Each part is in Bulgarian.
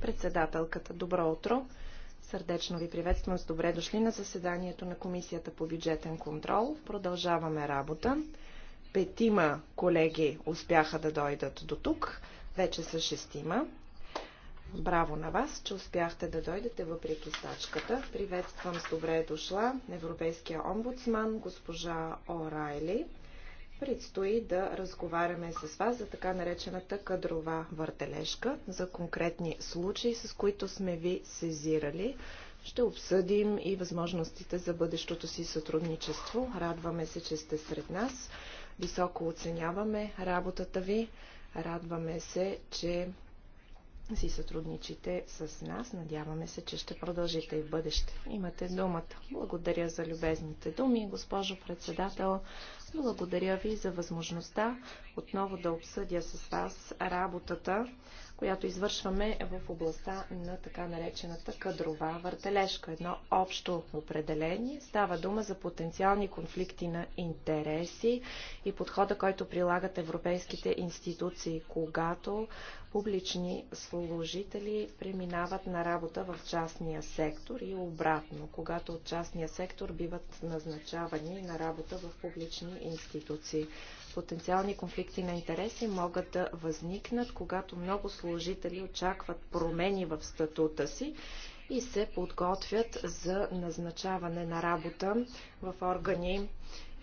Председателката, добро утро. Сърдечно ви приветствам с добре дошли на заседанието на Комисията по бюджетен контрол. Продължаваме работа. Петима колеги успяха да дойдат до тук. Вече са шестима. Браво на вас, че успяхте да дойдете въпреки стачката. Приветствам с добре дошла европейския омбудсман госпожа О'Райли Предстои да разговаряме с вас за така наречената кадрова въртележка, за конкретни случаи, с които сме ви сезирали. Ще обсъдим и възможностите за бъдещото си сътрудничество. Радваме се, че сте сред нас. Високо оценяваме работата ви. Радваме се, че си сътрудничите с нас. Надяваме се, че ще продължите и в бъдеще. Имате думата. Благодаря за любезните думи, госпожо председател. Благодаря ви за възможността отново да обсъдя с вас работата която извършваме в областта на така наречената кадрова въртележка. Едно общо определение. Става дума за потенциални конфликти на интереси и подхода, който прилагат европейските институции, когато публични служители преминават на работа в частния сектор и обратно, когато от частния сектор биват назначавани на работа в публични институции потенциални конфликти на интереси могат да възникнат, когато много служители очакват промени в статута си и се подготвят за назначаване на работа в органи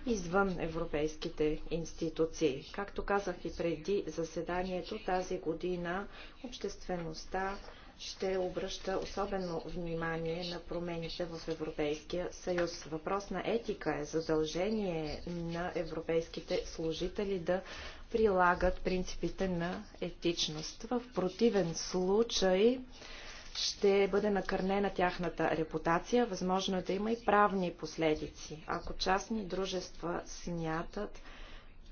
извън европейските институции. Както казах и преди заседанието, тази година обществеността ще обръща особено внимание на промените в Европейския съюз. Въпрос на етика е задължение на европейските служители да прилагат принципите на етичност. В противен случай ще бъде накърнена тяхната репутация, възможно е да има и правни последици. Ако частни дружества смятат,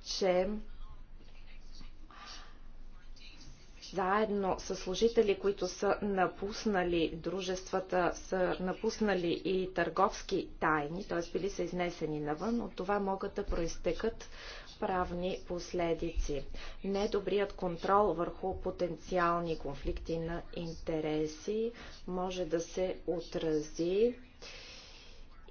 че заедно с служители, които са напуснали дружествата, са напуснали и търговски тайни, т.е. били са изнесени навън, от това могат да проистекат правни последици. Недобрият контрол върху потенциални конфликти на интереси може да се отрази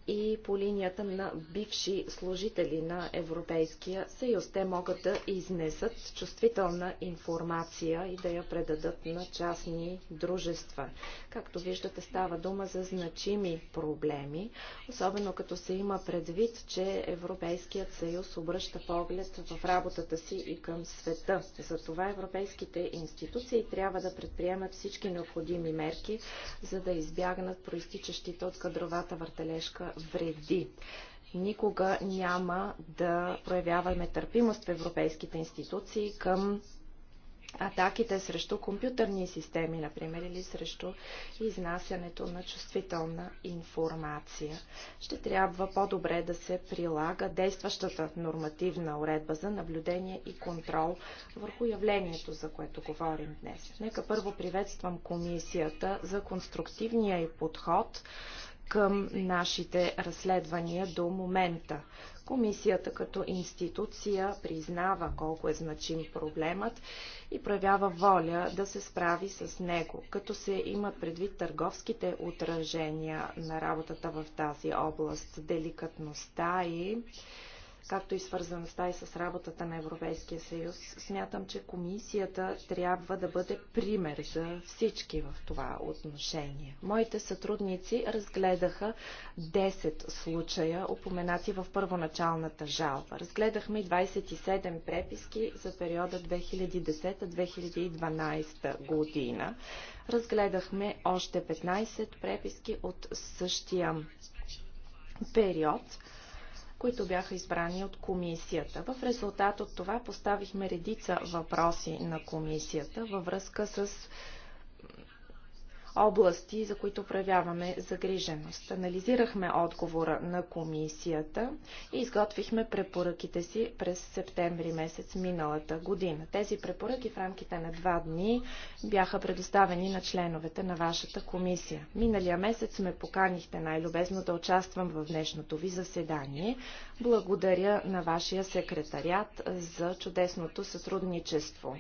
и по линията на бивши служители на Европейския съюз. Те могат да изнесат чувствителна информация и да я предадат на частни дружества. Както виждате, става дума за значими проблеми, особено като се има предвид, че Европейският съюз обръща поглед в работата си и към света. Затова европейските институции трябва да предприемат всички необходими мерки, за да избягнат проистичащите от кадровата въртележка вреди никога няма да проявяваме търпимост в европейските институции към атаките срещу компютърни системи, например, или срещу изнасянето на чувствителна информация. Ще трябва по-добре да се прилага действащата нормативна уредба за наблюдение и контрол върху явлението, за което говорим днес. Нека първо приветствам комисията за конструктивния и подход към нашите разследвания до момента. Комисията като институция признава колко е значим проблемът и проявява воля да се справи с него, като се имат предвид търговските отражения на работата в тази област, деликатността и както и свързаността и с работата на Европейския съюз, смятам, че комисията трябва да бъде пример за всички в това отношение. Моите сътрудници разгледаха 10 случая, упоменати в първоначалната жалба. Разгледахме 27 преписки за периода 2010-2012 година. Разгледахме още 15 преписки от същия период които бяха избрани от комисията. В резултат от това поставихме редица въпроси на комисията във връзка с области, за които проявяваме загриженост. Анализирахме отговора на комисията и изготвихме препоръките си през септември месец миналата година. Тези препоръки в рамките на два дни бяха предоставени на членовете на вашата комисия. Миналия месец ме поканихте най-любезно да участвам в днешното ви заседание. Благодаря на вашия секретарят за чудесното сътрудничество.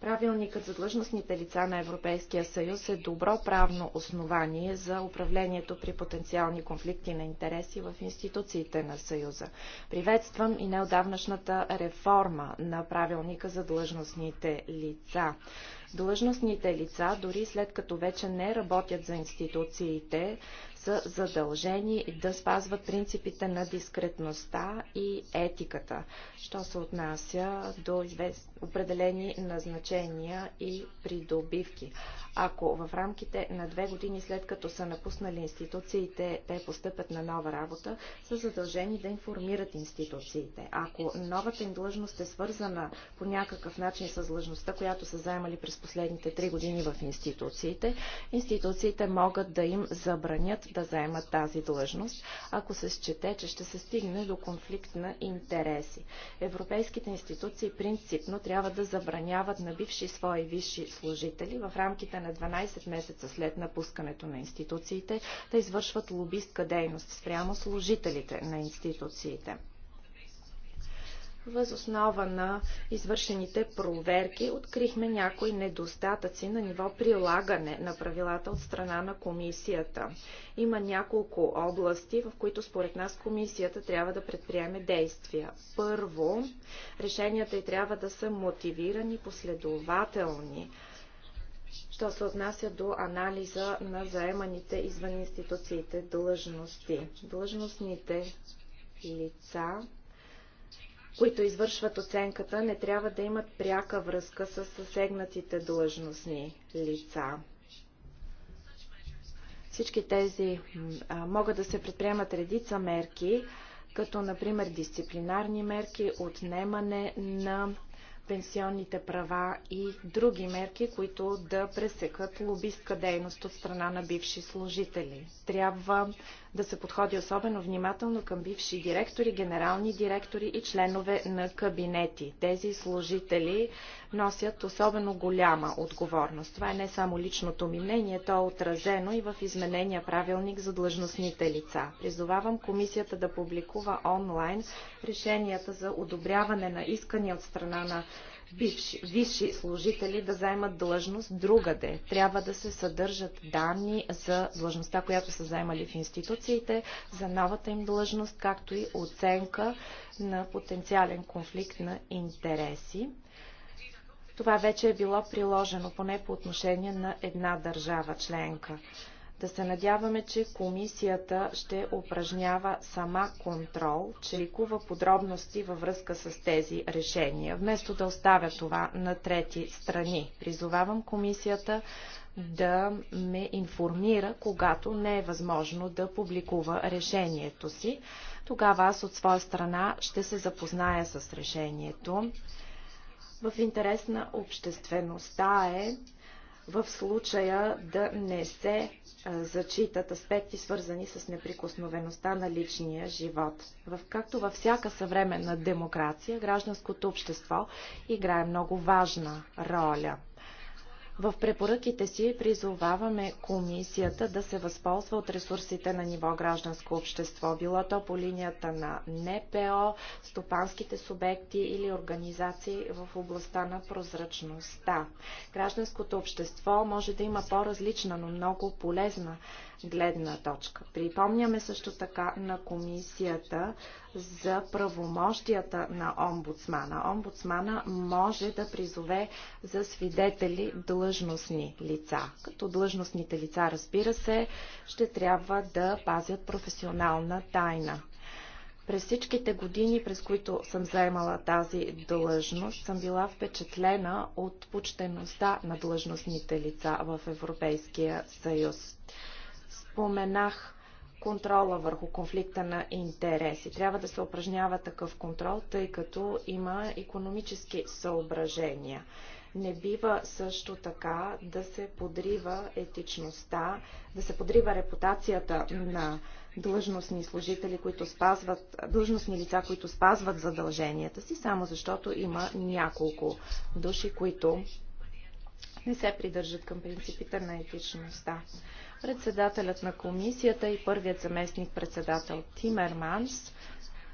Правилникът за длъжностните лица на Европейския съюз е добро правно основание за управлението при потенциални конфликти на интереси в институциите на Съюза. Приветствам и неодавнашната реформа на правилника за длъжностните лица. Длъжностните лица, дори след като вече не работят за институциите, са задължени да спазват принципите на дискретността и етиката що се отнася до извест... определени назначения и придобивки. Ако в рамките на две години след като са напуснали институциите, те постъпят на нова работа, са задължени да информират институциите. Ако новата им длъжност е свързана по някакъв начин с длъжността, която са заемали през последните три години в институциите, институциите могат да им забранят да заемат тази длъжност, ако се счете, че ще се стигне до конфликт на интереси. Европейските институции принципно трябва да забраняват на бивши свои висши служители в рамките на 12 месеца след напускането на институциите да извършват лобистка дейност спрямо служителите на институциите. Въз основа на извършените проверки открихме някои недостатъци на ниво прилагане на правилата от страна на комисията. Има няколко области, в които според нас комисията трябва да предприеме действия. Първо, решенията й трябва да са мотивирани, последователни що се отнася до анализа на заеманите извън институциите длъжности. Длъжностните лица които извършват оценката, не трябва да имат пряка връзка с засегнатите длъжностни лица. Всички тези а, могат да се предприемат редица мерки, като например дисциплинарни мерки, отнемане на пенсионните права и други мерки, които да пресекат лобистка дейност от страна на бивши служители. Трябва да се подходи особено внимателно към бивши директори, генерални директори и членове на кабинети. Тези служители носят особено голяма отговорност. Това е не само личното ми мнение, то е отразено и в изменения правилник за длъжностните лица. Призовавам комисията да публикува онлайн решенията за одобряване на искания от страна на бивши, висши служители да заемат длъжност другаде. Трябва да се съдържат данни за длъжността, която са заемали в институциите, за новата им длъжност, както и оценка на потенциален конфликт на интереси. Това вече е било приложено поне по отношение на една държава членка. Да се надяваме, че комисията ще упражнява сама контрол, че ликува подробности във връзка с тези решения, вместо да оставя това на трети страни. Призовавам комисията да ме информира, когато не е възможно да публикува решението си. Тогава аз от своя страна ще се запозная с решението. В интерес на обществеността е в случая да не се зачитат аспекти, свързани с неприкосновеността на личния живот. В, както във всяка съвременна демокрация, гражданското общество играе много важна роля – в препоръките си призоваваме комисията да се възползва от ресурсите на ниво гражданско общество, било то по линията на НПО, стопанските субекти или организации в областта на прозрачността. Гражданското общество може да има по-различна, но много полезна гледна точка. Припомняме също така на комисията за правомощията на омбудсмана. Омбудсмана може да призове за свидетели длъжностни лица. Като длъжностните лица, разбира се, ще трябва да пазят професионална тайна. През всичките години, през които съм заемала тази длъжност, съм била впечатлена от почтеността на длъжностните лица в Европейския съюз. Споменах контрола върху конфликта на интереси. Трябва да се упражнява такъв контрол, тъй като има економически съображения. Не бива също така да се подрива етичността, да се подрива репутацията на длъжностни служители, които спазват, длъжностни лица, които спазват задълженията си, само защото има няколко души, които не се придържат към принципите на етичността. Председателят на комисията и първият заместник председател Тимерманс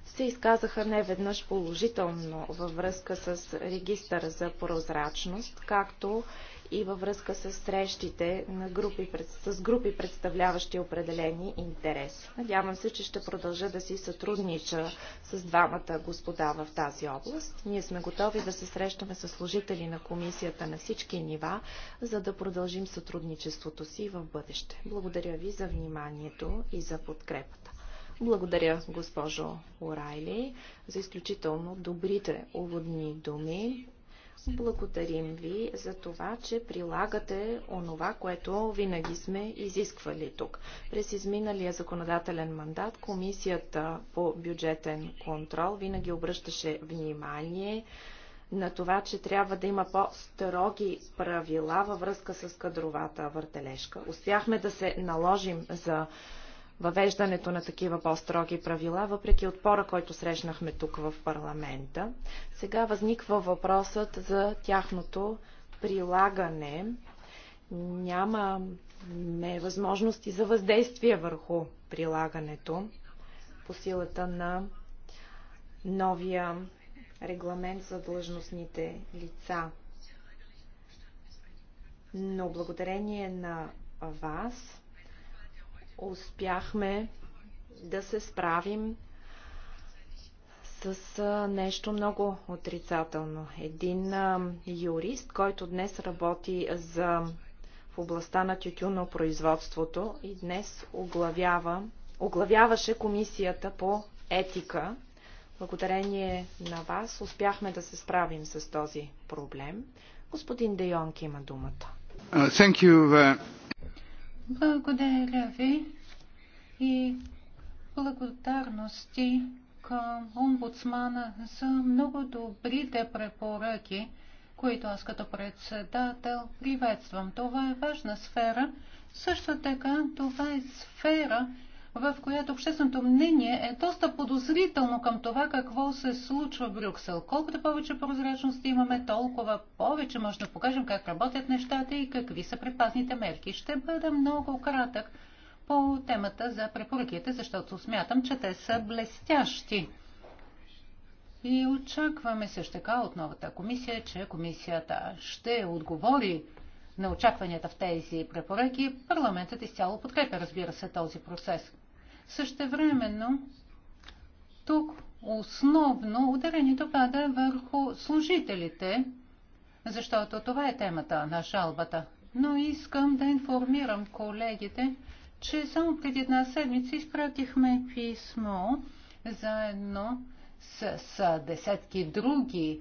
се изказаха неведнъж положително във връзка с регистъра за прозрачност, както и във връзка с срещите на групи, с групи представляващи определени интереси. Надявам се, че ще продължа да си сътруднича с двамата господа в тази област. Ние сме готови да се срещаме с служители на комисията на всички нива, за да продължим сътрудничеството си в бъдеще. Благодаря ви за вниманието и за подкрепата. Благодаря, госпожо Орайли, за изключително добрите уводни думи. Благодарим ви за това, че прилагате онова, което винаги сме изисквали тук. През изминалия законодателен мандат Комисията по бюджетен контрол винаги обръщаше внимание на това, че трябва да има по-строги правила във връзка с кадровата въртележка. Успяхме да се наложим за въвеждането на такива по-строги правила, въпреки отпора, който срещнахме тук в парламента. Сега възниква въпросът за тяхното прилагане. Няма невъзможности за въздействие върху прилагането по силата на новия регламент за длъжностните лица. Но благодарение на вас успяхме да се справим с нещо много отрицателно. Един юрист, който днес работи за, в областта на тютюнопроизводството и днес оглавява, оглавяваше комисията по етика. Благодарение на вас успяхме да се справим с този проблем. Господин Дейонки има думата. Uh, uh благодаря ви и благодарности към омбудсмана за много добрите препоръки, които аз като председател приветствам. Това е важна сфера. Също така това е сфера, в която общественото мнение е доста подозрително към това какво се случва в Брюксел. Колкото повече прозрачност имаме, толкова повече може да покажем как работят нещата и какви са предпазните мерки. Ще бъда много кратък по темата за препоръките, защото смятам, че те са блестящи. И очакваме също така от новата комисия, че комисията ще отговори на очакванията в тези препоръки. Парламентът изцяло подкрепя, разбира се, този процес. Същевременно, тук основно ударението пада върху служителите, защото това е темата на жалбата. Но искам да информирам колегите, че само преди една седмица изпратихме писмо заедно с, с десетки други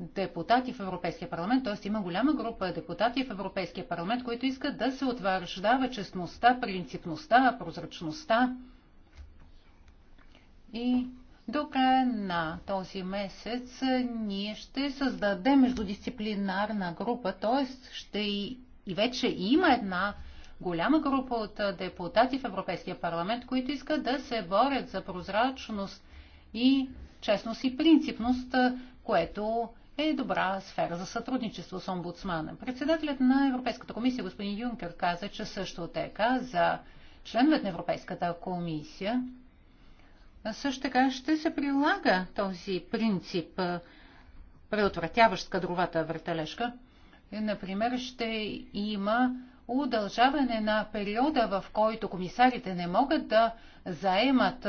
депутати в Европейския парламент, т.е. има голяма група депутати в Европейския парламент, които искат да се утвърждава честността, принципността, прозрачността. И до края на този месец ние ще създадем междудисциплинарна група, т.е. ще и, и вече има една голяма група от депутати в Европейския парламент, които искат да се борят за прозрачност и честност и принципност, което е добра сфера за сътрудничество с омбудсмана. Председателят на Европейската комисия господин Юнкер каза, че също така за членовете на Европейската комисия също така ще се прилага този принцип предотвратяващ кадровата въртележка. Например, ще има удължаване на периода, в който комисарите не могат да заемат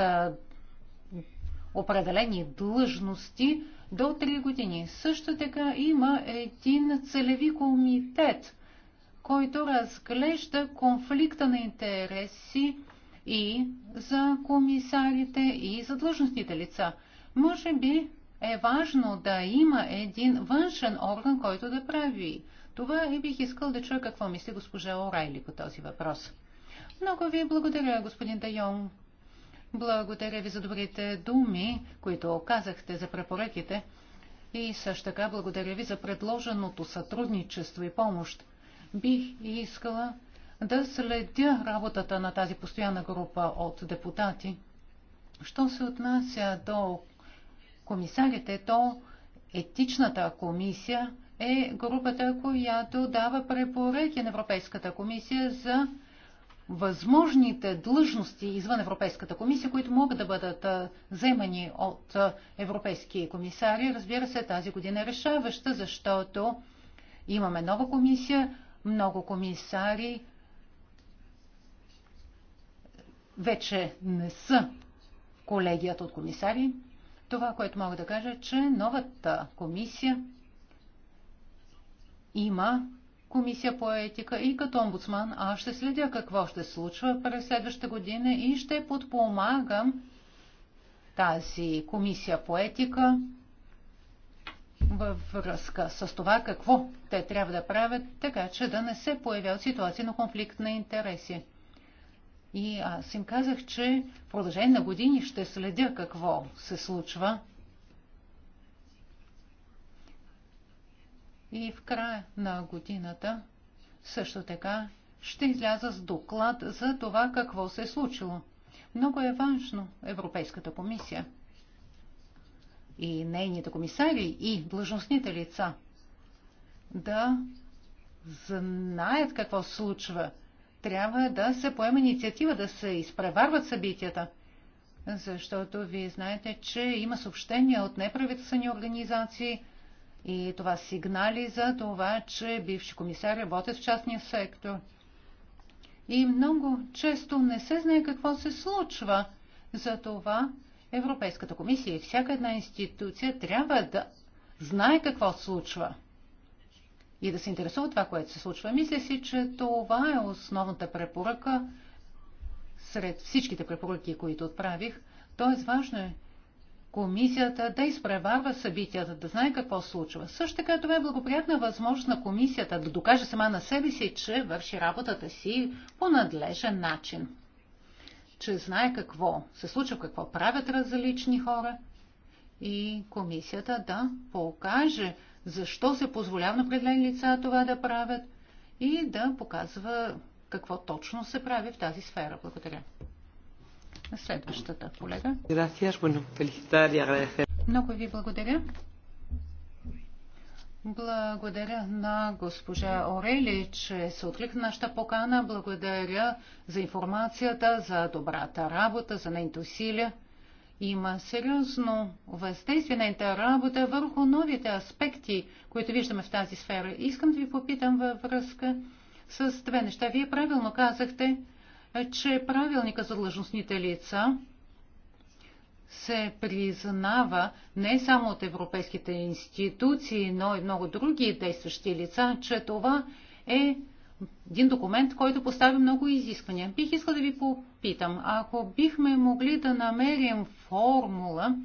определени длъжности, до 3 години. Също така има един целеви комитет, който разглежда конфликта на интереси и за комисарите, и за длъжностните лица. Може би е важно да има един външен орган, който да прави. Това и бих искал да чуя какво мисли госпожа Орайли по този въпрос. Много ви благодаря, господин Дайон. Благодаря ви за добрите думи, които казахте за препоръките. И също така благодаря ви за предложеното сътрудничество и помощ. Бих искала да следя работата на тази постоянна група от депутати. Що се отнася до комисарите, то етичната комисия е групата, която дава препоръки на Европейската комисия за възможните длъжности извън Европейската комисия, които могат да бъдат вземани от европейски комисари. Разбира се, тази година е решаваща, защото имаме нова комисия, много комисари вече не са колегият от комисари. Това, което мога да кажа, е, че новата комисия има комисия по етика и като омбудсман аз ще следя какво ще случва през следващата година и ще подпомагам тази комисия по етика във връзка с това какво те трябва да правят, така че да не се появяват ситуации на конфликт на интереси. И аз им казах, че в продължение на години ще следя какво се случва и в края на годината също така ще изляза с доклад за това какво се е случило. Много е важно Европейската комисия и нейните комисари и длъжностните лица да знаят какво се случва. Трябва да се поема инициатива, да се изпреварват събитията. Защото вие знаете, че има съобщения от неправителствени организации, и това сигнали за това, че бивши комисар работят в частния сектор. И много често не се знае какво се случва. Затова Европейската комисия и всяка една институция трябва да знае какво се случва и да се интересува това, което се случва. Мисля си, че това е основната препоръка сред всичките препоръки, които отправих. Тоест важно е комисията да изпреварва събитията, да знае какво случва. Също така това е благоприятна възможност на комисията да докаже сама на себе си, че върши работата си по надлежен начин. Че знае какво се случва, какво правят различни хора и комисията да покаже защо се позволява на определени лица това да правят и да показва какво точно се прави в тази сфера. Благодаря. Следващата колега. Много ви благодаря. Благодаря на госпожа Орели, че се отклик на нашата покана. Благодаря за информацията, за добрата работа, за нейните усилия. Има сериозно въздействие на нейната работа върху новите аспекти, които виждаме в тази сфера. Искам да ви попитам във връзка с две неща. Вие правилно казахте, че правилника за длъжностните лица се признава не само от европейските институции, но и много други действащи лица, че това е един документ, който поставя много изисквания. Бих искал да ви попитам, ако бихме могли да намерим формула,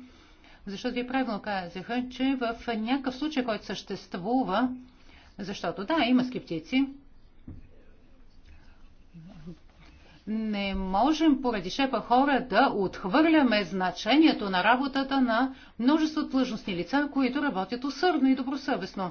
защото вие правилно казаха, че в някакъв случай, който съществува, защото да, има скептици, не можем поради шепа хора да отхвърляме значението на работата на множество длъжностни лица, които работят усърдно и добросъвестно.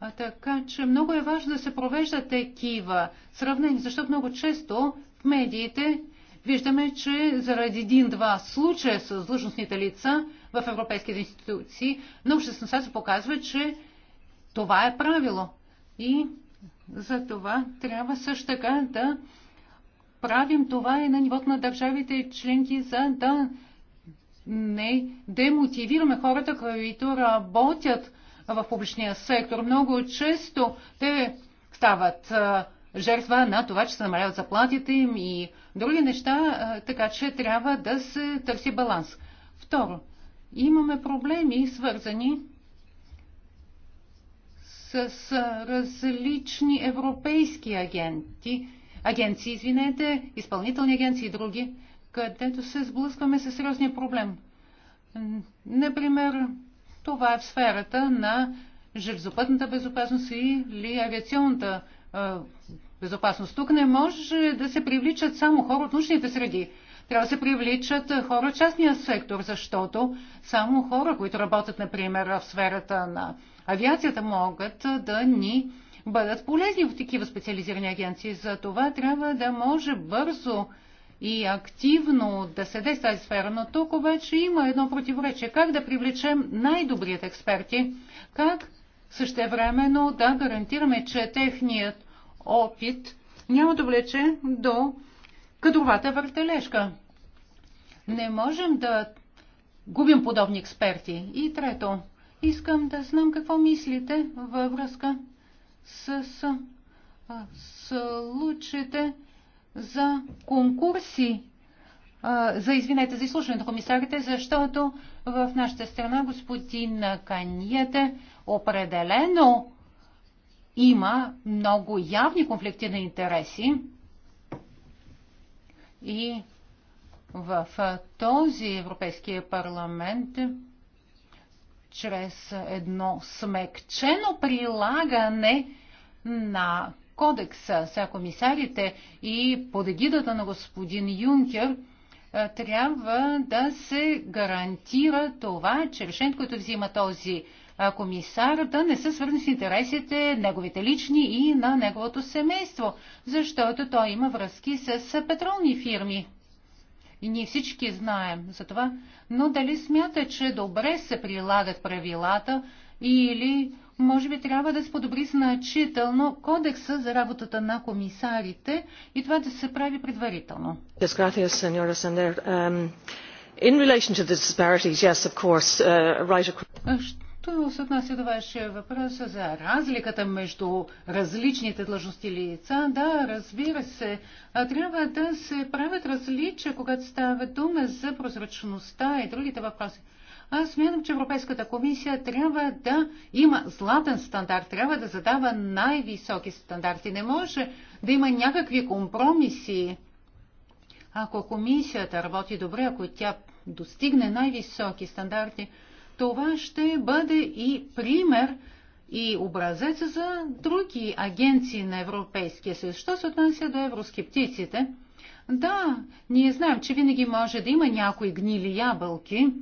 А така че много е важно да се провеждат такива сравнения, защото много често в медиите виждаме, че заради един-два случая с длъжностните лица в европейските институции, научната се показва, че това е правило. И за това трябва също така да правим това и на нивото на държавите членки, за да не демотивираме хората, които работят в публичния сектор. Много често те стават жертва на това, че се намаляват заплатите им и други неща, така че трябва да се търси баланс. Второ, имаме проблеми, свързани с различни европейски агенти – агенции, извинете, изпълнителни агенции и други, където се сблъскваме с сериозния проблем. Например, това е в сферата на железопътната безопасност или авиационната безопасност. Тук не може да се привличат само хора от научните среди. Трябва да се привличат хора от частния сектор, защото само хора, които работят, например, в сферата на авиацията, могат да ни бъдат полезни в такива специализирани агенции. За това трябва да може бързо и активно да се действа тази сфера, но тук обаче има едно противоречие. Как да привлечем най-добрият експерти? Как същевременно да гарантираме, че техният опит няма да влече до кадровата въртележка? Не можем да губим подобни експерти. И трето, искам да знам какво мислите във връзка с случаите за конкурси, за извинете, за изслушване на комисарите, защото в нашата страна господин Каньете определено има много явни конфликти на интереси и в този Европейския парламент чрез едно смекчено прилагане на кодекса. Сега комисарите и под егидата на господин Юнкер е, трябва да се гарантира това, че решението, което взима този е, комисар, да не са свързани с интересите неговите лични и на неговото семейство, защото той има връзки с е, петролни фирми и ние всички знаем за това, но дали смята, че добре се прилагат правилата или може би трябва да се подобри значително кодекса за работата на комисарите и това да се прави предварително. Yes, той се отнася до вашия въпрос за разликата между различните длъжности лица. Да, разбира се, трябва да се правят различия, когато става дума за прозрачността и другите въпроси. Аз смятам, че Европейската комисия трябва да има златен стандарт, трябва да задава най-високи стандарти. Не може да има някакви компромиси. Ако комисията работи добре, ако тя достигне най-високи стандарти, това ще бъде и пример и образец за други агенции на Европейския съюз. Що се отнася до евроскептиците? Да, ние знаем, че винаги може да има някои гнили ябълки,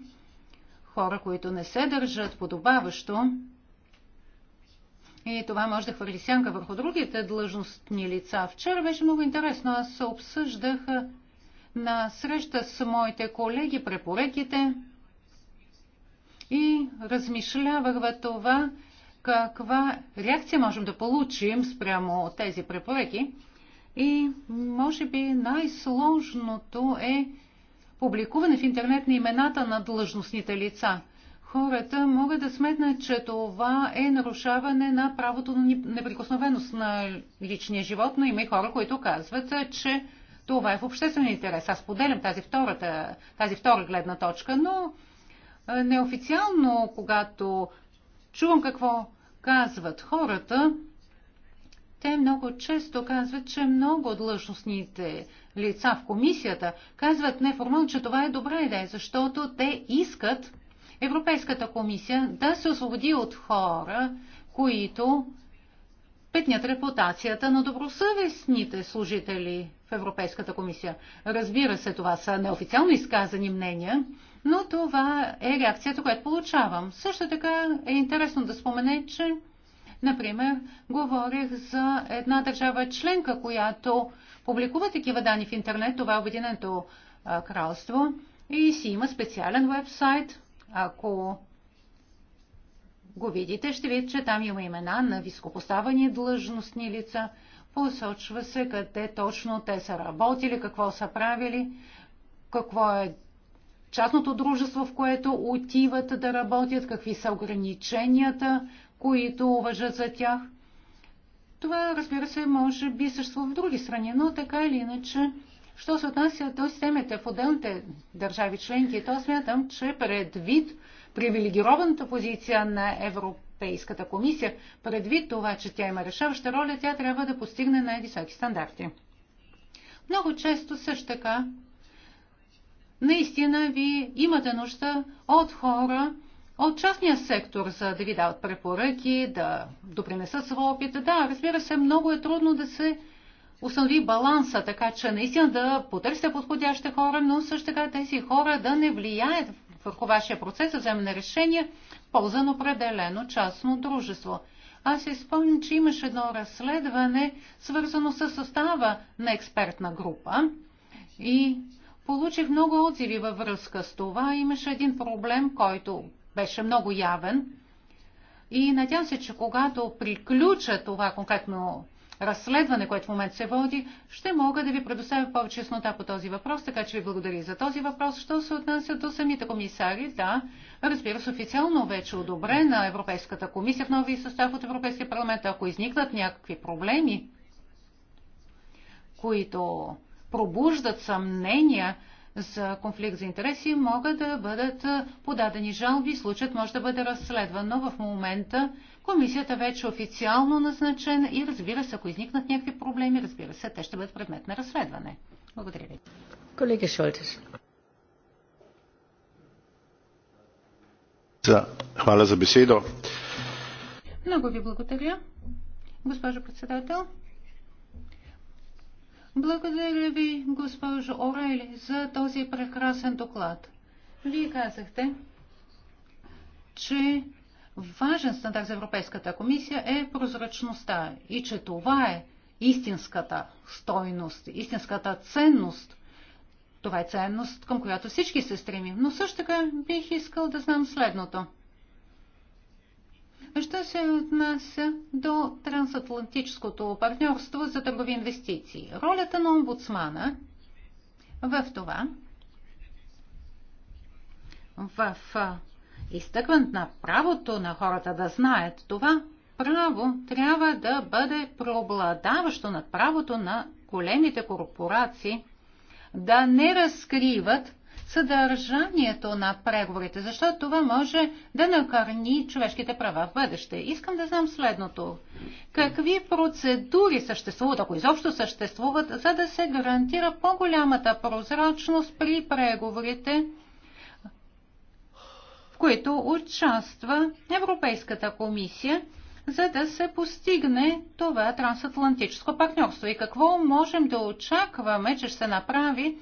хора, които не се държат подобаващо. И това може да хвърли сянка върху другите длъжностни лица. Вчера беше много интересно. Аз обсъждах на среща с моите колеги препоръките и размишлявах в това каква реакция можем да получим спрямо тези препоръки. И може би най-сложното е публикуване в интернет на имената на длъжностните лица. Хората могат да сметнат, че това е нарушаване на правото на неприкосновеност на личния живот, но има и хора, които казват, че това е в обществен интерес. Аз поделям тази, втората, тази втора гледна точка, но е, неофициално, когато чувам какво казват хората, те много често казват, че много от длъжностните лица в комисията казват неформално, че това е добра идея, защото те искат Европейската комисия да се освободи от хора, които петнят репутацията на добросъвестните служители в Европейската комисия. Разбира се, това са неофициално изказани мнения, но това е реакцията, която получавам. Също така е интересно да спомене, че, например, говорих за една държава членка, която публикува такива данни в интернет, това е Обединеното кралство, и си има специален вебсайт. Ако го видите, ще видите, че там има имена на високопоставени длъжностни лица. Посочва се къде точно те са работили, какво са правили, какво е частното дружество, в което отиват да работят, какви са ограниченията, които уважат за тях. Това, разбира се, може би съществува в други страни, но така или иначе, що се отнася до системите в отделните държави членки, то смятам, че предвид привилегированата позиция на Европейската комисия, предвид това, че тя има решаваща роля, тя трябва да постигне най-високи стандарти. Много често също така наистина ви имате нужда от хора, от частния сектор, за да ви дават препоръки, да допринесат своя опит. Да, разбира се, много е трудно да се установи баланса, така че наистина да потърсите подходящите хора, но също така тези хора да не влияят върху вашия процес за вземане решение полза на определено частно дружество. Аз си спомням, че имаше едно разследване, свързано с състава на експертна група и Получих много отзиви във връзка с това. Имаше един проблем, който беше много явен. И надявам се, че когато приключа това конкретно разследване, което в момент се води, ще мога да ви предоставя повече яснота по този въпрос, така че ви благодаря за този въпрос. Що се отнася до самите комисари, да, разбира се, официално вече одобрена Европейската комисия в нови състав от Европейския парламент. Ако изникнат някакви проблеми, които пробуждат съмнения за конфликт за интереси, могат да бъдат подадени жалби, случаят може да бъде разследван, но в момента комисията вече е официално назначена и разбира се, ако изникнат някакви проблеми, разбира се, те ще бъдат предмет на разследване. Благодаря ви. Колега Шолтес. Хвала за беседо. Много ви благодаря. Госпожо председател, благодаря ви, госпожо Орели, за този прекрасен доклад. Вие казахте, че важен стандарт за Европейската комисия е прозрачността и че това е истинската стойност, истинската ценност. Това е ценност, към която всички се стремим. Но също така бих искал да знам следното – Що се отнася до трансатлантическото партньорство за търгови инвестиции? Ролята на омбудсмана в това, в изтъкван на правото на хората да знаят това, право трябва да бъде преобладаващо над правото на големите корпорации да не разкриват съдържанието на преговорите, защото това може да накърни човешките права в бъдеще. Искам да знам следното. Какви процедури съществуват, ако изобщо съществуват, за да се гарантира по-голямата прозрачност при преговорите, в които участва Европейската комисия? за да се постигне това трансатлантическо партньорство и какво можем да очакваме, че ще се направи,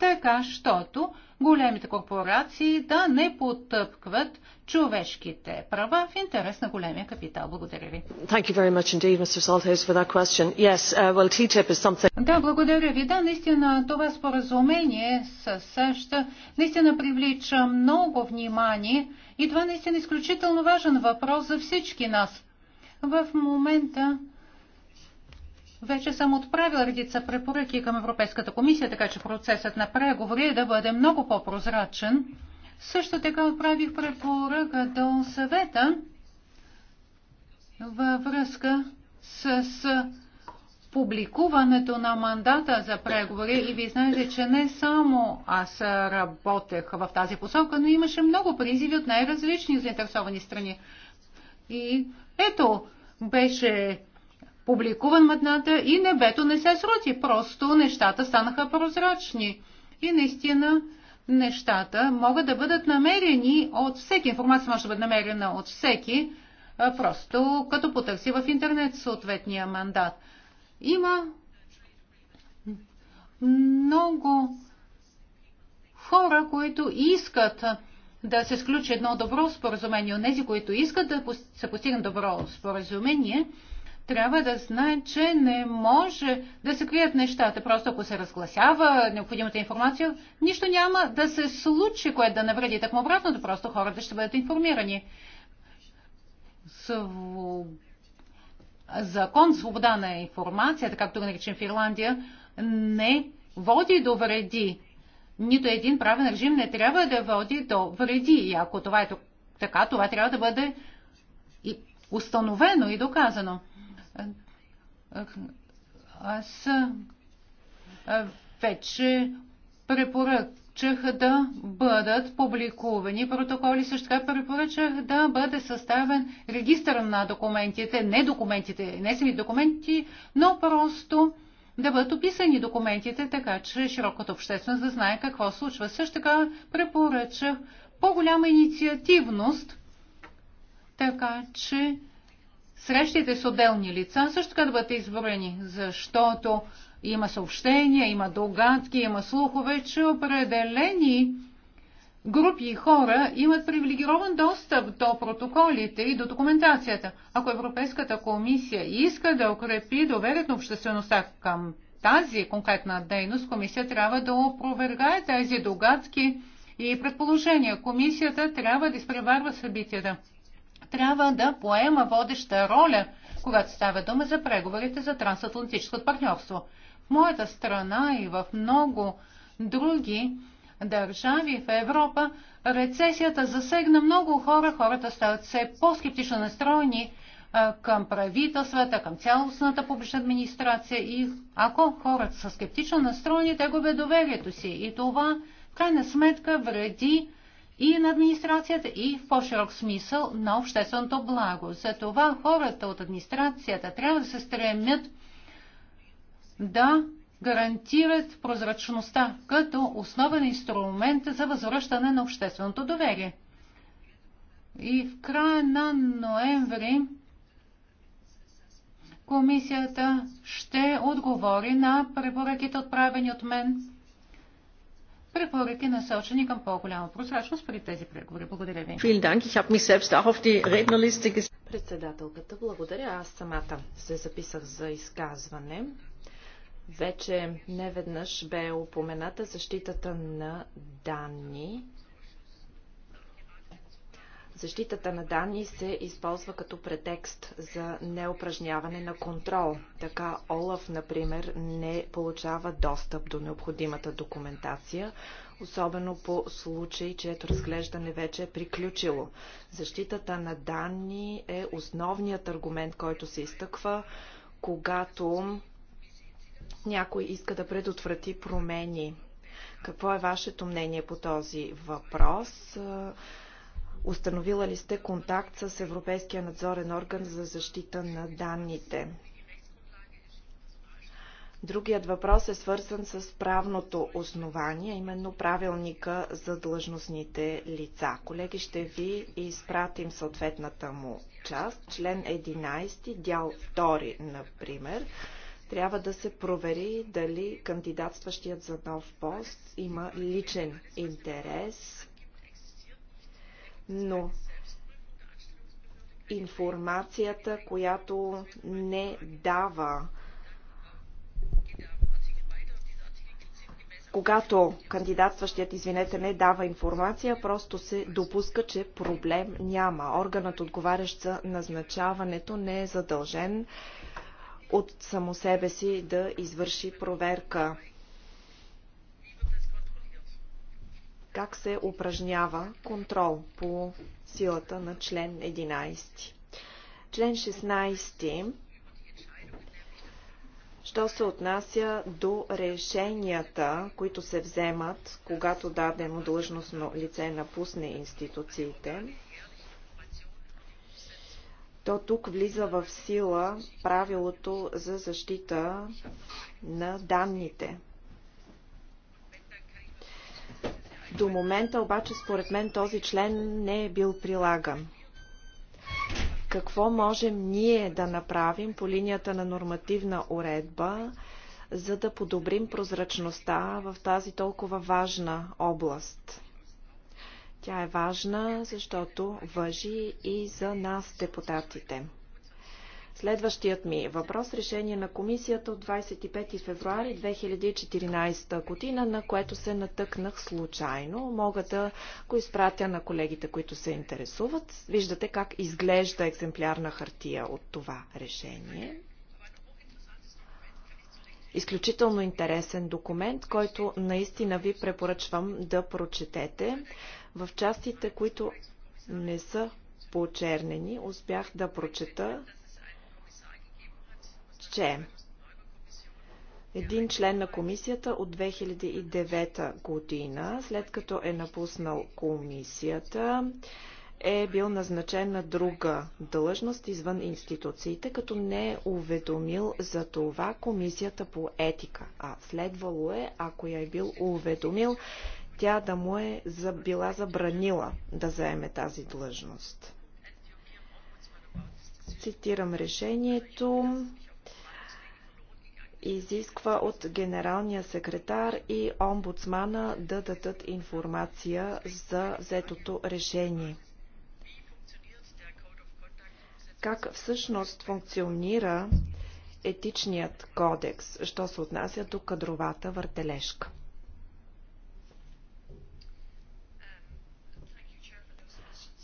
така щото големите корпорации да не потъпкват човешките права в интерес на големия капитал. Благодаря ви. Indeed, yes, uh, well, something... Да, благодаря ви. Да, наистина това споразумение с САЩ наистина привлича много внимание и това наистина е изключително важен въпрос за всички нас. В момента вече съм отправил редица препоръки към Европейската комисия, така че процесът на преговори е да бъде много по-прозрачен. Също така отправих препоръка до съвета във връзка с, публикуването на мандата за преговори. И ви знаете, че не само аз работех в тази посока, но имаше много призиви от най-различни заинтересовани страни. И ето, беше публикуван мъдната и небето не се срути. Просто нещата станаха прозрачни. И наистина нещата могат да бъдат намерени от всеки. Информация може да бъде намерена от всеки, просто като потърси в интернет съответния мандат. Има много хора, които искат да се сключи едно добро споразумение. Онези, които искат да се постигне добро споразумение, трябва да знае, че не може да се крият нещата. Просто ако се разгласява необходимата информация, нищо няма да се случи, което да навреди. так обратното, просто хората ще бъдат информирани. Закон свобода на информацията, както го наричам в Ирландия, не води до вреди. Нито един правен режим не трябва да води до вреди. И ако това е така, това трябва да бъде и установено и доказано аз вече препоръчах да бъдат публикувани протоколи. Също така препоръчах да бъде съставен регистър на документите, не документите, не сами документи, но просто да бъдат описани документите, така че широката общественост да знае какво случва. Също така препоръчах по-голяма инициативност, така че срещите с отделни лица също така да бъдат изброени, защото има съобщения, има догадки, има слухове, че определени групи хора имат привилегирован достъп до протоколите и до документацията. Ако Европейската комисия иска да укрепи доверието на обществеността към тази конкретна дейност, комисия трябва да опровергае тези догадки и предположения. Комисията трябва да изпреварва събитията трябва да поема водеща роля, когато става дума за преговорите за трансатлантическото партньорство. В моята страна и в много други държави в Европа рецесията засегна много хора. Хората стават все по-скептично настроени към правителствата, към цялостната публична администрация и ако хората са скептично настроени, те губят доверието си. И това, в крайна сметка, вреди и на администрацията, и в по-широк смисъл на общественото благо. Затова хората от администрацията трябва да се стремят да гарантират прозрачността като основен инструмент за възвръщане на общественото доверие. И в края на ноември комисията ще отговори на препоръките, отправени от мен препоръки насочени към по-голяма прозрачност при тези преговори. Благодаря ви. Председателката, благодаря. Аз самата се записах за изказване. Вече неведнъж бе упомената защитата на данни Защитата на данни се използва като претекст за неупражняване на контрол. Така Олаф, например, не получава достъп до необходимата документация, особено по случай, чието разглеждане вече е приключило. Защитата на данни е основният аргумент, който се изтъква, когато някой иска да предотврати промени. Какво е вашето мнение по този въпрос? Установила ли сте контакт с Европейския надзорен орган за защита на данните? Другият въпрос е свързан с правното основание, именно правилника за длъжностните лица. Колеги, ще ви изпратим съответната му част. Член 11, дял 2, например, трябва да се провери дали кандидатстващият за нов пост има личен интерес но информацията, която не дава когато кандидатстващият, извинете, не дава информация, просто се допуска, че проблем няма. Органът, отговарящ за назначаването, не е задължен от само себе си да извърши проверка как се упражнява контрол по силата на член 11. Член 16 Що се отнася до решенията, които се вземат, когато дадено длъжностно лице напусне институциите, то тук влиза в сила правилото за защита на данните. До момента обаче според мен този член не е бил прилаган. Какво можем ние да направим по линията на нормативна уредба, за да подобрим прозрачността в тази толкова важна област? Тя е важна, защото въжи и за нас, депутатите. Следващият ми въпрос решение на комисията от 25 февруари 2014 година, на което се натъкнах случайно. Мога да го изпратя на колегите, които се интересуват. Виждате как изглежда екземплярна хартия от това решение. Изключително интересен документ, който наистина ви препоръчвам да прочетете. В частите, които не са почернени, успях да прочета че един член на комисията от 2009 година, след като е напуснал комисията, е бил назначен на друга длъжност извън институциите, като не е уведомил за това комисията по етика. А следвало е, ако я е бил уведомил, тя да му е била забранила да заеме тази длъжност. Цитирам решението изисква от генералния секретар и омбудсмана да дадат информация за взетото решение. Как всъщност функционира етичният кодекс, що се отнася до кадровата въртележка?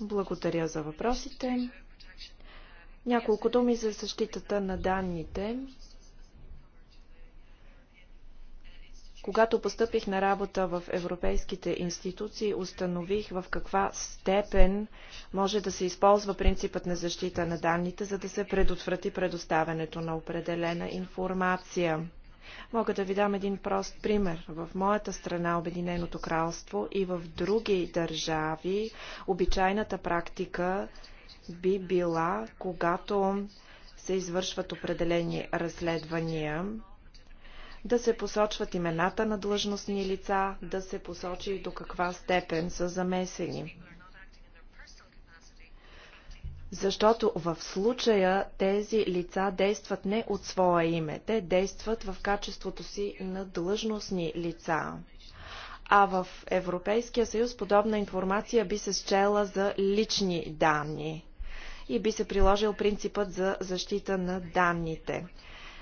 Благодаря за въпросите. Няколко думи за защитата на данните. Когато постъпих на работа в европейските институции, установих в каква степен може да се използва принципът на защита на данните, за да се предотврати предоставянето на определена информация. Мога да ви дам един прост пример. В моята страна, Обединеното кралство и в други държави, обичайната практика би била, когато се извършват определени разследвания, да се посочват имената на длъжностни лица, да се посочи и до каква степен са замесени. Защото в случая тези лица действат не от своя име, те действат в качеството си на длъжностни лица. А в Европейския съюз подобна информация би се счела за лични данни и би се приложил принципът за защита на данните.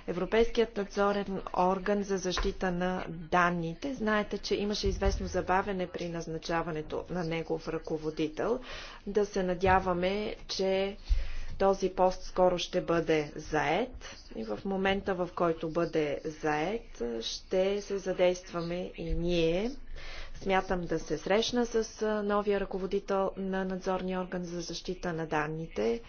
Европейският надзорен орган за защита на данните. Знаете, че имаше известно забавене при назначаването на негов ръководител. Да се надяваме, че този пост скоро ще бъде заед и в момента, в който бъде заед, ще се задействаме и ние. Смятам да се срещна с новия ръководител на надзорния орган за защита на данните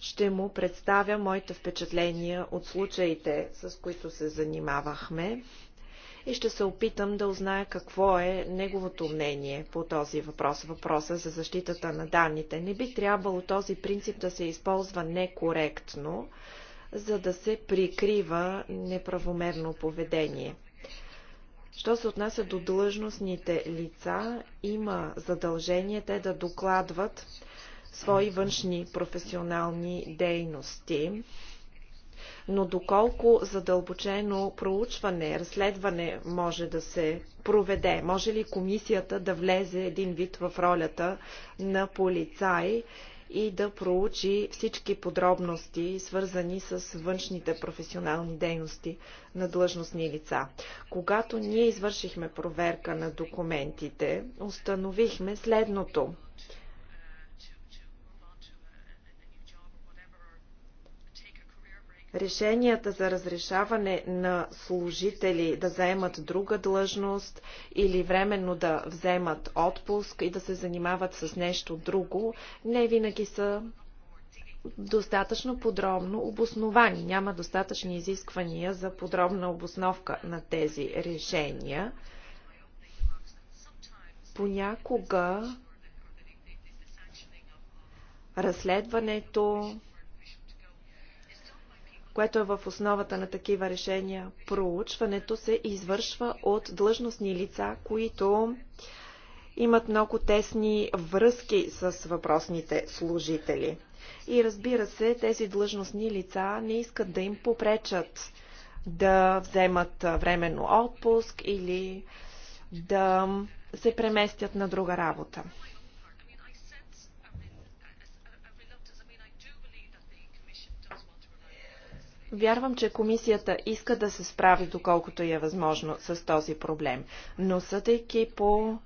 ще му представя моите впечатления от случаите, с които се занимавахме и ще се опитам да узная какво е неговото мнение по този въпрос, въпроса за защитата на данните. Не би трябвало този принцип да се използва некоректно, за да се прикрива неправомерно поведение. Що се отнася до длъжностните лица, има задължение те да докладват свои външни професионални дейности. Но доколко задълбочено проучване, разследване може да се проведе? Може ли комисията да влезе един вид в ролята на полицай и да проучи всички подробности, свързани с външните професионални дейности на длъжностни лица. Когато ние извършихме проверка на документите, установихме следното. решенията за разрешаване на служители да заемат друга длъжност или временно да вземат отпуск и да се занимават с нещо друго, не винаги са достатъчно подробно обосновани. Няма достатъчни изисквания за подробна обосновка на тези решения. Понякога разследването което е в основата на такива решения, проучването се извършва от длъжностни лица, които имат много тесни връзки с въпросните служители. И разбира се, тези длъжностни лица не искат да им попречат да вземат временно отпуск или да се преместят на друга работа. Вярвам, че комисията иска да се справи доколкото е възможно с този проблем, но съдейки по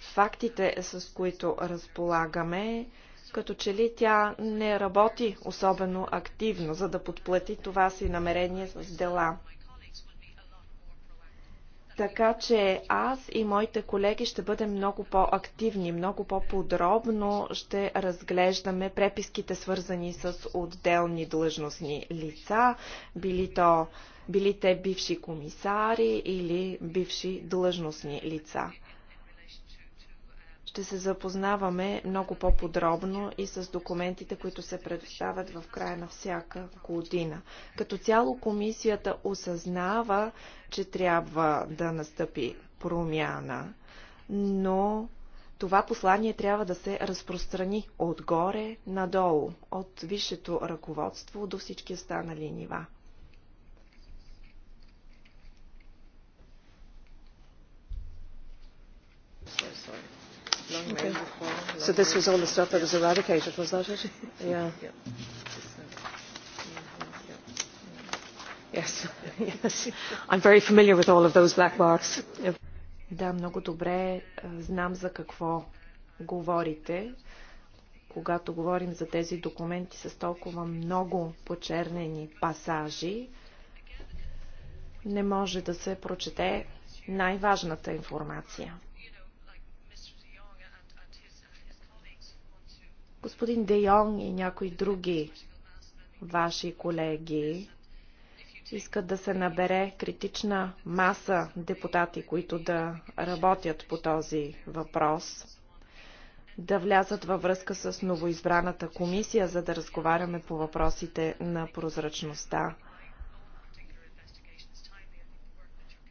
фактите, с които разполагаме, като че ли тя не работи особено активно, за да подплати това си намерение с дела. Така че аз и моите колеги ще бъдем много по-активни, много по-подробно ще разглеждаме преписките, свързани с отделни длъжностни лица, били, то, били те бивши комисари или бивши длъжностни лица ще се запознаваме много по-подробно и с документите, които се предоставят в края на всяка година. Като цяло комисията осъзнава, че трябва да настъпи промяна, но това послание трябва да се разпространи отгоре надолу, от висшето ръководство до всички останали нива. Sorry, sorry. Okay. So this was all the stuff that was eradicated, was that it? Yeah. Yes. yes. I'm very familiar with all of those black marks. Да, много добре е, знам за какво говорите. Когато говорим за тези документи с толкова много почернени пасажи, не може да се прочете най-важната информация. Господин Де Йонг и някои други ваши колеги искат да се набере критична маса депутати, които да работят по този въпрос, да влязат във връзка с новоизбраната комисия, за да разговаряме по въпросите на прозрачността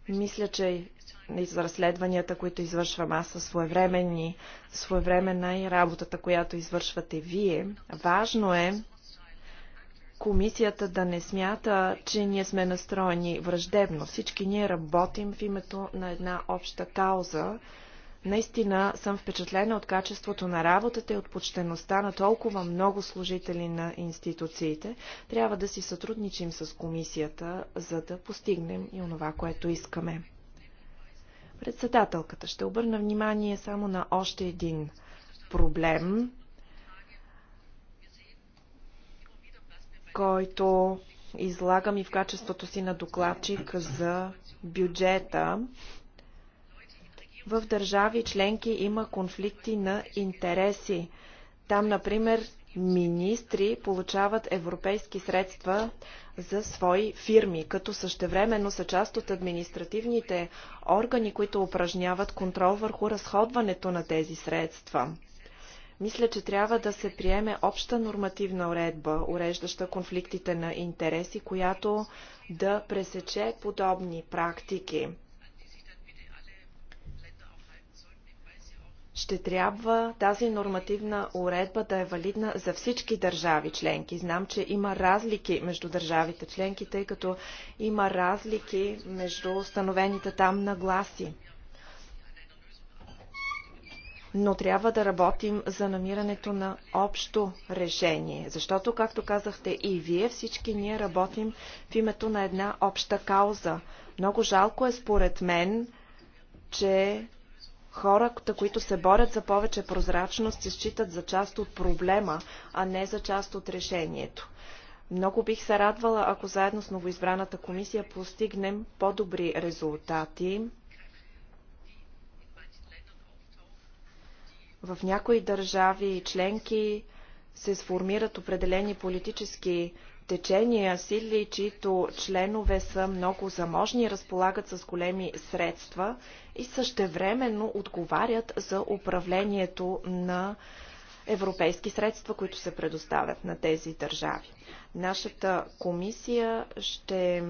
Мисля, че за разследванията, които извършвам аз, са своевременни, своевременна е и работата, която извършвате вие. Важно е комисията да не смята, че ние сме настроени враждебно. Всички ние работим в името на една обща кауза, Наистина съм впечатлена от качеството на работата и от почтеността на толкова много служители на институциите. Трябва да си сътрудничим с комисията, за да постигнем и онова, което искаме. Председателката ще обърна внимание само на още един проблем, който излагам и в качеството си на докладчик за бюджета в държави членки има конфликти на интереси. Там, например, министри получават европейски средства за свои фирми, като същевременно са част от административните органи, които упражняват контрол върху разходването на тези средства. Мисля, че трябва да се приеме обща нормативна уредба, уреждаща конфликтите на интереси, която да пресече подобни практики. ще трябва тази нормативна уредба да е валидна за всички държави членки. Знам, че има разлики между държавите членки, тъй като има разлики между установените там нагласи. Но трябва да работим за намирането на общо решение, защото, както казахте и вие, всички ние работим в името на една обща кауза. Много жалко е според мен, че хората, които се борят за повече прозрачност, се считат за част от проблема, а не за част от решението. Много бих се радвала, ако заедно с новоизбраната комисия постигнем по-добри резултати. В някои държави и членки се сформират определени политически течения, сили, чието членове са много заможни, разполагат с големи средства и същевременно отговарят за управлението на европейски средства, които се предоставят на тези държави. Нашата комисия ще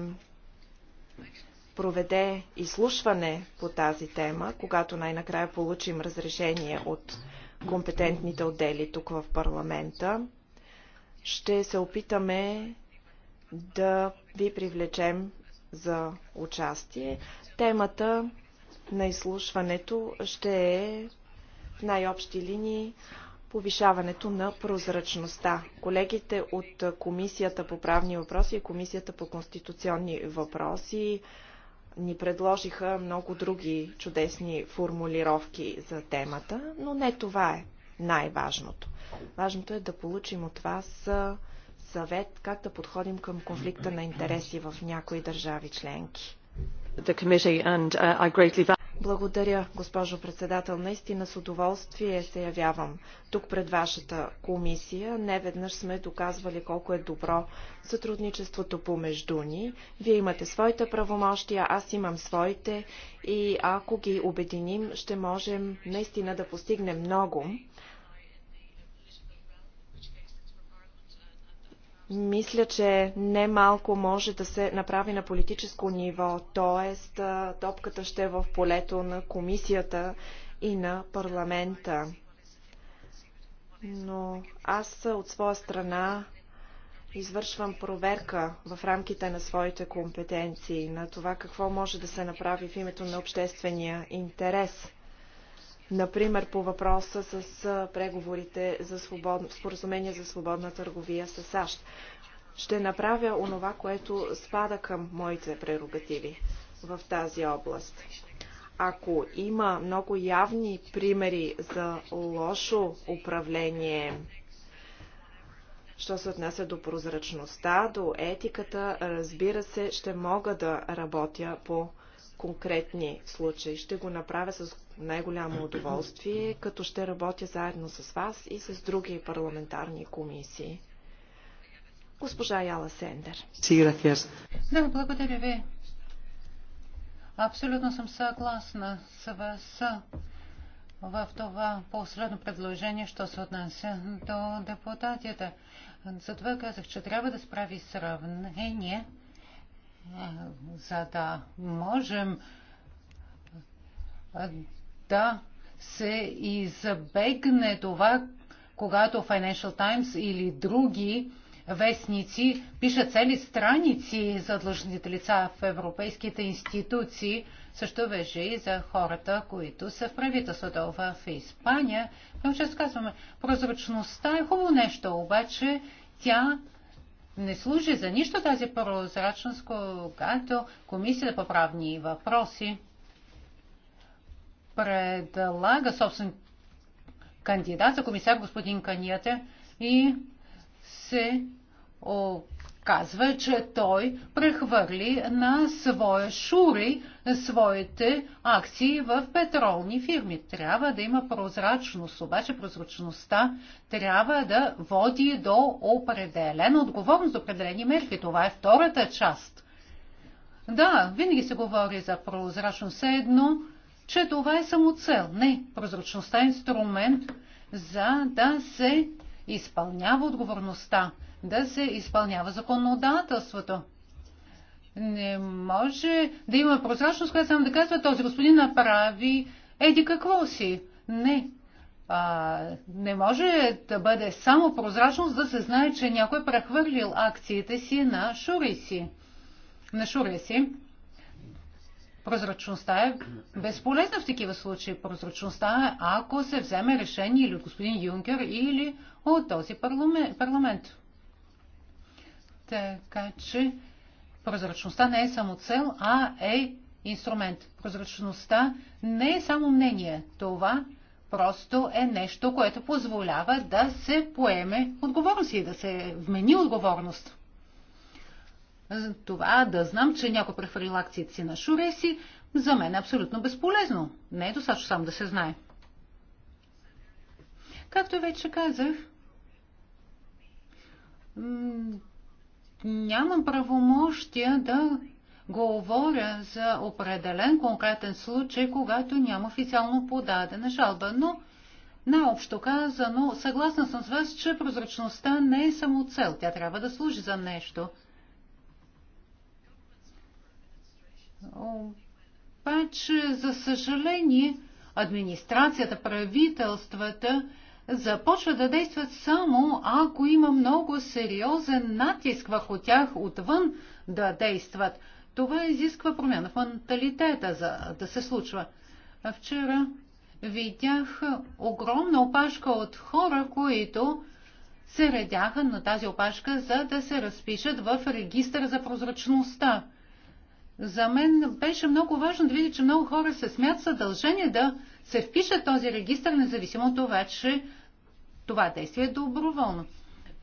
проведе изслушване по тази тема, когато най-накрая получим разрешение от компетентните отдели тук в парламента ще се опитаме да ви привлечем за участие. Темата на изслушването ще е в най-общи линии повишаването на прозрачността. Колегите от Комисията по правни въпроси и Комисията по конституционни въпроси ни предложиха много други чудесни формулировки за темата, но не това е най-важното. Важното е да получим от вас съвет как да подходим към конфликта на интереси в някои държави членки. Uh, благодаря, госпожо председател. Наистина с удоволствие се явявам тук пред вашата комисия. Не веднъж сме доказвали колко е добро сътрудничеството помежду ни. Вие имате своите правомощия, аз имам своите и ако ги обединим, ще можем наистина да постигнем много. Мисля, че не малко може да се направи на политическо ниво, т.е. топката ще е в полето на комисията и на парламента. Но аз от своя страна извършвам проверка в рамките на своите компетенции на това какво може да се направи в името на обществения интерес. Например, по въпроса с преговорите за свободно, споразумение за свободна търговия с САЩ. Ще направя онова, което спада към моите прерогативи в тази област. Ако има много явни примери за лошо управление Що се отнася до прозрачността, до етиката, разбира се, ще мога да работя по конкретни случаи. Ще го направя с най-голямо удоволствие, като ще работя заедно с вас и с други парламентарни комисии. Госпожа Яла Сендер. Да, благодаря ви. Абсолютно съм съгласна с вас в това последно предложение, що се отнася до депутатите. Затова казах, че трябва да справи сравнение за да можем да се избегне това, когато Financial Times или други вестници пишат цели страници за длъжните лица в европейските институции, също вежи и за хората, които са в правителството в Испания. Много често казваме, прозрачността е хубаво нещо, обаче тя не служи за нищо тази прозрачност, когато Комисията по правни въпроси предлага собствен кандидат за комисар господин Каньете и се казва, че той прехвърли на своя шури своите акции в петролни фирми. Трябва да има прозрачност, обаче прозрачността трябва да води до определена отговорност, до определени мерки. Това е втората част. Да, винаги се говори за прозрачност, едно, че това е само цел. Не, прозрачността е инструмент за да се изпълнява отговорността да се изпълнява законодателството. Не може да има прозрачност, която само да казва, този господин направи еди какво си. Не. А, не може да бъде само прозрачност да се знае, че някой е прехвърлил акциите си на шури си. На шури си. Прозрачността е безполезна в такива случаи. Прозрачността е ако се вземе решение или от господин Юнкер, или от този парламент. Така че прозрачността не е само цел, а е инструмент. Прозрачността не е само мнение. Това просто е нещо, което позволява да се поеме отговорност и да се вмени отговорност. Това да знам, че някой прехвърлил акциите си на Шуреси, за мен е абсолютно безполезно. Не е достатъчно само да се знае. Както вече казах, нямам правомощия да говоря за определен конкретен случай, когато няма официално подадена жалба. Но, наобщо казано, съгласна съм с вас, че прозрачността не е само цел. Тя трябва да служи за нещо. Обаче, за съжаление, администрацията, правителствата Започва да действат само ако има много сериозен натиск върху тях отвън да действат. Това изисква промяна в менталитета, за да се случва. Вчера видях огромна опашка от хора, които се редяха на тази опашка, за да се разпишат в регистър за прозрачността. За мен беше много важно да видя, че много хора се смят съдължение да се впишат този регистр, независимо от това, че това действие е доброволно.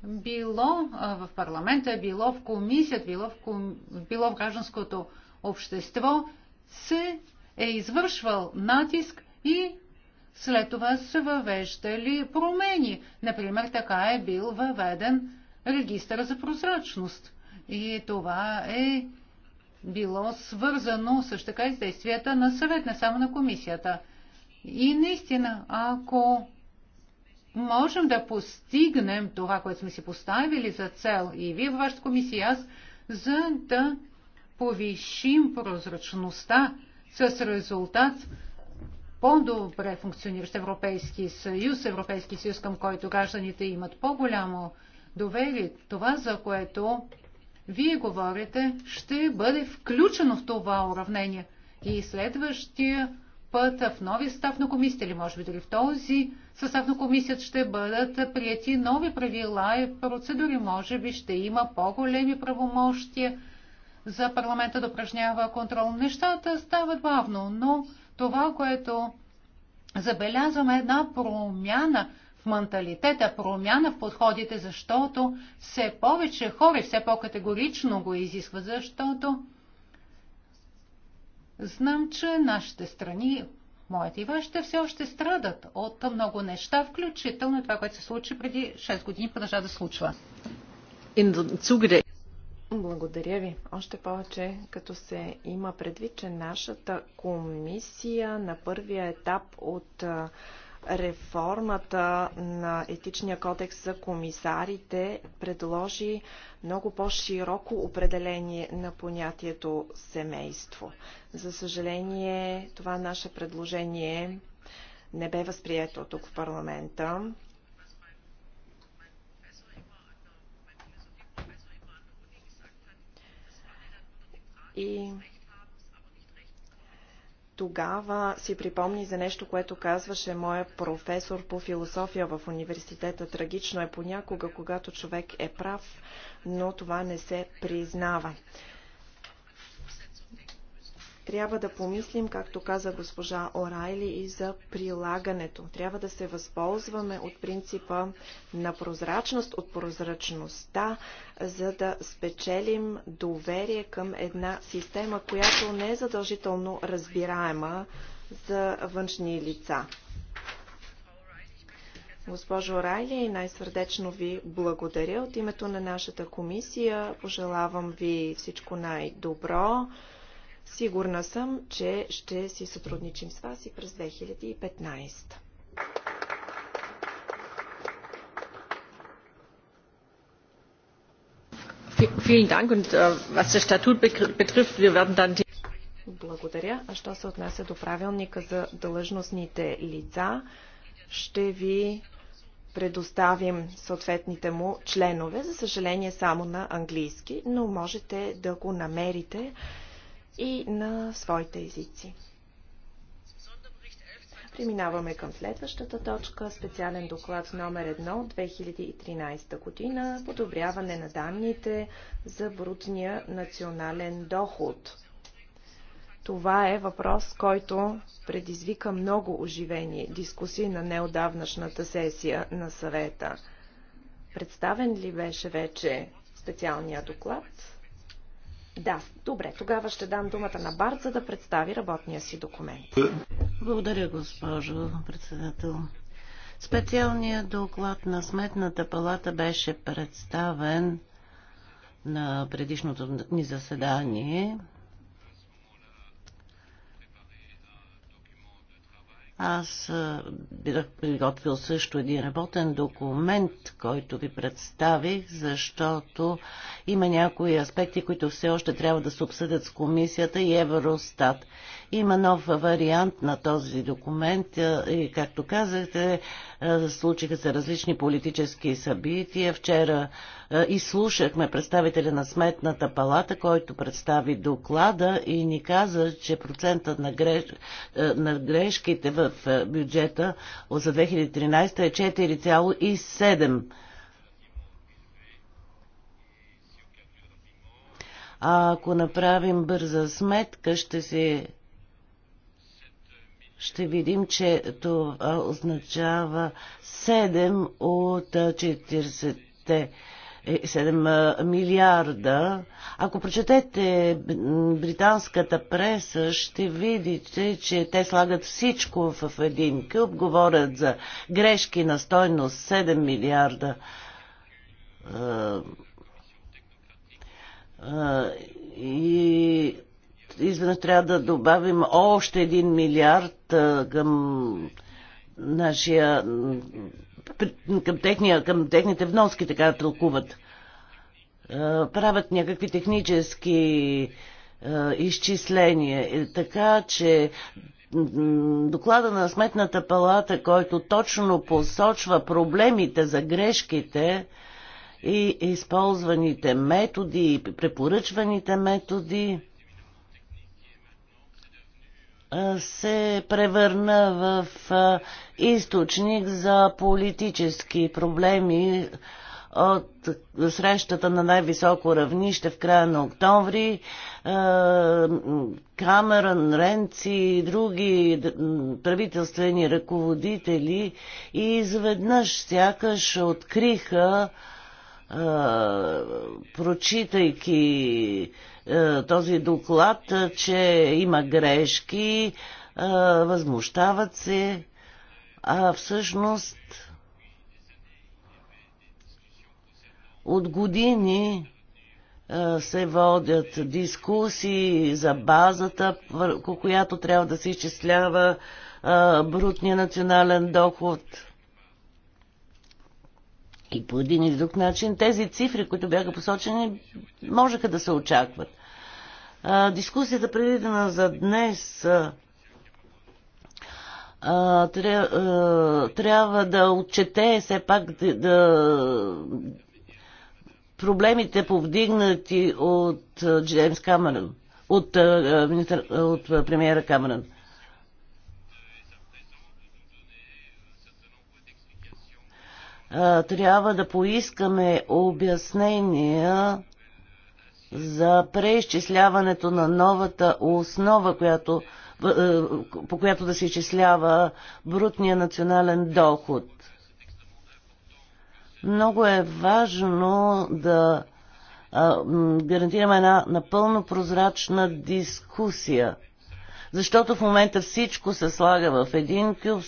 Било в парламента, било в комисията, било в, ком... било в гражданското общество, се е извършвал натиск и след това са въвеждали промени. Например, така е бил въведен регистър за прозрачност. И това е било свързано също така и с действията на съвет, не само на комисията. И наистина, ако можем да постигнем това, което сме си поставили за цел и вие в вашата комисия, аз, за да повишим прозрачността с резултат по-добре функциониращ Европейски съюз, Европейски съюз, към който гражданите имат по-голямо доверие. Това, за което вие говорите, ще бъде включено в това уравнение. И следващия път в нови състав на комисията или може би дори в този състав на комисията ще бъдат прияти нови правила и процедури. Може би ще има по-големи правомощия за парламента да упражнява контрол. Нещата стават бавно, но това, което забелязваме, е една промяна в менталитета, промяна в подходите, защото все повече хора все по-категорично го изискват, защото Знам, че нашите страни, моите и вашите, все още страдат от много неща, включително това, което се случи преди 6 години, продължава да случва. Благодаря ви. Още повече, като се има предвид, че нашата комисия на първия етап от реформата на етичния кодекс за комисарите предложи много по-широко определение на понятието семейство. За съжаление, това наше предложение не бе възприето тук в парламента. И тогава си припомни за нещо, което казваше моя професор по философия в университета. Трагично е понякога, когато човек е прав, но това не се признава. Трябва да помислим, както каза госпожа Орайли, и за прилагането. Трябва да се възползваме от принципа на прозрачност, от прозрачността, за да спечелим доверие към една система, която не е задължително разбираема за външни лица. Госпожо Райли, най-сърдечно ви благодаря от името на нашата комисия. Пожелавам ви всичко най-добро. Сигурна съм, че ще си сътрудничим с вас и през 2015. Благодаря. А що се отнася до правилника за длъжностните лица, ще ви предоставим съответните му членове, за съжаление само на английски, но можете да го намерите и на своите езици. Преминаваме към следващата точка, специален доклад номер 1 от 2013 година, подобряване на данните за брутния национален доход. Това е въпрос, който предизвика много оживени дискусии на неодавнашната сесия на съвета. Представен ли беше вече специалния доклад? Да, добре. Тогава ще дам думата на Барт, за да представи работния си документ. Благодаря, госпожо председател. Специалният доклад на Сметната палата беше представен на предишното ни заседание Аз бях приготвил също един работен документ, който ви представих, защото има някои аспекти, които все още трябва да се обсъдят с комисията и Евростат. Има нов вариант на този документ е, и, както казахте, е, случиха се различни политически събития. Вчера е, изслушахме представителя на Сметната палата, който представи доклада и ни каза, че процентът на, греш... на грешките в бюджета за 2013 е 4,7%. А ако направим бърза сметка, ще се ще видим, че това означава 7 от 47 е, милиарда. Ако прочетете британската преса, ще видите, че те слагат всичко в един кюб, говорят за грешки на стойност 7 милиарда. И изведнъж трябва да добавим още един милиард към нашия към, техния, към техните вноски, така да тълкуват. Правят някакви технически изчисления. Е, така че доклада на Сметната палата, който точно посочва проблемите за грешките и използваните методи, и препоръчваните методи, се превърна в източник за политически проблеми от срещата на най-високо равнище в края на октомври. Камерън, Ренци и други правителствени ръководители и изведнъж сякаш откриха, прочитайки е, този доклад, е, че има грешки, е, възмущават се, а всъщност от години се водят дискусии за базата, която трябва да се изчислява брутния национален доход – и по един или друг начин тези цифри, които бяха посочени, можеха да се очакват. А, дискусията предвидена за днес а, тря, а, трябва да отчете все пак да, да проблемите повдигнати от Джеймс Камерън, от, от премиера Камерън. трябва да поискаме обяснения за преизчисляването на новата основа, която, е, по която да се изчислява брутния национален доход. Много е важно да гарантираме една напълно прозрачна дискусия – защото в момента всичко се слага в един кюб,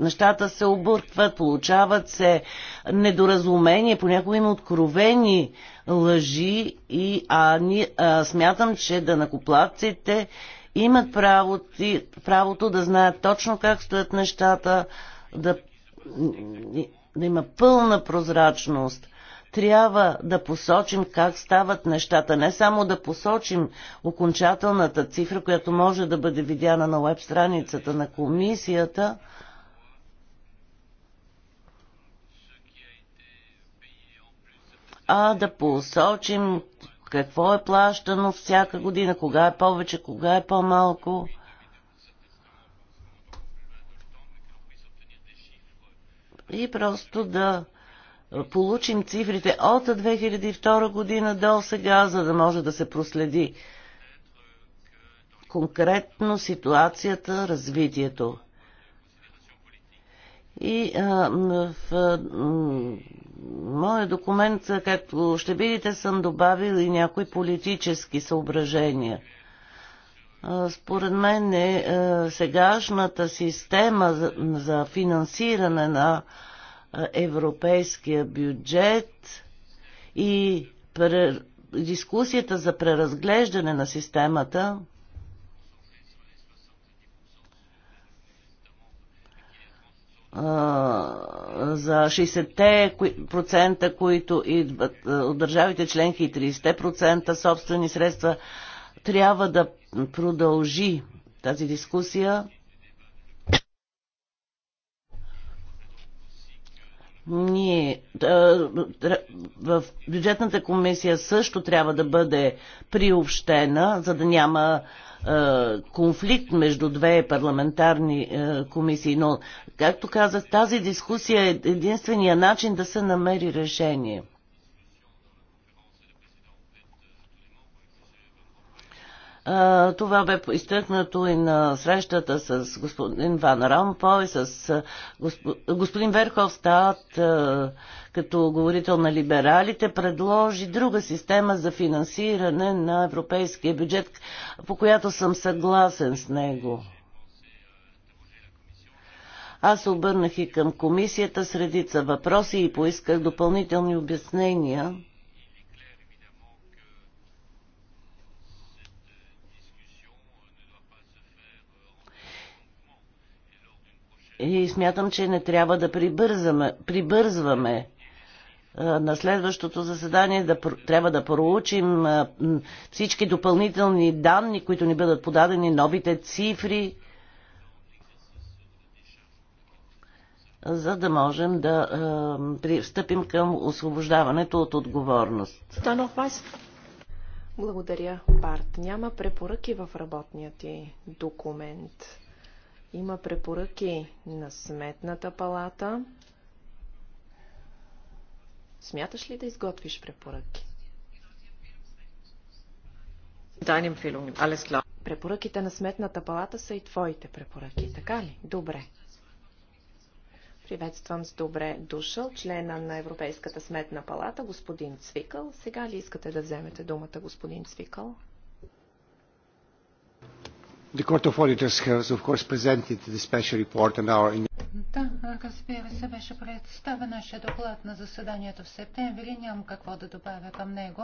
нещата се объркват, получават се недоразумения, понякога има откровени лъжи и а, ни, а, смятам, че данакоплатците имат право, правото да знаят точно как стоят нещата, да, да има пълна прозрачност – трябва да посочим как стават нещата. Не само да посочим окончателната цифра, която може да бъде видяна на веб страницата на комисията, а да посочим какво е плащано всяка година, кога е повече, кога е по-малко. И просто да получим цифрите от 2002 година до сега, за да може да се проследи конкретно ситуацията, развитието. И а, в а, моя документ, както ще видите, съм добавил и някои политически съображения. А, според мен е, а, сегашната система за, за финансиране на а, европейския бюджет и дискусията за преразглеждане на системата за 60-те процента, които идват от държавите членки и 30-те процента собствени средства, трябва да продължи тази дискусия ние в бюджетната комисия също трябва да бъде приобщена, за да няма конфликт между две парламентарни комисии. Но, както казах, тази дискусия е единствения начин да се намери решение. Това бе изтъкнато и на срещата с господин Ван Рампо и с господин Верховстат, като говорител на либералите, предложи друга система за финансиране на европейския бюджет, по която съм съгласен с него. Аз обърнах и към комисията средица въпроси и поисках допълнителни обяснения – И смятам, че не трябва да прибързаме, прибързваме на следващото заседание да, трябва да проучим всички допълнителни данни, които ни бъдат подадени, новите цифри, за да можем да пристъпим към освобождаването от отговорност. Благодаря, Барт. Няма препоръки в работния ти документ. Има препоръки на Сметната палата. Смяташ ли да изготвиш препоръки? Препоръките на Сметната палата са и твоите препоръки, така ли? Добре. Приветствам с добре дошъл члена на Европейската сметна палата, господин Цвикъл. Сега ли искате да вземете думата, господин Цвикъл? The Court of Auditors has, of course, presented the special report and our... Да, разбира се, беше представа нашия доклад на заседанието в септември. Нямам какво да добавя към него,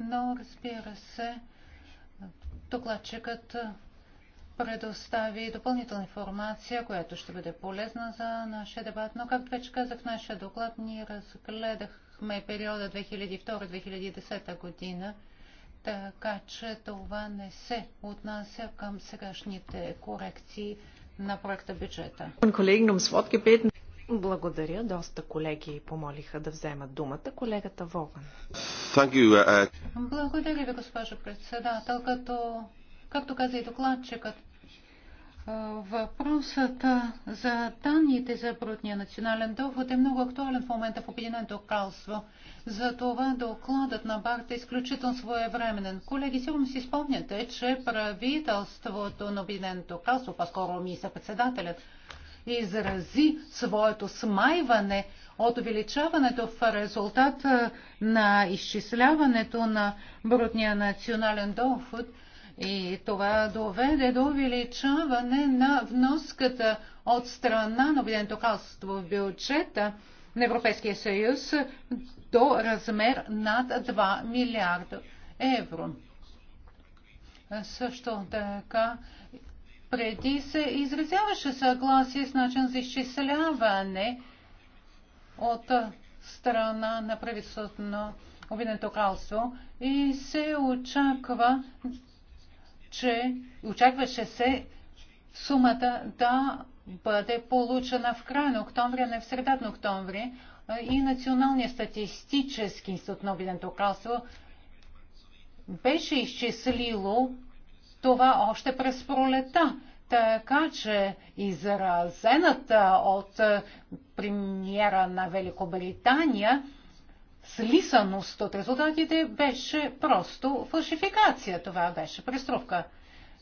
но разбира се, докладчикът предостави допълнителна информация, която ще бъде полезна за нашия дебат. Но, както вече казах, в нашия доклад ние разгледахме периода 2002-2010 година така че това не се отнася към сегашните корекции на проекта бюджета. Благодаря. Доста колеги помолиха да вземат думата. Колегата Воган. Uh, uh, Благодаря ви, госпожо председател. Като, както каза и докладчикът, Въпросът за данните за брутния национален доход е много актуален в момента в Обединеното кралство. За това докладът на Барта е изключително своевременен. Колеги, сигурно си спомняте, че правителството на Обединеното кралство, по-скоро мисля председателят, изрази своето смайване от увеличаването в резултат на изчисляването на брутния национален доход – и това доведе до увеличаване на вноската от страна на Обединеното кралство в бюджета на Европейския съюз до размер над 2 милиарда евро. Също така преди се изразяваше съгласие с начин за изчисляване от страна на правителството на Обединеното кралство и се очаква че очакваше се сумата да бъде получена в края на октомври, а не в средата на октомври. И Националният статистически институт на Обединеното кралство беше изчислило това още през пролета. Така че изразената от премиера на Великобритания слисаност от резултатите беше просто фалшификация. Това беше преструвка.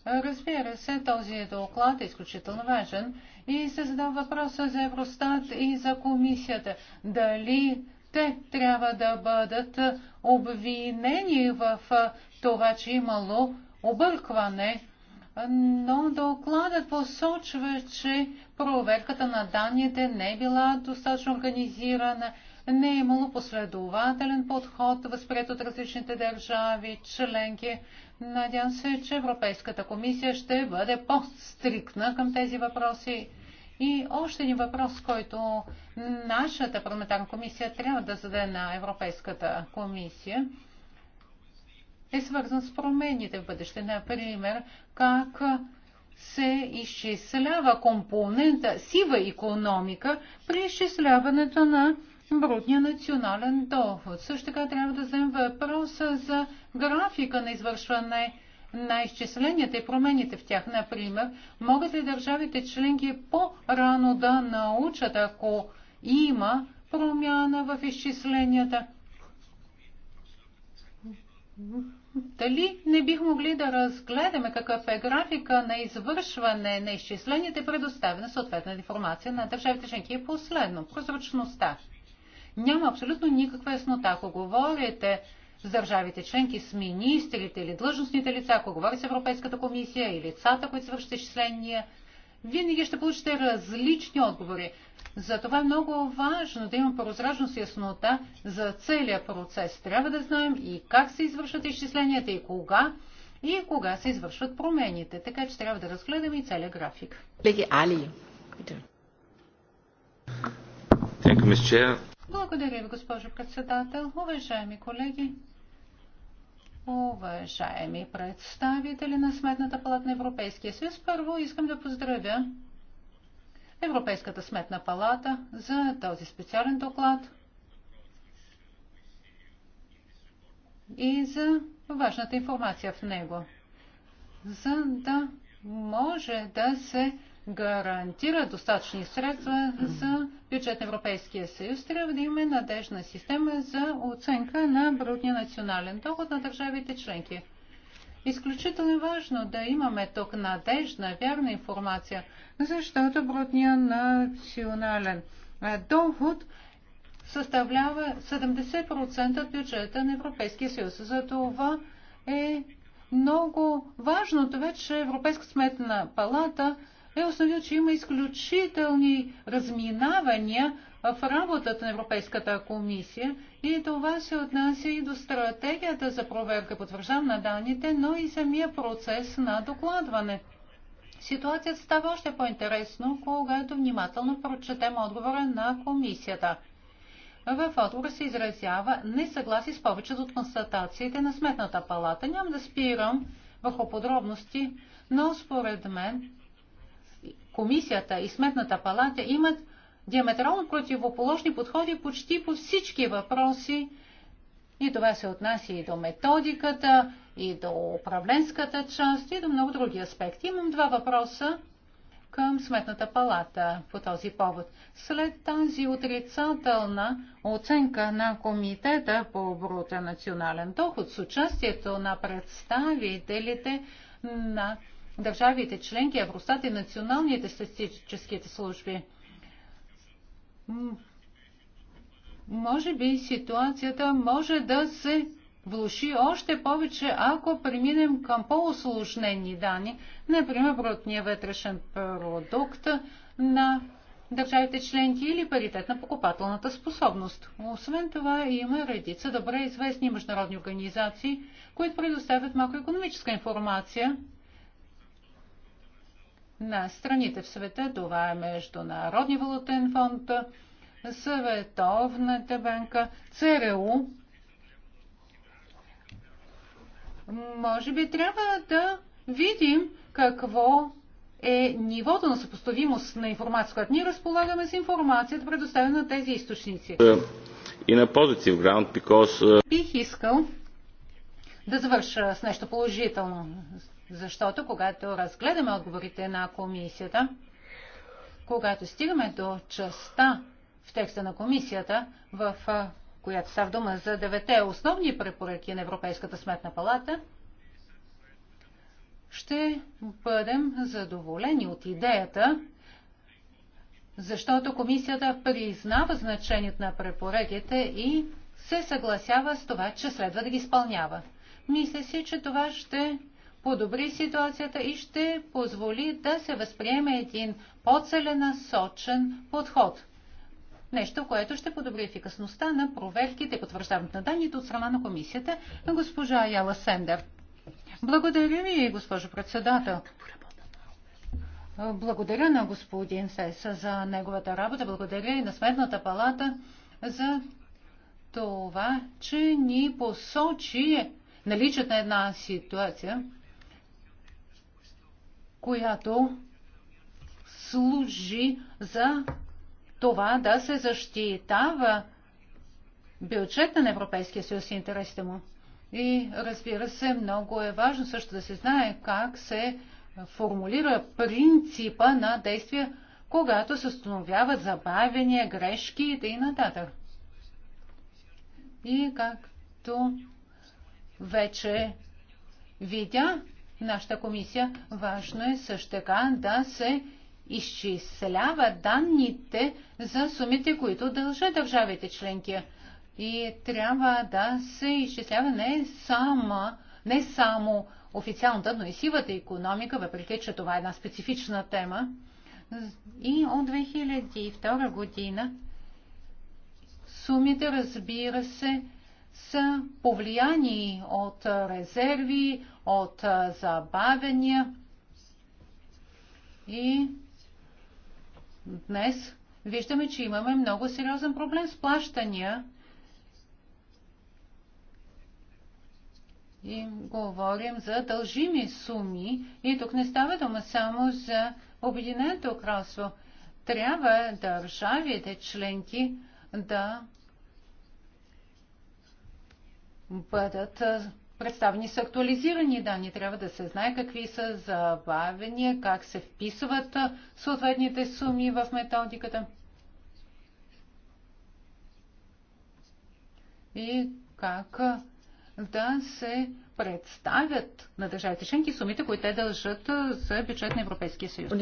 Разбира се, този доклад е изключително важен и се задава въпроса за Евростат и за комисията. Дали те трябва да бъдат обвинени в това, че имало объркване, но докладът посочва, че проверката на данните не е била достатъчно организирана не е имало последователен подход, възприят от различните държави, членки. Надявам се, че Европейската комисия ще бъде по-стрикна към тези въпроси. И още един въпрос, който нашата парламентарна комисия трябва да зададе на Европейската комисия, е свързан с промените в бъдеще. Например, как се изчислява компонента сива економика при изчисляването на брутния национален доход. Също така трябва да вземем въпроса за графика на извършване на изчисленията и промените в тях. Например, могат ли държавите членки по-рано да научат, ако има промяна в изчисленията? Дали не бих могли да разгледаме какъв е графика на извършване на изчисленията и предоставяне съответна информация на държавите членки? И последно, прозрачността. Няма абсолютно никаква яснота. Ако говорите с държавите членки, с министрите или длъжностните лица, ако говорите с Европейската комисия и лицата, които свършат изчисления, винаги ще получите различни отговори. Затова е много важно да има прозрачност и яснота за целия процес. Трябва да знаем и как се извършват изчисленията, и кога, и кога се извършват промените. Така че трябва да разгледаме и целият график. Благодаря ви, госпожо председател. Уважаеми колеги, уважаеми представители на Сметната палата на Европейския съюз, първо искам да поздравя Европейската сметна палата за този специален доклад и за важната информация в него, за да може да се гарантира достатъчни средства за бюджет на Европейския съюз, трябва да имаме надежна система за оценка на брутния национален доход на държавите членки. Изключително важно да имаме тук надежна, вярна информация, защото брутния национален доход съставлява 70% от бюджета на Европейския съюз. За това е много важно това, че Европейска сметна палата е установил, че има изключителни разминавания в работата на Европейската комисия и това се отнася и до стратегията за проверка по на данните, но и самия процес на докладване. Ситуацията става още по-интересно, когато внимателно прочетем отговора на комисията. В отговора се изразява несъгласие с повечето от констатациите на Сметната палата. Нямам да спирам върху подробности, но според мен комисията и сметната палата имат диаметрално противоположни подходи почти по всички въпроси. И това се отнася и до методиката, и до управленската част, и до много други аспекти. Имам два въпроса към Сметната палата по този повод. След тази отрицателна оценка на Комитета по брутен национален доход с участието на представителите на държавите членки, Евростат и националните статистическите служби. Може би ситуацията може да се влуши още повече, ако преминем към по-осложнени данни, например брутния вътрешен продукт на държавите членки или паритет на покупателната способност. Освен това има редица добре известни международни организации, които предоставят макроекономическа информация на страните в света. Това е Международния валутен фонд, Съветовната банка, ЦРУ. Може би трябва да видим какво е нивото на съпоставимост на информация, която ние разполагаме с информацията, предоставена на тези източници. Е, и на позитив ground, because... Е, Бих искал да завърша с нещо положително. Защото когато разгледаме отговорите на комисията, когато стигаме до частта в текста на комисията, в която става дума за девете основни препоръки на Европейската сметна палата, ще бъдем задоволени от идеята, защото комисията признава значението на препоръките и се съгласява с това, че следва да ги изпълнява. Мисля си, че това ще подобри ситуацията и ще позволи да се възприеме един по-целенасочен подход. Нещо, което ще подобри ефикасността на проверките и потвърждаването на данните от страна на комисията на госпожа Яла Сендер. Благодаря ви, госпожо председател. Благодаря на господин Сес за неговата работа. Благодаря и на Сметната палата за това, че ни посочи наличат на една ситуация, която служи за това да се защитава бюджета на Европейския съюз и интересите му. И разбира се, много е важно също да се знае как се формулира принципа на действие, когато се установяват забавения, грешки и т.н. И както вече видя, нашата комисия. Важно е също така да се изчислява данните за сумите, които дължат държавите членки. И трябва да се изчислява не само, не само официалната, но и сивата економика, въпреки че това е една специфична тема. И от 2002 година сумите, разбира се, са повлияни от резерви, от забавения. И днес виждаме, че имаме много сериозен проблем с плащания. И говорим за дължими суми. И тук не става дума само за Обединеното кралство. Трябва държавите членки да бъдат представени с актуализирани данни. Трябва да се знае какви са забавения, как се вписват съответните суми в методиката. И как да се представят на държавите членки сумите, които те дължат за бюджет на Европейския съюз.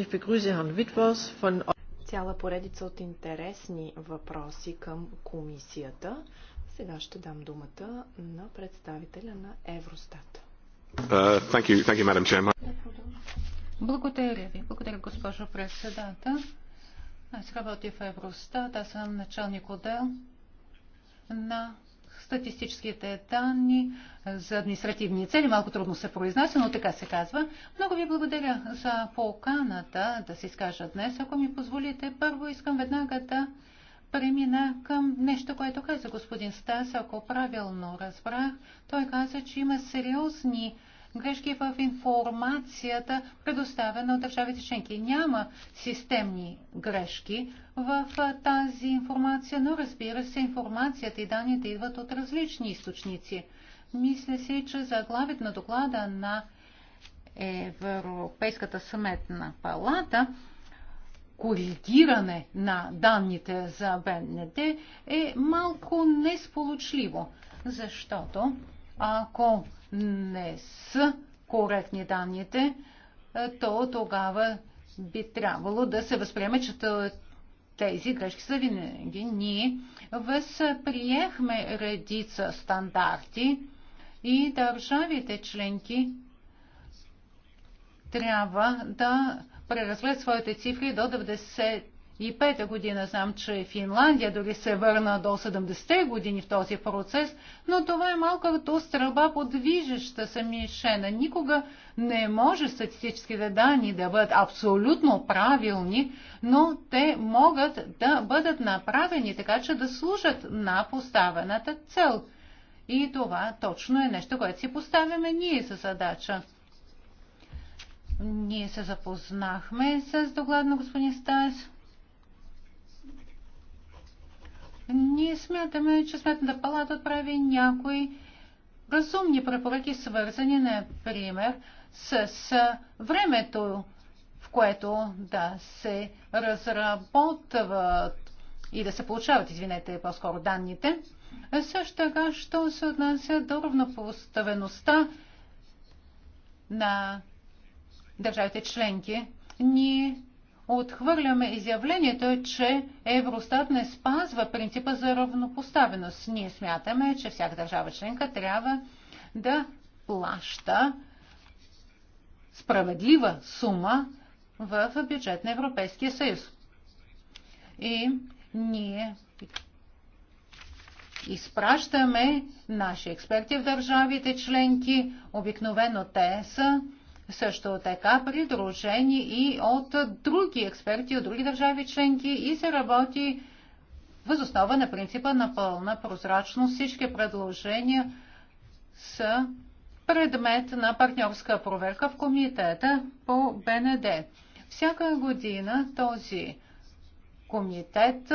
Цяла поредица от интересни въпроси към комисията. Сега ще дам думата на представителя на Евростат. Uh, благодаря ви. Благодаря, госпожо председател. Аз работя в Евростат. Аз съм началник отдел на статистическите данни за административни цели. Малко трудно се произнася, но така се казва. Много ви благодаря за поканата да се изкажа днес. Ако ми позволите, първо искам веднага да премина към нещо, което каза господин Стас, ако правилно разбрах. Той каза, че има сериозни грешки в информацията, предоставена от държавите членки. Няма системни грешки в тази информация, но разбира се, информацията и данните идват от различни източници. Мисля си, че заглавят на доклада на Европейската съметна палата коригиране на данните за БНД е малко несполучливо, защото ако не са коректни данните, е, то тогава би трябвало да се възприеме, че тези грешки са винаги. Ние възприехме редица стандарти и държавите членки трябва да преразглед своите цифри до 95-та година. Знам, че Финландия дори се върна до 70-те години в този процес, но това е малко като стрелба подвижеща се мишена. Никога не може статистическите данни да бъдат абсолютно правилни, но те могат да бъдат направени така, че да служат на поставената цел. И това точно е нещо, което си поставяме ние за задача. Ние се запознахме с доклад на господин Стас. Ние смятаме, че Сметната палата прави някои разумни препоръки, свързани, например, с времето, в което да се разработват и да се получават, извинете, по-скоро данните. Също така, що се отнася до равнопоставеността на държавите членки, ние отхвърляме изявлението, че Евростат не спазва принципа за равнопоставеност. Ние смятаме, че всяка държава членка трябва да плаща справедлива сума в бюджет на Европейския съюз. И ние изпращаме наши експерти в държавите членки. Обикновено те са също така придружени и от други експерти от други държави членки и се работи възоснова на принципа на пълна прозрачност. Всички предложения са предмет на партньорска проверка в комитета по БНД. Всяка година този комитет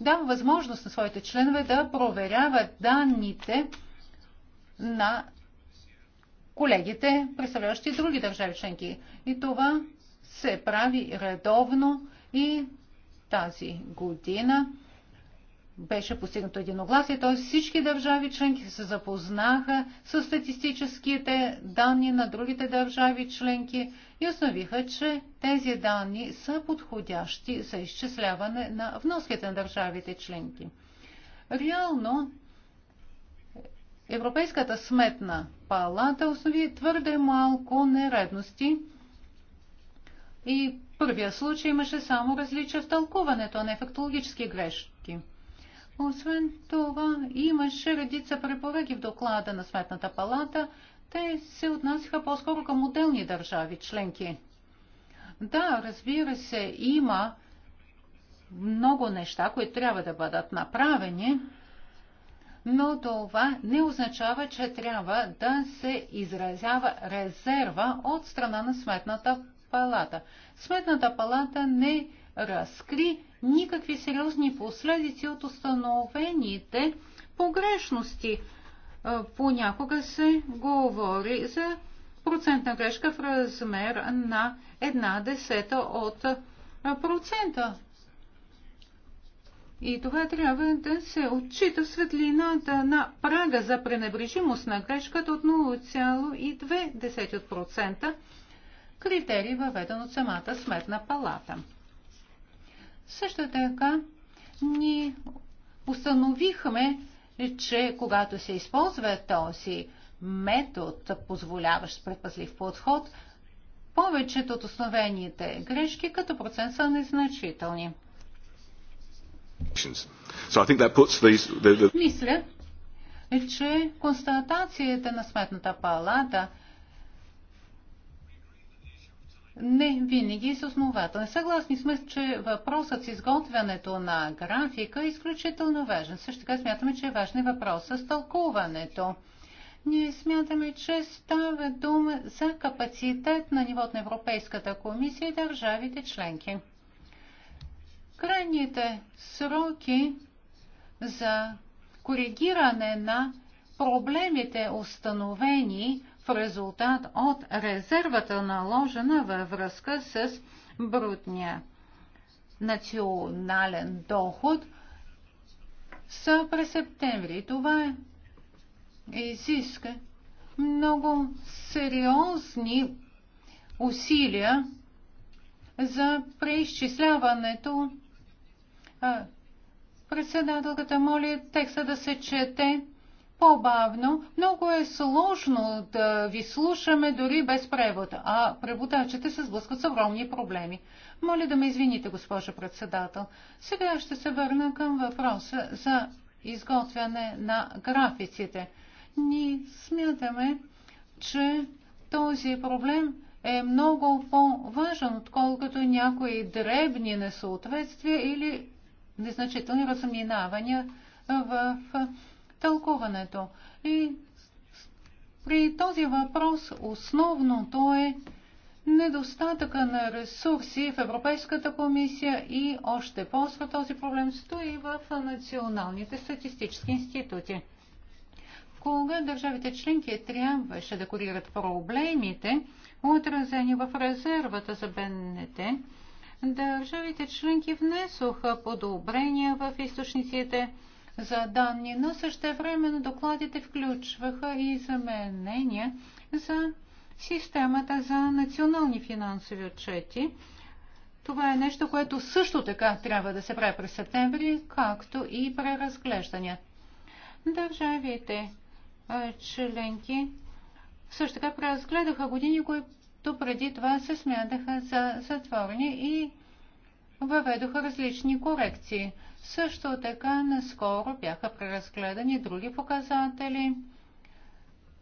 дава възможност на своите членове да проверяват данните на колегите, представляващи други държави членки. И това се прави редовно и тази година беше постигнато единогласие, т.е. всички държави членки се запознаха с статистическите данни на другите държави членки и установиха, че тези данни са подходящи за изчисляване на вноските на държавите членки. Реално Европейската сметна палата установи твърде малко нередности и първия случай имаше само различия в тълкуването, а не фактологически грешки. Освен това, имаше редица препоръки в доклада на Сметната палата. Те се отнасяха по-скоро към отделни държави членки. Да, разбира се, има много неща, които трябва да бъдат направени, но това не означава, че трябва да се изразява резерва от страна на Сметната палата. Сметната палата не разкри никакви сериозни последици от установените погрешности. Е, понякога се говори за процентна грешка в размер на една десета от процента. И това трябва да се отчита светлината на прага за пренебрежимост на грешката от 0,2% критерий въведен от самата сметна палата. Също така ни установихме, че когато се използва този метод, позволяващ предпазлив подход, повечето от основените грешки като процент са незначителни. So these, the, the... Мисля, е, че констатацията на Сметната палата не винаги е основателни. Съгласни сме, че въпросът с изготвянето на графика е изключително важен. Също така смятаме, че е важен въпрос с тълкуването. Ние смятаме, че става дума за капацитет на нивото на Европейската комисия и държавите членки крайните сроки за коригиране на проблемите, установени в резултат от резервата наложена във връзка с брутния национален доход, са през септември. Това изиска много сериозни усилия за преизчисляването Председателката моли текста да се чете по-бавно. Много е сложно да ви слушаме дори без превода, а преводачите се сблъскват с огромни проблеми. Моля да ме извините, госпожо председател. Сега ще се върна към въпроса за изготвяне на графиците. Ние смятаме, че този проблем е много по-важен, отколкото някои дребни несъответствия или незначителни разминавания в тълкуването. И при този въпрос основното е недостатъка на ресурси в Европейската комисия и още по-остро този проблем стои в националните статистически институти. Кога държавите членки трябваше да корират проблемите, отразени в резервата за БНТ, Държавите членки внесоха подобрения в източниците за данни, но също времено докладите включваха и заменения за системата за национални финансови отчети. Това е нещо, което също така трябва да се прави през септември, както и преразглеждания. Държавите членки също така преразгледаха години, кои то преди това се смятаха за затворни и въведоха различни корекции. Също така наскоро бяха преразгледани други показатели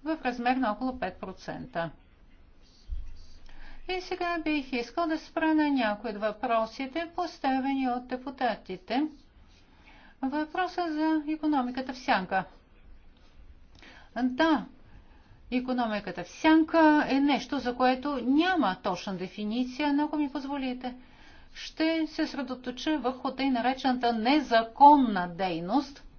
в размер на около 5%. И сега бих искал да спра на някои от въпросите, поставени от депутатите. Въпроса за економиката в сянка. Да, економиката в сянка е нещо, за което няма точна дефиниция, но ако ми позволите, ще се средоточа върху тъй наречената незаконна дейност –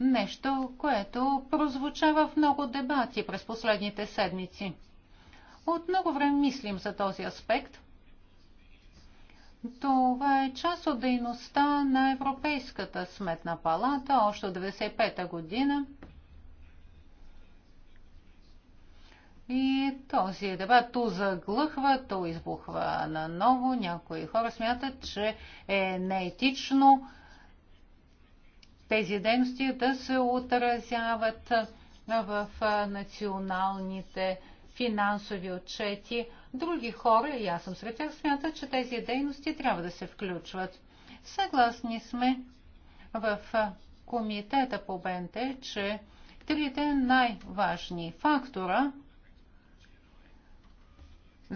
Нещо, което прозвуча в много дебати през последните седмици. От много време мислим за този аспект. Това е част от дейността на Европейската сметна палата още от 1995 година – И този дебат то заглъхва, то избухва наново. Някои хора смятат, че е неетично тези дейности да се отразяват в националните финансови отчети. Други хора, и аз съм сред тях, смятат, че тези дейности трябва да се включват. Съгласни сме в комитета по БНТ, че трите най-важни фактора –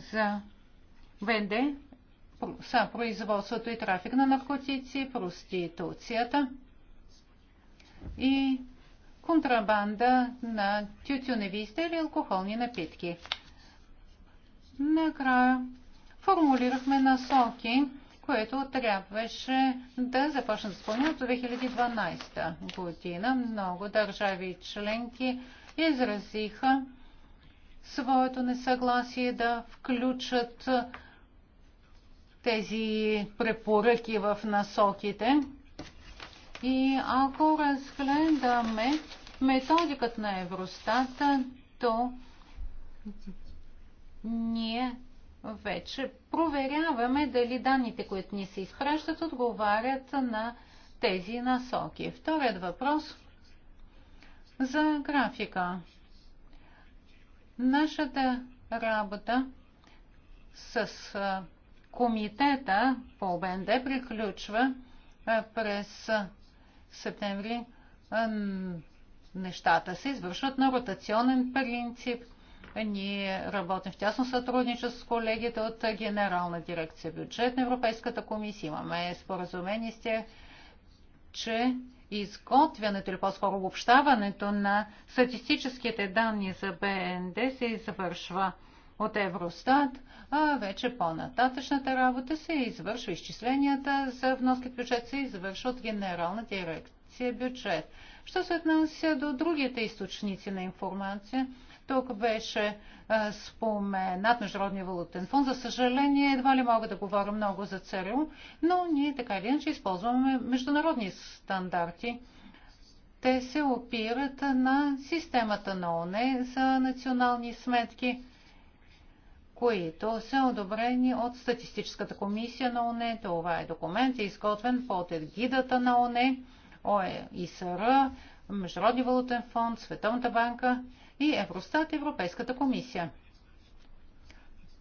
за ВНД са производството и трафик на наркотици, проституцията и контрабанда на тютюневи изделия и алкохолни напитки. Накрая формулирахме насоки, което трябваше да започне да спомня от 2012 година. Много държави членки изразиха своето несъгласие да включат тези препоръки в насоките. И ако разгледаме методиката на Евростата, то ние вече проверяваме дали данните, които ни се изпращат, отговарят на тези насоки. Вторият въпрос за графика. Нашата работа с комитета по ОБНД приключва през септември. Нещата се извършват на ротационен принцип. Ние работим в тясно сътрудничество с колегите от Генерална дирекция бюджет на Европейската комисия. Имаме споразумение с тях, че изготвянето или по-скоро общаването на статистическите данни за БНД се извършва от Евростат, а вече по-нататъчната работа се извършва, изчисленията за вноски в бюджет се извършва от Генерална дирекция бюджет. Що се отнася до другите източници на информация, тук беше споменат Международния валутен фонд. За съжаление, едва ли мога да говоря много за ЦРУ, но ние така или иначе използваме международни стандарти. Те се опират на системата на ОНЕ за национални сметки, които са одобрени от Статистическата комисия на ОНЕ. Това е документ, е изготвен под егидата на ОНЕ, е ИСР, Международния валутен фонд, Световната банка – и Евростат, Европейската комисия.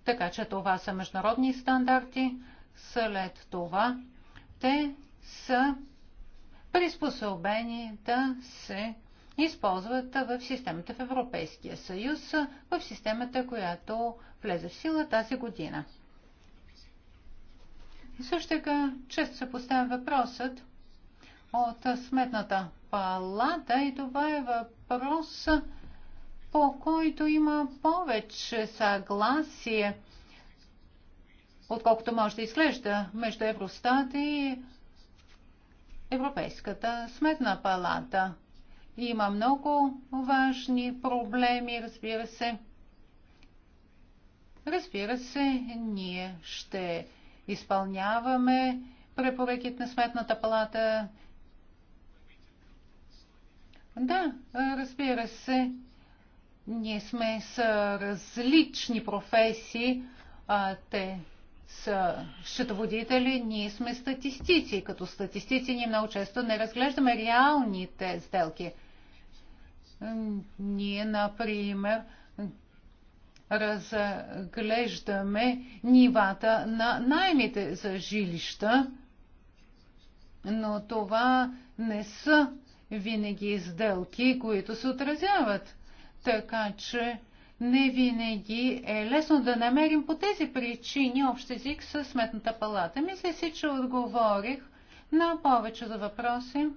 Така че това са международни стандарти. След това те са приспособени да се използват в системата в Европейския съюз, в системата, която влезе в сила тази година. И също така често се поставя въпросът от сметната палата и това е въпрос, по който има повече съгласие, отколкото може да изглежда между Евростат и Европейската сметна палата. Има много важни проблеми, разбира се. Разбира се, ние ще изпълняваме препоръките на Сметната палата. Да, разбира се, ние сме с различни професии. А, те са счетоводители, ние сме статистици. Като статистици ние много често не разглеждаме реалните сделки. Ние, например, разглеждаме нивата на наймите за жилища, но това не са винаги сделки, които се отразяват така че не винаги е лесно да намерим по тези причини общ език с Сметната палата. Мисля си, че отговорих на повече за въпроси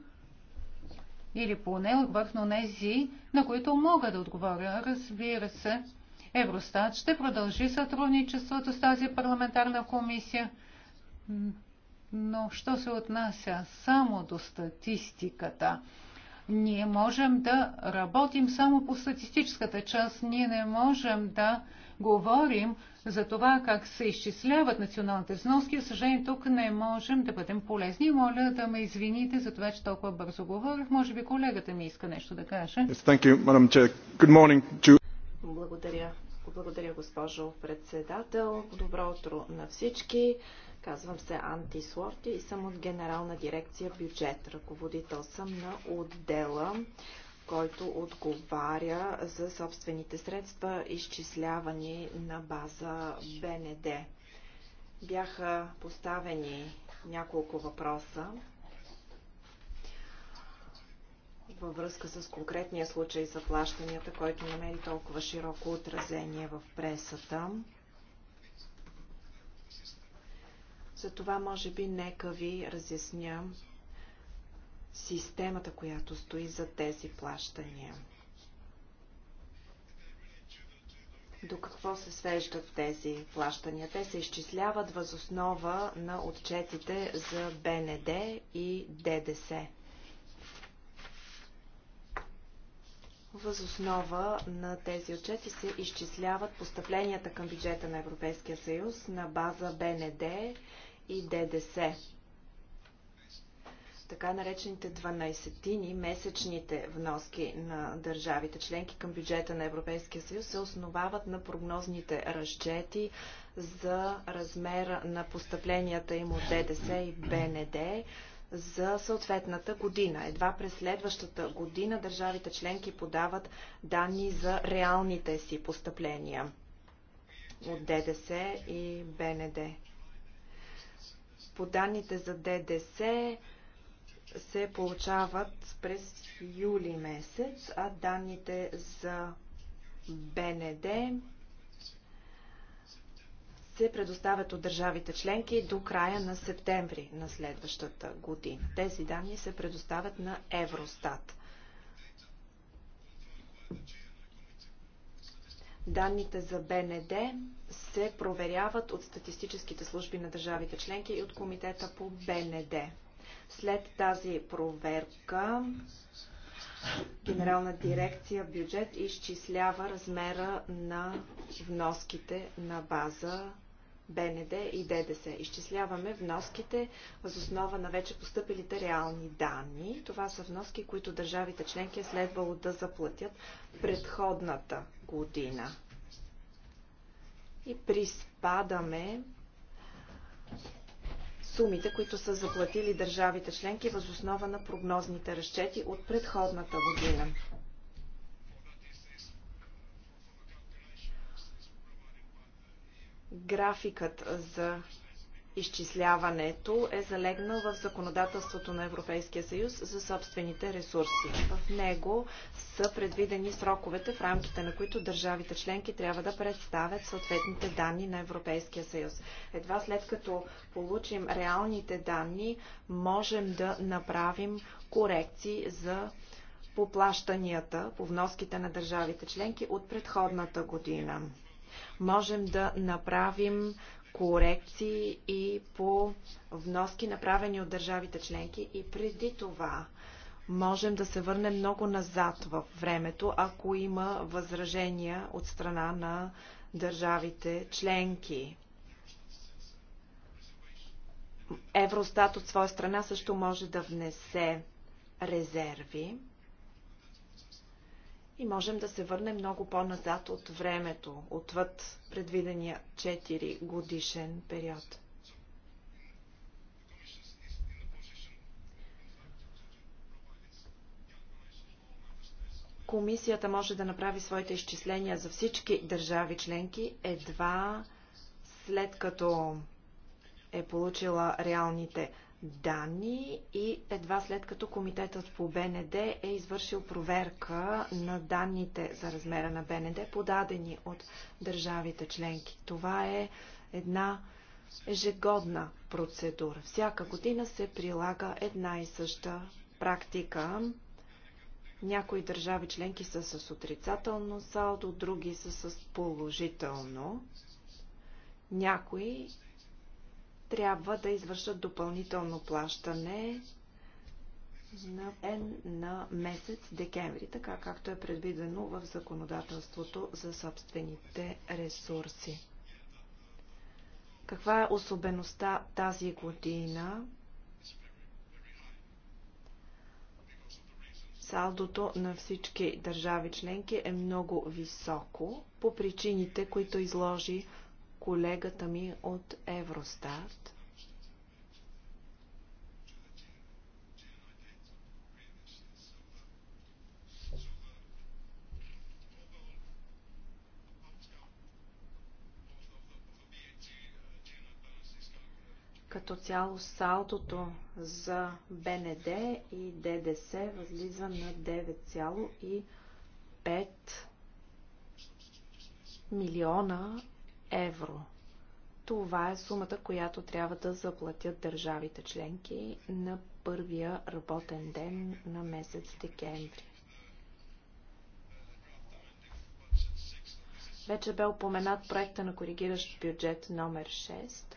или поне отговорих на тези, на които мога да отговоря. Разбира се, Евростат ще продължи сътрудничеството с тази парламентарна комисия, но що се отнася само до статистиката – ние можем да работим само по статистическата част. Ние не можем да говорим за това как се изчисляват националните взноски. За съжаление, тук не можем да бъдем полезни. Моля да ме извините за това, че толкова бързо говорих. Може би колегата ми иска нещо да каже. Благодаря. Благодаря, госпожо председател. Добро утро на всички. Казвам се Анти Слорти и съм от Генерална дирекция бюджет. Ръководител съм на отдела, който отговаря за собствените средства, изчислявани на база БНД. Бяха поставени няколко въпроса във връзка с конкретния случай за плащанията, който намери толкова широко отразение в пресата. Затова, може би, нека ви разясня системата, която стои за тези плащания. До какво се свеждат тези плащания? Те се изчисляват възоснова на отчетите за БНД и ДДС. Възоснова на тези отчети се изчисляват постъпленията към бюджета на Европейския съюз на база БНД и ДДС. Така наречените 12-тини, месечните вноски на държавите членки към бюджета на Европейския съюз се основават на прогнозните разчети за размера на постъпленията им от ДДС и БНД за съответната година. Едва през следващата година държавите членки подават данни за реалните си постъпления от ДДС и БНД по данните за ДДС се получават през юли месец, а данните за БНД се предоставят от държавите членки до края на септември на следващата година. Тези данни се предоставят на Евростат. Данните за БНД се проверяват от статистическите служби на държавите членки и от комитета по БНД. След тази проверка Генерална дирекция бюджет изчислява размера на вноските на база БНД и ДДС. Изчисляваме вноските въз основа на вече поступилите реални данни. Това са вноски, които държавите членки е следвало да заплатят предходната година. И приспадаме сумите, които са заплатили държавите членки въз основа на прогнозните разчети от предходната година. Графикът за изчисляването е залегнал в законодателството на Европейския съюз за собствените ресурси. В него са предвидени сроковете, в рамките на които държавите членки трябва да представят съответните данни на Европейския съюз. Едва след като получим реалните данни, можем да направим корекции за поплащанията по вноските на държавите членки от предходната година можем да направим корекции и по вноски, направени от държавите членки и преди това можем да се върнем много назад в времето, ако има възражения от страна на държавите членки. Евростат от своя страна също може да внесе резерви и можем да се върнем много по-назад от времето, отвъд предвидения 4 годишен период. Комисията може да направи своите изчисления за всички държави членки едва след като е получила реалните данни и едва след като комитетът по БНД е извършил проверка на данните за размера на БНД, подадени от държавите членки. Това е една ежегодна процедура. Всяка година се прилага една и съща практика. Някои държави членки са с отрицателно салдо, други са с положително. Някои трябва да извършат допълнително плащане на, на месец декември, така както е предвидено в законодателството за собствените ресурси. Каква е особеността тази година? Салдото на всички държави членки е много високо по причините, които изложи колегата ми от Евростарт. като цяло салдото за БНД и ДДС възлиза на 9,5 милиона евро. Това е сумата, която трябва да заплатят държавите членки на първия работен ден на месец декември. Вече бе упоменат проекта на коригиращ бюджет номер 6.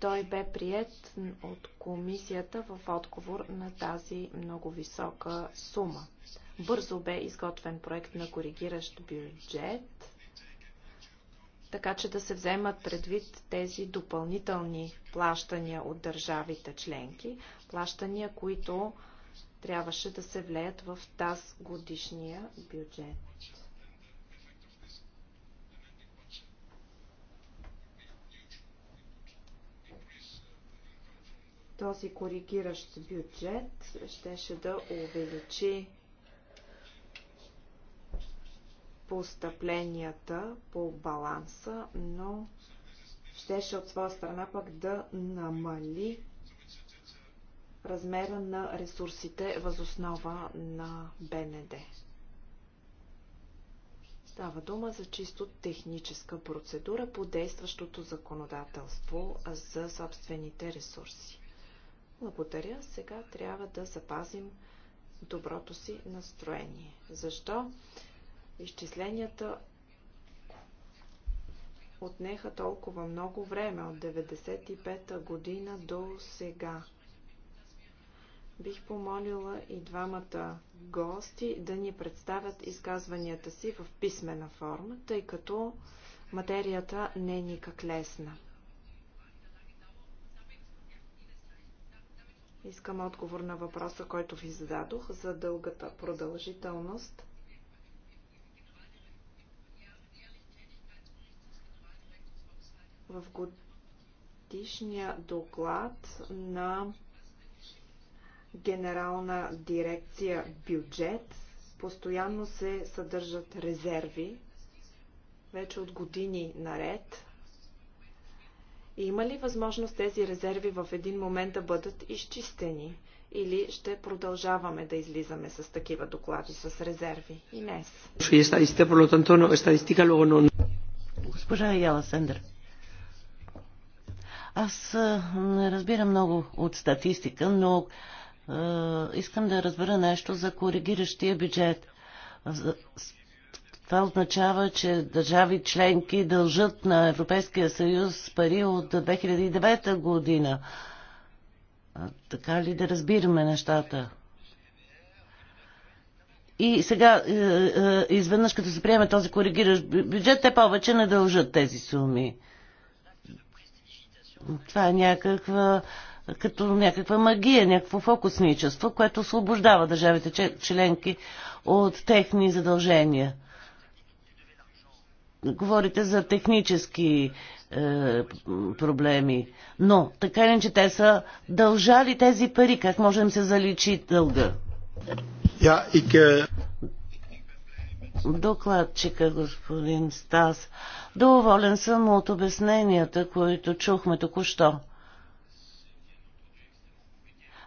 Той бе прият от комисията в отговор на тази много висока сума. Бързо бе изготвен проект на коригиращ бюджет, така че да се вземат предвид тези допълнителни плащания от държавите членки, плащания, които трябваше да се влеят в таз годишния бюджет. Този коригиращ бюджет щеше да увеличи постъпленията по баланса, но щеше от своя страна пък да намали размера на ресурсите възоснова на БНД. Става дума за чисто техническа процедура по действащото законодателство за собствените ресурси. Благодаря. Сега трябва да запазим доброто си настроение. Защо? Изчисленията отнеха толкова много време от 95-та година до сега. Бих помолила и двамата гости да ни представят изказванията си в писмена форма, тъй като материята не е никак лесна. Искам отговор на въпроса, който ви зададох за дългата продължителност В годишния доклад на Генерална дирекция бюджет постоянно се съдържат резерви, вече от години наред. И има ли възможност тези резерви в един момент да бъдат изчистени? Или ще продължаваме да излизаме с такива доклади, с резерви? Инес. Госпожа Яла Сендер. Аз не разбира много от статистика, но е, искам да разбера нещо за коригиращия бюджет. Това означава, че държави членки дължат на Европейския съюз пари от 2009 година. Така ли да разбираме нещата? И сега, е, е, изведнъж като се приеме този коригиращ бюджет, те повече не дължат тези суми. Това е някаква като някаква магия, някакво фокусничество, което освобождава държавите членки от техни задължения. Говорите за технически е, проблеми, но така или че те са дължали тези пари. Как може да им се заличи дълга? ik, uh докладчика господин Стас. Доволен съм от обясненията, които чухме току-що.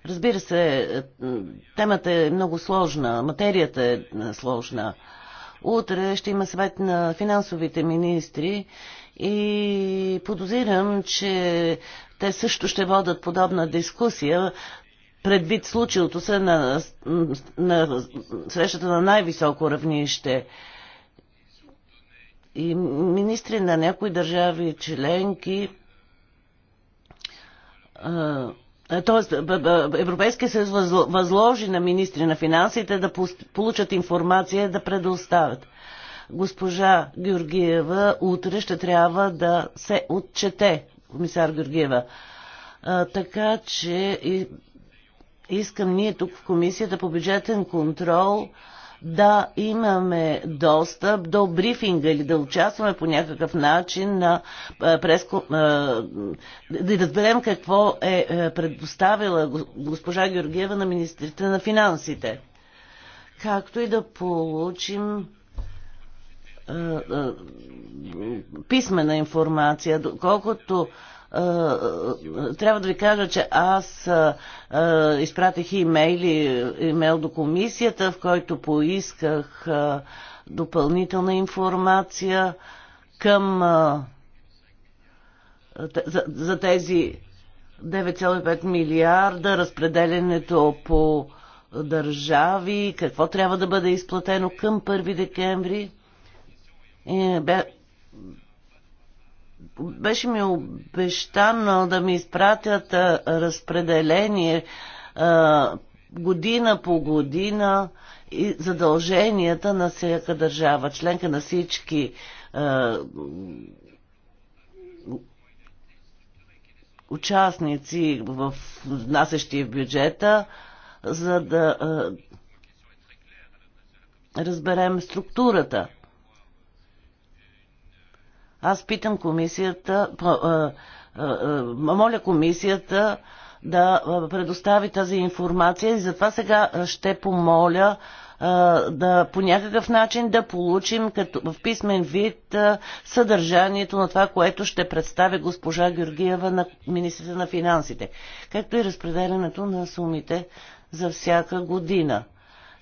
Разбира се, темата е много сложна, материята е сложна. Утре ще има съвет на финансовите министри и подозирам, че те също ще водат подобна дискусия, предвид случилото се на, на срещата на най-високо равнище. И министри на някои държави членки Т.е. Европейския съюз възложи на министри на финансите да получат информация да предоставят. Госпожа Георгиева утре ще трябва да се отчете, комисар Георгиева. А, така че и искам ние тук в Комисията по бюджетен контрол да имаме достъп до брифинга или да участваме по някакъв начин на преско... да разберем какво е, е предоставила госпожа Георгиева на министрите на финансите. Както и да получим писмена информация, доколкото е, е, трябва да ви кажа, че аз е, изпратих имейли, имейл до комисията, в който поисках допълнителна информация към за, за тези 9,5 милиарда, разпределенето по държави, какво трябва да бъде изплатено към 1 декември. И бе, беше ми обещано да ми изпратят разпределение а, година по година и задълженията на всяка държава, членка на всички а, участници в внасящи в бюджета, за да а, разберем структурата. Аз питам комисията, моля комисията да предостави тази информация и затова сега ще помоля да по някакъв начин да получим като, в писмен вид съдържанието на това, което ще представя госпожа Георгиева на министрите на финансите, както и разпределянето на сумите за всяка година.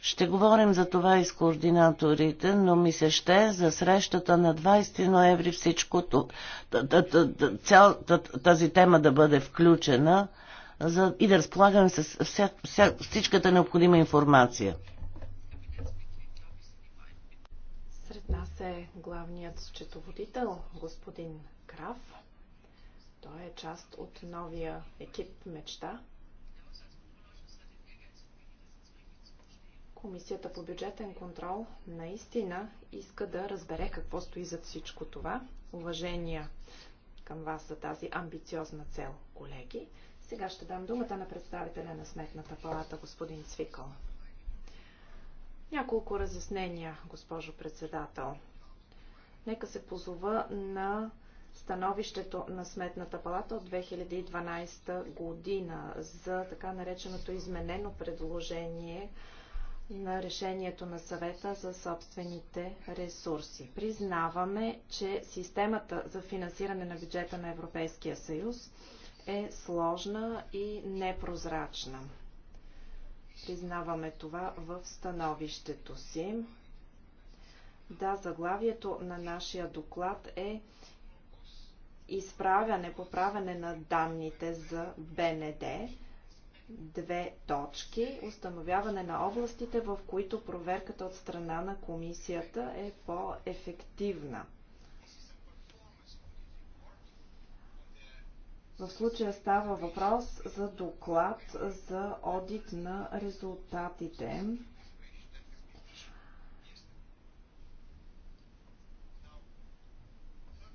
Ще говорим за това и с координаторите, но ми се ще за срещата на 20 ноември всичко, тази тема да бъде включена за, и да разполагаме с вся, вся, всичката необходима информация. Сред нас е главният счетоводител, господин Крав. Той е част от новия екип Мечта, Комисията по бюджетен контрол наистина иска да разбере какво стои зад всичко това. Уважения към вас за тази амбициозна цел, колеги. Сега ще дам думата на представителя на Сметната палата, господин Цвикъл. Няколко разяснения, госпожо председател. Нека се позова на становището на Сметната палата от 2012 година за така нареченото изменено предложение на решението на съвета за собствените ресурси. Признаваме, че системата за финансиране на бюджета на Европейския съюз е сложна и непрозрачна. Признаваме това в становището си. Да, заглавието на нашия доклад е изправяне, поправяне на данните за БНД две точки. Установяване на областите, в които проверката от страна на комисията е по-ефективна. В случая става въпрос за доклад за одит на резултатите.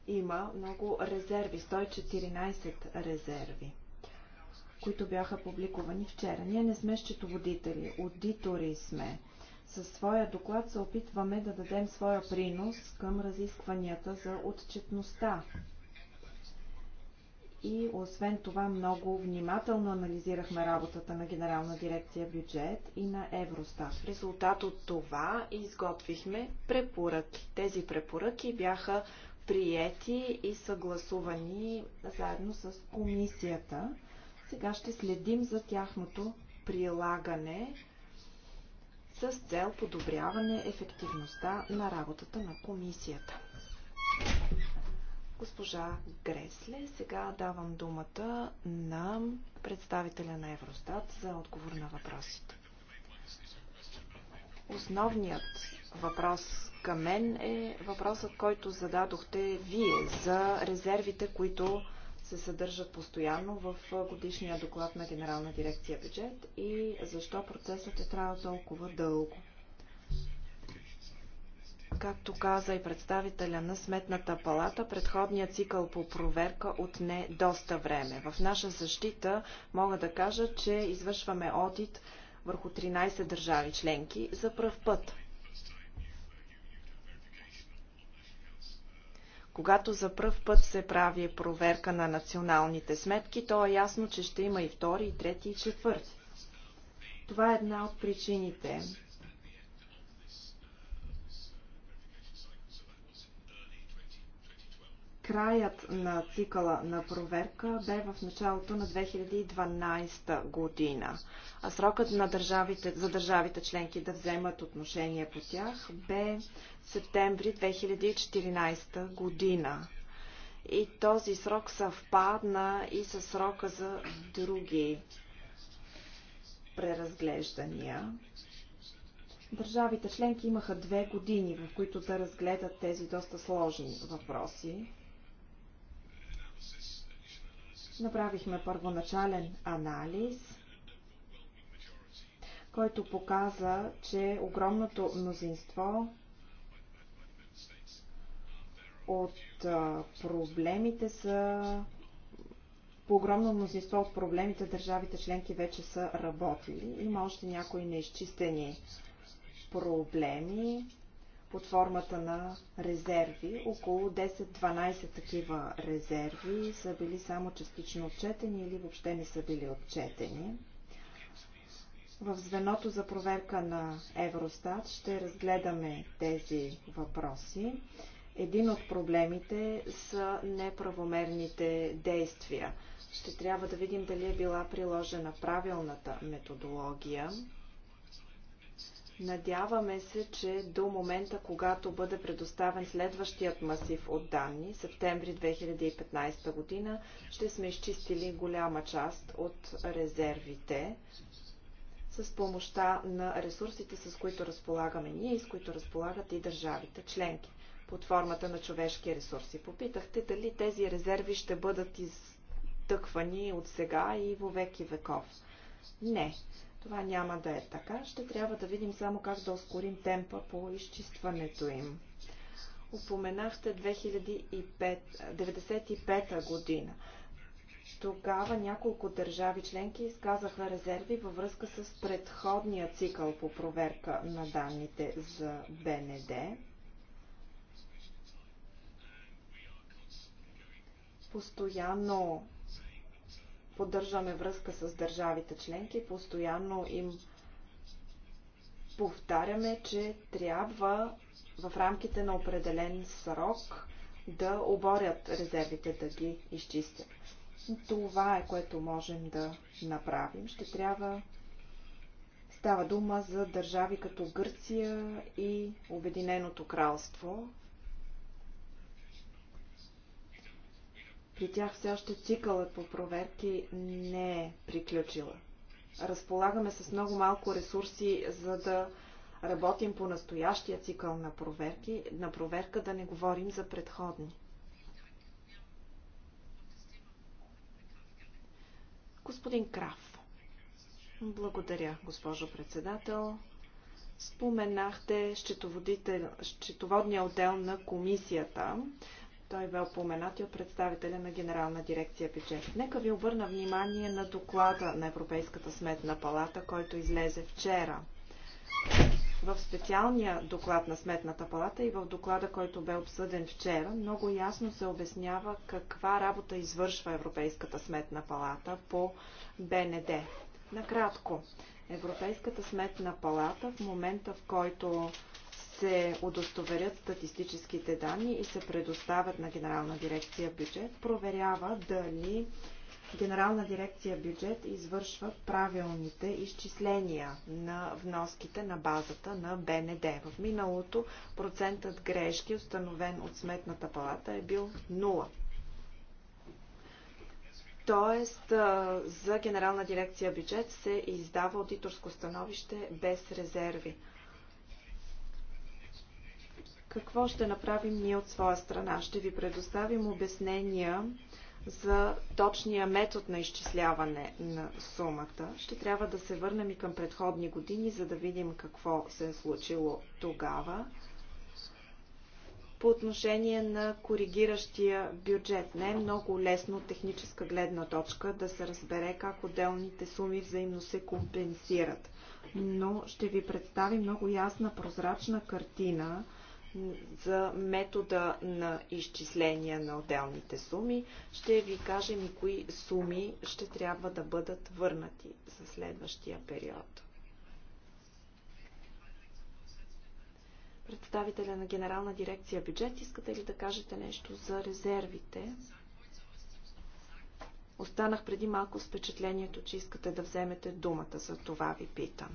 Има много резерви, 114 резерви които бяха публикувани вчера. Ние не сме счетоводители, аудитори сме. Със своя доклад се опитваме да дадем своя принос към разискванията за отчетността. И освен това много внимателно анализирахме работата на Генерална дирекция бюджет и на Евростат. В резултат от това изготвихме препоръки. Тези препоръки бяха приети и съгласувани заедно с комисията. Сега ще следим за тяхното прилагане с цел подобряване ефективността на работата на комисията. Госпожа Гресле, сега давам думата на представителя на Евростат за отговор на въпросите. Основният въпрос към мен е въпросът, който зададохте вие за резервите, които се съдържат постоянно в годишния доклад на Генерална дирекция бюджет и защо процесът е трябва толкова дълго. Както каза и представителя на Сметната палата, предходният цикъл по проверка отне доста време. В наша защита мога да кажа, че извършваме одит върху 13 държави членки за пръв път. Когато за пръв път се прави проверка на националните сметки, то е ясно, че ще има и втори, и трети, и четвърти. Това е една от причините. Краят на цикъла на проверка бе в началото на 2012 година, а срокът на държавите, за държавите членки да вземат отношение по тях бе септември 2014 година. И този срок съвпадна и с срока за други преразглеждания. Държавите членки имаха две години, в които да разгледат тези доста сложни въпроси. Направихме първоначален анализ, който показа, че огромното мнозинство от проблемите са по огромно мнозинство от проблемите държавите членки вече са работили. Има още някои неизчистени проблеми под формата на резерви. Около 10-12 такива резерви са били само частично отчетени или въобще не са били отчетени. В звеното за проверка на Евростат ще разгледаме тези въпроси. Един от проблемите са неправомерните действия. Ще трябва да видим дали е била приложена правилната методология. Надяваме се, че до момента, когато бъде предоставен следващият масив от данни, септември 2015 година, ще сме изчистили голяма част от резервите с помощта на ресурсите, с които разполагаме ние и с които разполагат и държавите членки под формата на човешки ресурси. Попитахте дали тези резерви ще бъдат изтъквани от сега и във веки веков. Не, това няма да е така. Ще трябва да видим само как да ускорим темпа по изчистването им. Упоменахте 1995 година. Тогава няколко държави членки изказаха резерви във връзка с предходния цикъл по проверка на данните за БНД. Постоянно поддържаме връзка с държавите членки, постоянно им повтаряме, че трябва в рамките на определен срок да оборят резервите, да ги изчистят. Това е което можем да направим. Ще трябва. Става дума за държави като Гърция и Обединеното кралство. При тях все още цикълът по проверки не е приключила. Разполагаме с много малко ресурси, за да работим по настоящия цикъл на, проверки, на проверка, да не говорим за предходни. Господин Краф. Благодаря, госпожо председател. Споменахте счетоводния отдел на комисията. Той бе упоменат и от представителя на Генерална дирекция бюджет. Нека ви обърна внимание на доклада на Европейската сметна палата, който излезе вчера. В специалния доклад на Сметната палата и в доклада, който бе обсъден вчера, много ясно се обяснява каква работа извършва Европейската сметна палата по БНД. Накратко, Европейската сметна палата в момента, в който се удостоверят статистическите данни и се предоставят на Генерална дирекция бюджет, проверява дали Генерална дирекция бюджет извършва правилните изчисления на вноските на базата на БНД. В миналото процентът грешки, установен от Сметната палата, е бил 0. Тоест, за Генерална дирекция бюджет се издава аудиторско становище без резерви. Какво ще направим ние от своя страна? Ще ви предоставим обяснения за точния метод на изчисляване на сумата. Ще трябва да се върнем и към предходни години, за да видим какво се е случило тогава. По отношение на коригиращия бюджет, не е много лесно от техническа гледна точка да се разбере как отделните суми взаимно се компенсират. Но ще ви представи много ясна прозрачна картина за метода на изчисление на отделните суми. Ще ви кажем и кои суми ще трябва да бъдат върнати за следващия период. Представителя на Генерална дирекция бюджет, искате ли да кажете нещо за резервите? Останах преди малко с впечатлението, че искате да вземете думата, за това ви питам.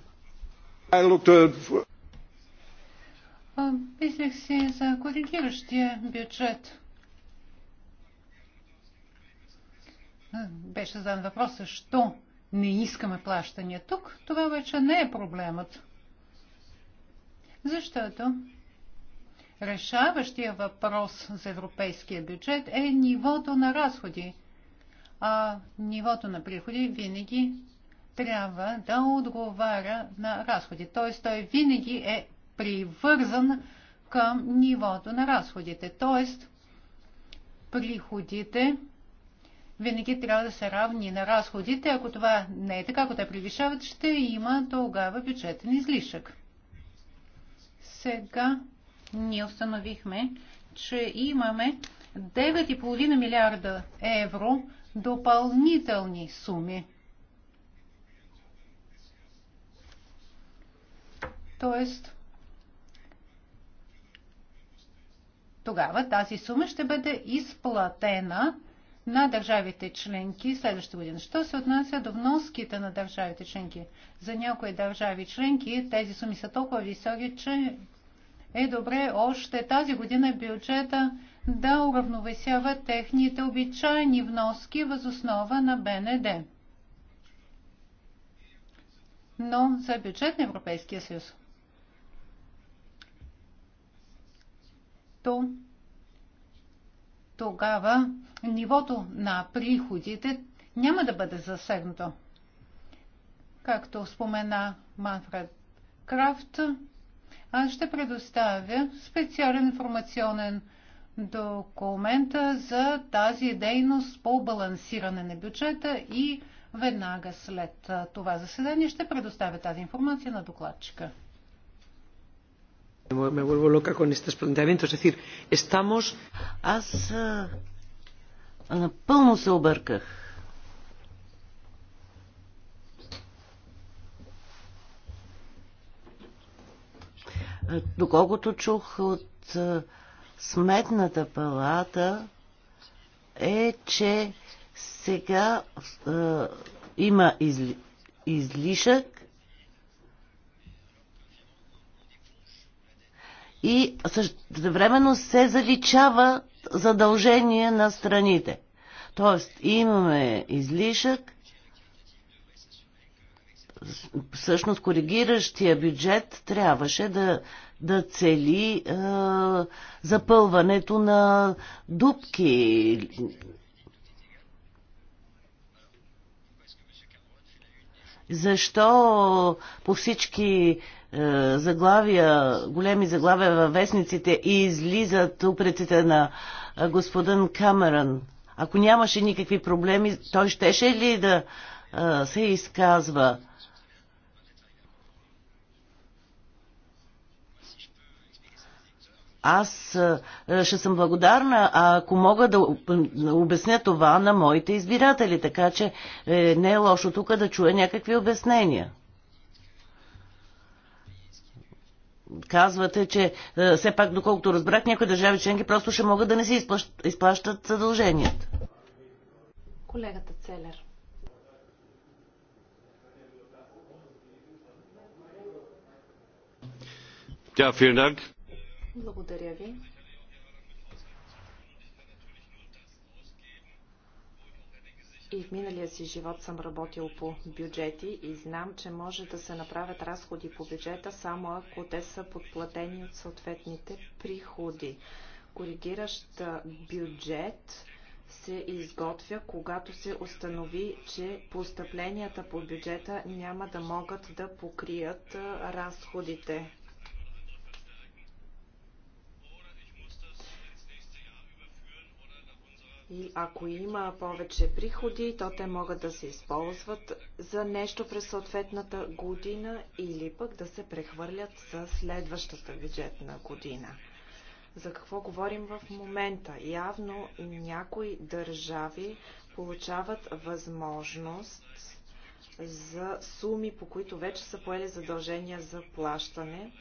Мислех си за коригиращия бюджет. Беше задан въпрос защо не искаме плащания тук. Това вече не е проблемът. Защото решаващия въпрос за европейския бюджет е нивото на разходи. А нивото на приходи винаги трябва да отговаря на разходи. Т.е. той винаги е привързан към нивото на разходите. Тоест, приходите винаги трябва да са равни на разходите. Ако това не е така, ако те превишават, ще има тогава бюджетен излишък. Сега ние установихме, че имаме 9,5 милиарда евро допълнителни суми. Тоест, тогава тази сума ще бъде изплатена на държавите членки следващата година. Що се отнася до вноските на държавите членки? За някои държави членки тези суми са толкова високи, че е добре още тази година бюджета да уравновесява техните обичайни вноски възоснова на БНД. Но за бюджет на Европейския съюз то тогава нивото на приходите няма да бъде засегнато. Както спомена Манфред Крафт, аз ще предоставя специален информационен документ за тази дейност по балансиране на бюджета и веднага след това заседание ще предоставя тази информация на докладчика. Me vuelvo loca con estos planteamientos. Es decir, estamos... Аз напълно се обърках. Доколкото чух от Сметната палата е, че сега а, има изли, излишък и същевременно се заличава задължение на страните. Тоест имаме излишък, всъщност коригиращия бюджет трябваше да, да цели е, запълването на дубки. Защо по всички е, заглавия, големи заглавия във вестниците и излизат упреците на е, господин Камерън. Ако нямаше никакви проблеми, той щеше ли да е, се изказва? Аз ще съм благодарна, ако мога да обясня това на моите избиратели, така че не е лошо тук да чуя някакви обяснения. казвате, че е, все пак, доколкото разбрах, някои държави членки просто ще могат да не си изплащат, изплащат задълженията. Колегата Целер. Благодаря ви. И в миналия си живот съм работил по бюджети и знам, че може да се направят разходи по бюджета само ако те са подплатени от съответните приходи. Коригиращ бюджет се изготвя, когато се установи, че постъпленията по бюджета няма да могат да покрият разходите И ако има повече приходи, то те могат да се използват за нещо през съответната година или пък да се прехвърлят за следващата бюджетна година. За какво говорим в момента? Явно някои държави получават възможност за суми, по които вече са поели задължения за плащане,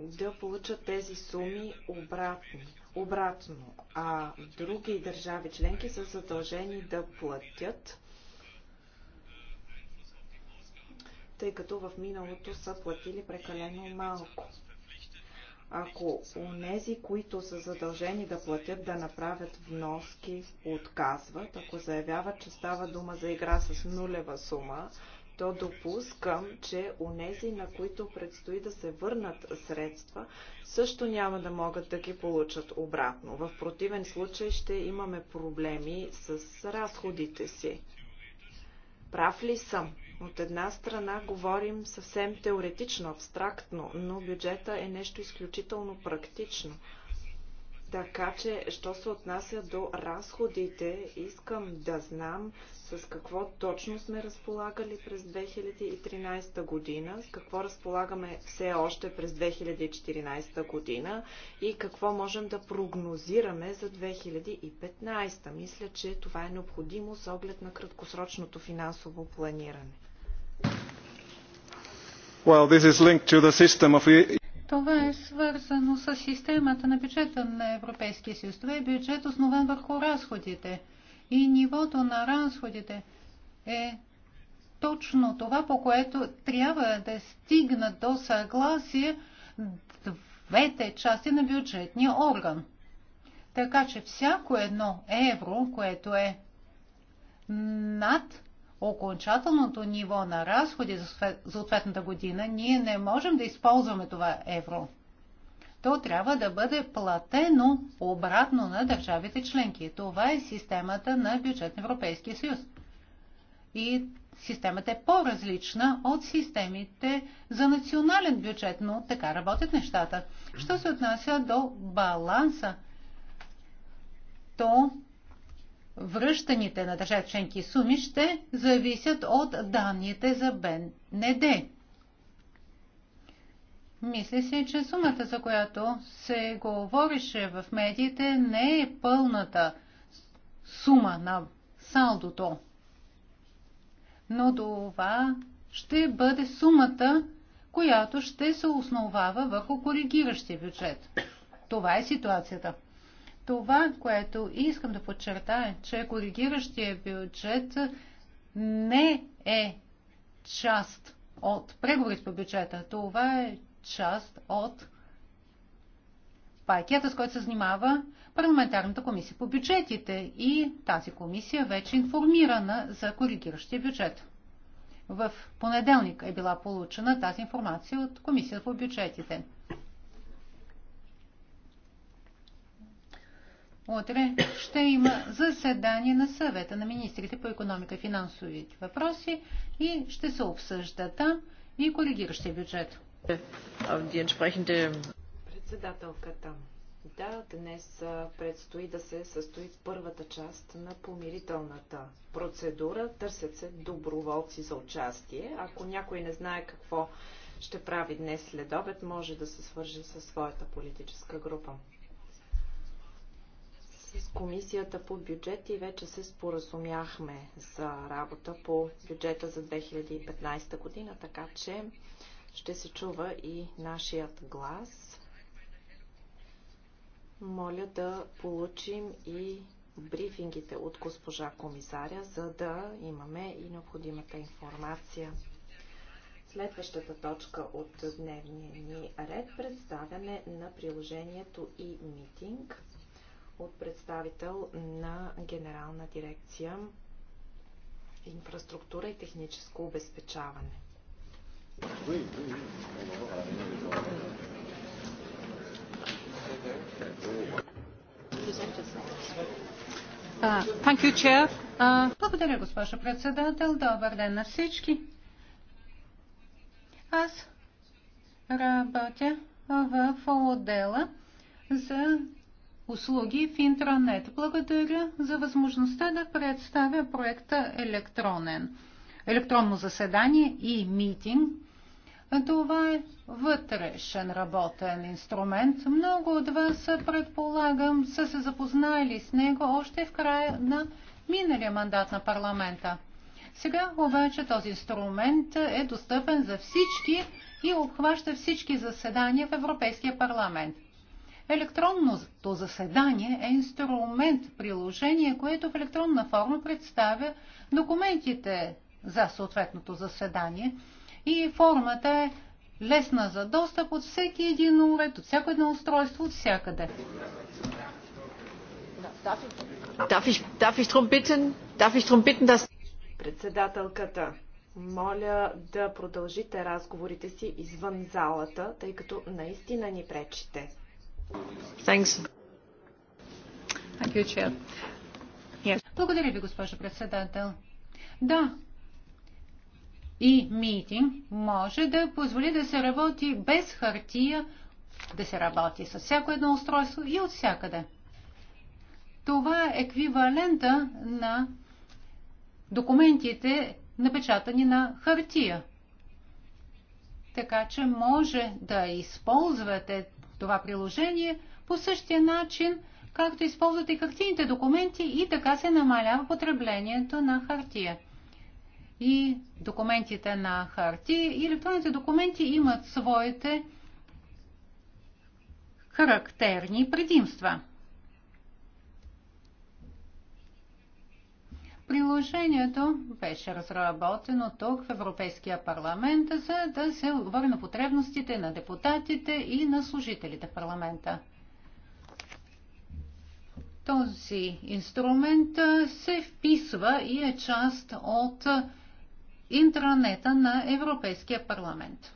да получат тези суми обратно обратно, а други държави членки са задължени да платят, тъй като в миналото са платили прекалено малко. Ако онези, които са задължени да платят, да направят вноски, отказват, ако заявяват, че става дума за игра с нулева сума, то допускам, че онези, на които предстои да се върнат средства, също няма да могат да ги получат обратно. В противен случай ще имаме проблеми с разходите си. Прав ли съм? От една страна говорим съвсем теоретично, абстрактно, но бюджета е нещо изключително практично. Така че, що се отнася до разходите, искам да знам с какво точно сме разполагали през 2013 година, с какво разполагаме все още през 2014 година и какво можем да прогнозираме за 2015. Мисля, че това е необходимо с оглед на краткосрочното финансово планиране. Well, this is linked to the system of това е свързано с системата на бюджета на Европейския съюз. Това е бюджет основан върху разходите. И нивото на разходите е точно това, по което трябва да стигнат до съгласие двете части на бюджетния орган. Така че всяко едно евро, което е над окончателното ниво на разходи за съответната година, ние не можем да използваме това евро. То трябва да бъде платено обратно на държавите членки. Това е системата на бюджет на Европейския съюз. И системата е по-различна от системите за национален бюджет, но така работят нещата. Що се отнася до баланса, то връщаните на държавите членки суми ще зависят от данните за БНД. Мисля си, че сумата, за която се говорише в медиите, не е пълната сума на салдото. Но това ще бъде сумата, която ще се основава върху коригиращия бюджет. Това е ситуацията. Това, което искам да подчертая, че коригиращия бюджет не е част от преговорите по бюджета. Това е част от пакета, с който се занимава парламентарната комисия по бюджетите и тази комисия вече е информирана за коригиращия бюджет. В понеделник е била получена тази информация от комисията по бюджетите. Утре ще има заседание на съвета на министрите по економика и финансови въпроси и ще се обсъжда там и коригиращия бюджет. Председателката. Да, днес предстои да се състои първата част на помирителната процедура. Търсят се доброволци за участие. Ако някой не знае какво ще прави днес след обед, може да се свържи със своята политическа група. С комисията по бюджет и вече се споразумяхме за работа по бюджета за 2015 година, така че ще се чува и нашият глас. Моля да получим и брифингите от госпожа комисаря, за да имаме и необходимата информация. Следващата точка от дневния ни ред представяне на приложението и митинг от представител на Генерална дирекция инфраструктура и техническо обезпечаване. Благодаря, госпожо председател. Добър ден на всички. Аз работя в отдела за услуги в интранет. Благодаря за възможността да представя проекта електронен. Електронно заседание и митинг. Това е вътрешен работен инструмент. Много от вас, предполагам, са се запознали с него още в края на миналия мандат на парламента. Сега обаче този инструмент е достъпен за всички и обхваща всички заседания в Европейския парламент. Електронното заседание е инструмент, приложение, което в електронна форма представя документите за съответното заседание и формата е лесна за достъп от всеки един уред, от всяко едно устройство, от всякъде. Председателката, моля да продължите разговорите си извън залата, тъй като наистина ни пречите. Thanks. Thank you, Chair. Yes. Благодаря ви, госпожо председател. Да, и митинг може да позволи да се работи без хартия, да се работи с всяко едно устройство и от всякъде. Това е еквивалента на документите, напечатани на хартия. Така че може да използвате това приложение по същия начин, както използвате и документи и така се намалява потреблението на хартия. И документите на хартия и електронните документи имат своите характерни предимства. Приложението беше разработено тук в Европейския парламент, за да се отговори на потребностите на депутатите и на служителите в парламента. Този инструмент се вписва и е част от интранета на Европейския парламент.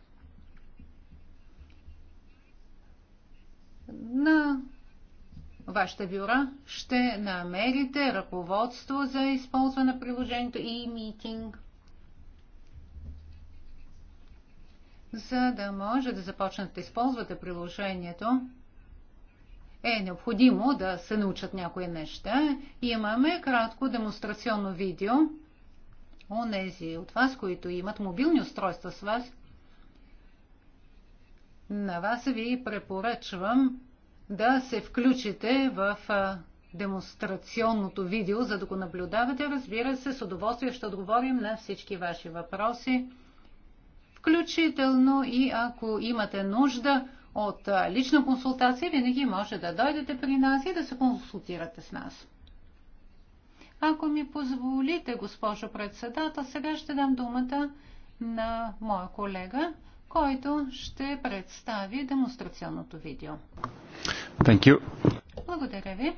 На вашите бюра ще намерите ръководство за използване на приложението и митинг, за да може да започнете да използвате приложението е необходимо да се научат някои неща. Имаме кратко демонстрационно видео. Онези от вас, които имат мобилни устройства с вас, на вас ви препоръчвам да се включите в демонстрационното видео, за да го наблюдавате. Разбира се, с удоволствие ще отговорим на всички ваши въпроси, включително и ако имате нужда от лична консултация, винаги може да дойдете при нас и да се консултирате с нас. Ако ми позволите, госпожо председател, сега ще дам думата на моя колега, който ще представи демонстрационното видео. Thank you. Благодаря ви.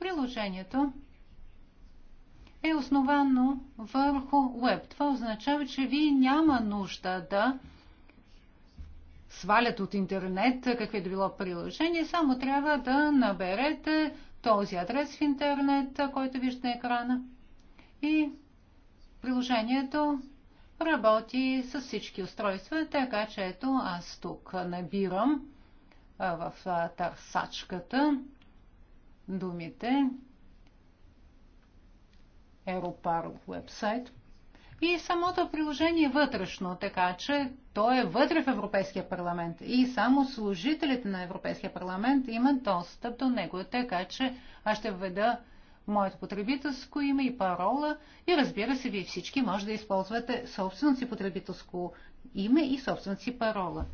Приложението е основано върху веб. Това означава, че вие няма нужда да свалят от интернет какви е да било приложение, само трябва да наберете този адрес в интернет, който виждате на екрана. И приложението работи с всички устройства, така че ето аз тук набирам в търсачката думите Aeropar Website И самото приложение е вътрешно, така че то е вътре в Европейския парламент. И само служителите на Европейския парламент имат достъп до него. Така че аз ще введа моето потребителско име и парола и разбира се, вие всички може да използвате собственото си потребителско име и собствената си парола.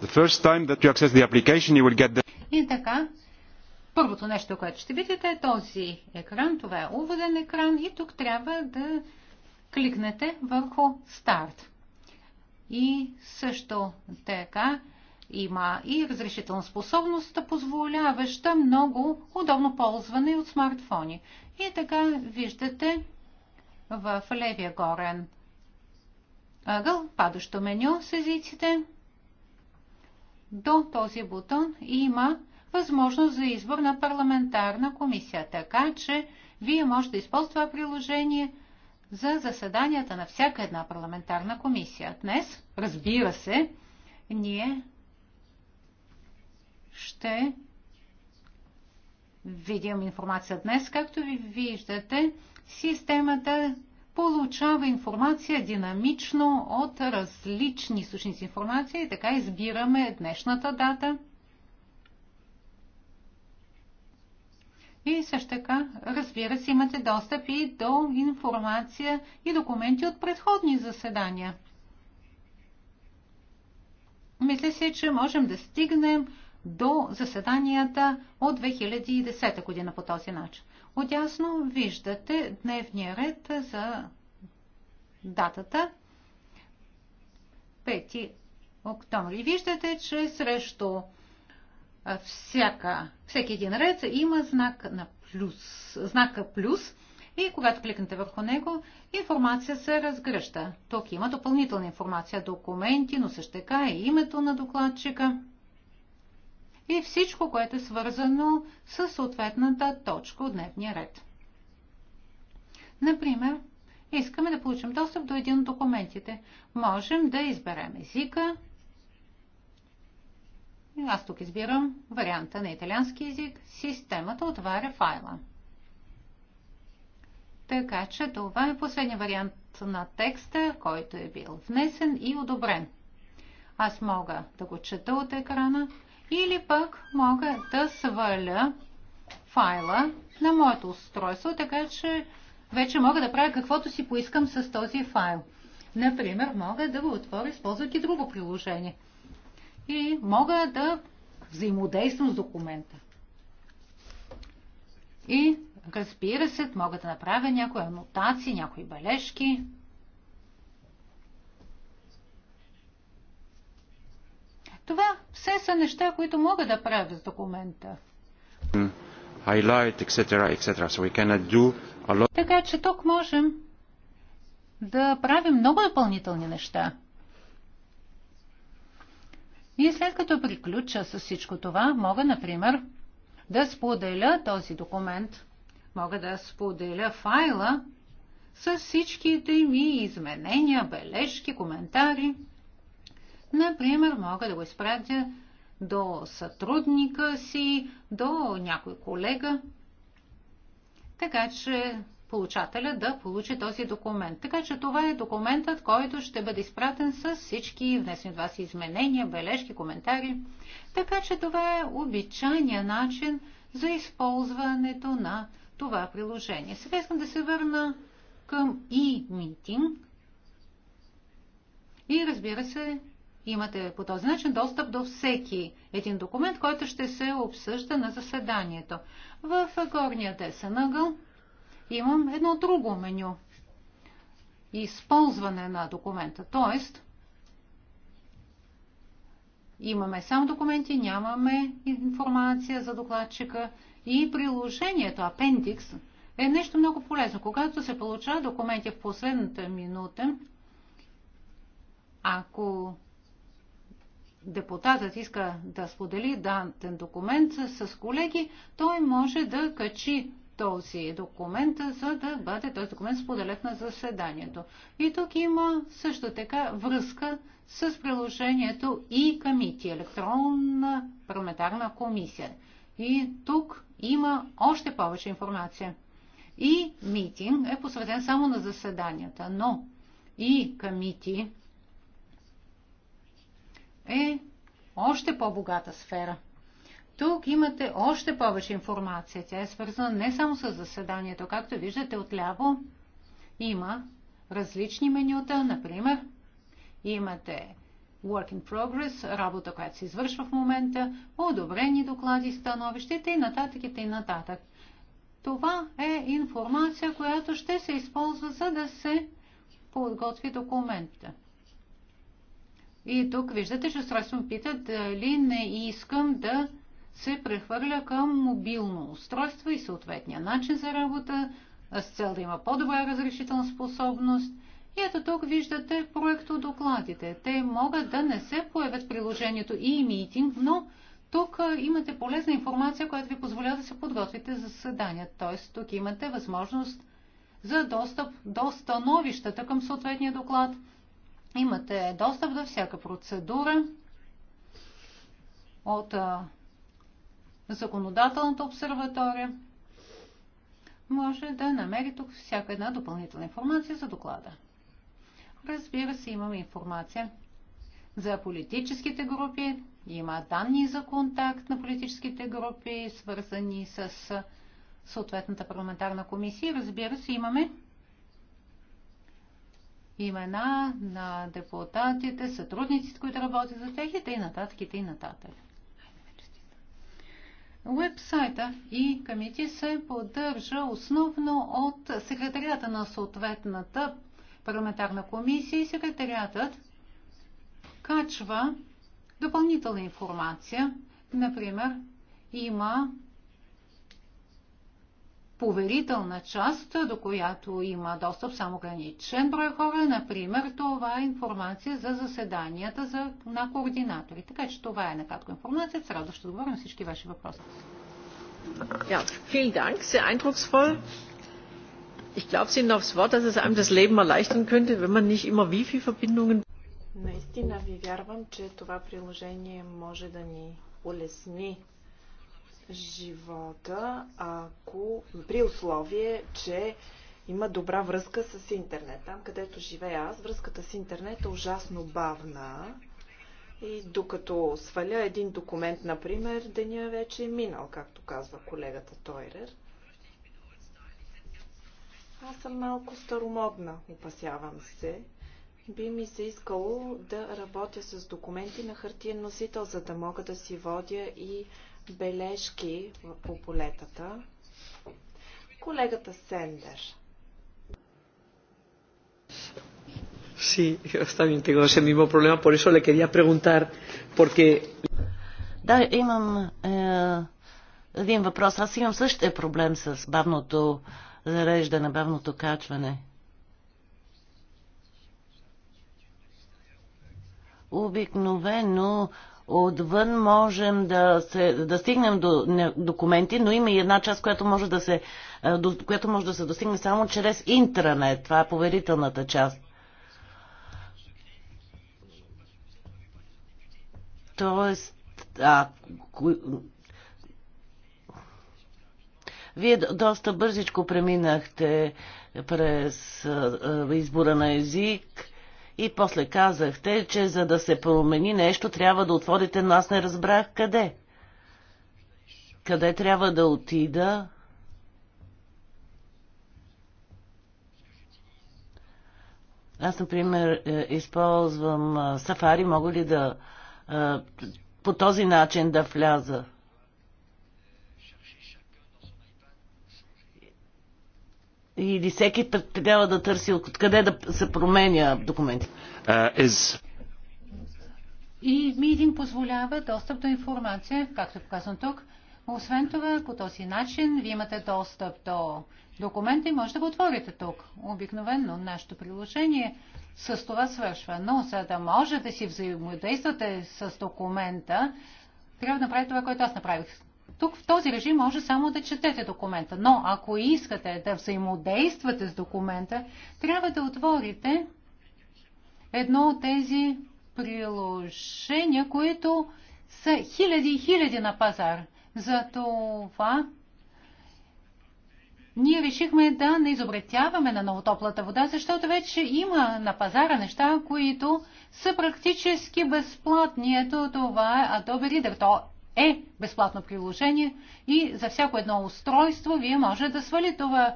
The... И така, първото нещо, което ще видите е този екран. Това е уводен екран и тук трябва да кликнете върху старт. И също така има и разрешителна способност, позволяваща много удобно ползване от смартфони. И така виждате в левия горен ъгъл, падащо меню с езиците. До този бутон има възможност за избор на парламентарна комисия, така че вие можете да използвате това приложение за заседанията на всяка една парламентарна комисия. Днес, разбира се, ние ще видим информация днес. Както ви виждате, системата получава информация динамично от различни източници информация и така избираме днешната дата. И също така, разбира се, имате достъп и до информация и документи от предходни заседания. Мисля се, че можем да стигнем до заседанията от 2010 година по този начин. Отясно виждате дневния ред за датата 5 октомври. И виждате, че срещу всяка, всеки един ред има знак на плюс, знака плюс и когато кликнете върху него, информация се разгръща. Тук има допълнителна информация, документи, но също така и името на докладчика – и всичко, което е свързано с съответната точка от дневния ред. Например, искаме да получим достъп до един от документите. Можем да изберем езика. Аз тук избирам варианта на италиански език. Системата отваря файла. Така че това е последния вариант на текста, който е бил внесен и одобрен. Аз мога да го чета от екрана или пък мога да сваля файла на моето устройство, така че вече мога да правя каквото си поискам с този файл. Например, мога да го отворя, използвайки друго приложение. И мога да взаимодействам с документа. И, разбира се, мога да направя някои анотации, някои бележки, Това все са неща, които мога да правя с документа. Highlight, etc., etc. So we cannot do a lot. Така че тук можем да правим много допълнителни неща. И след като приключа с всичко това, мога, например, да споделя този документ. Мога да споделя файла с всичките ми изменения, бележки, коментари. Например, мога да го изпратя до сътрудника си, до някой колега, така че получателя да получи този документ. Така че това е документът, който ще бъде изпратен с всички внесени от вас изменения, бележки, коментари. Така че това е обичайния начин за използването на това приложение. Сега искам да се върна към e-meeting. И разбира се, имате по този начин достъп до всеки един документ, който ще се обсъжда на заседанието. В горния десен ъгъл имам едно друго меню. Използване на документа. Тоест, имаме само документи, нямаме информация за докладчика и приложението, апендикс, е нещо много полезно. Когато се получава документи в последната минута, ако депутатът иска да сподели данен документ с колеги, той може да качи този документ, за да бъде този документ споделят на заседанието. И тук има също така връзка с приложението и комити, електронна парламентарна комисия. И тук има още повече информация. И митинг е посветен само на заседанията, но и комити е още по-богата сфера. Тук имате още повече информация. Тя е свързана не само с заседанието. Както виждате отляво, има различни менюта. Например, имате Work in Progress, работа, която се извършва в момента, одобрени доклади, становищите и нататък и нататък. Това е информация, която ще се използва, за да се подготви документа. И тук виждате, че устройство пита дали не искам да се прехвърля към мобилно устройство и съответния начин за работа, с цел да има по-добра разрешителна способност. И ето тук виждате проекто докладите. Те могат да не се появят в приложението и митинг, но тук имате полезна информация, която ви позволява да се подготвите за съседания. Т.е. тук имате възможност за достъп до становищата към съответния доклад – Имате достъп до всяка процедура от законодателната обсерватория. Може да намери тук всяка една допълнителна информация за доклада. Разбира се, имаме информация за политическите групи, има данни за контакт на политическите групи, свързани с съответната парламентарна комисия. Разбира се, имаме имена на депутатите, сътрудниците, които работят за тях и т.н. и нататък. Уебсайта и комити се поддържа основно от секретарията на съответната парламентарна комисия и секретариатът качва допълнителна информация. Например, има поверителна част, до която има достъп само ограничен брой хора. Например, това е информация за заседанията за, на координатори. Така че това е накратко информация. С радост ще отговоря на всички ваши въпроси. Ja, vielen Dank, sehr eindrucksvoll. Ich glaube, Sie aufs Wort, dass es einem das Leben erleichtern könnte, wenn man nicht immer Wi-Fi-Verbindungen. Наистина ви вярвам, че това приложение може да ни улесни живота, ако при условие, че има добра връзка с интернет. Там, където живея аз, връзката с интернет е ужасно бавна. И докато сваля един документ, например, деня вече е минал, както казва колегата Тойрер. Аз съм малко старомодна, опасявам се. Би ми се искало да работя с документи на хартиен носител, за да мога да си водя и бележки по полетата. Колегата Сендер. Sí, está bien, tengo ese mismo problema, por eso le quería preguntar, porque... Да, имам е, един въпрос. Аз имам същия проблем с бавното зареждане, бавното качване. Обикновено отвън можем да, се, да стигнем до документи, но има и една част, която може, да се, е, до, която може да се достигне само чрез интернет. Това е поверителната част. Тоест, а, вие доста бързичко преминахте през е, е, избора на език и после казахте, че за да се промени нещо, трябва да отворите, но аз не разбрах къде. Къде трябва да отида? Аз, например, е, използвам сафари. Мога ли да по този начин да вляза? Или всеки трябва да търси откъде да се променя документи? Uh, е, is... И митинг позволява достъп до информация, както е показано тук. Освен това, по този начин вие имате достъп до документа и може да го отворите тук. Обикновено нашето приложение с това свършва. Но за да може да си взаимодействате с документа, трябва да направите това, което аз направих. Тук в този режим може само да четете документа, но ако искате да взаимодействате с документа, трябва да отворите едно от тези приложения, които са хиляди и хиляди на пазар. За това ние решихме да не изобретяваме на новотоплата вода, защото вече има на пазара неща, които са практически безплатни. Ето това е Adobe Reader. То е безплатно приложение и за всяко едно устройство вие може да свали това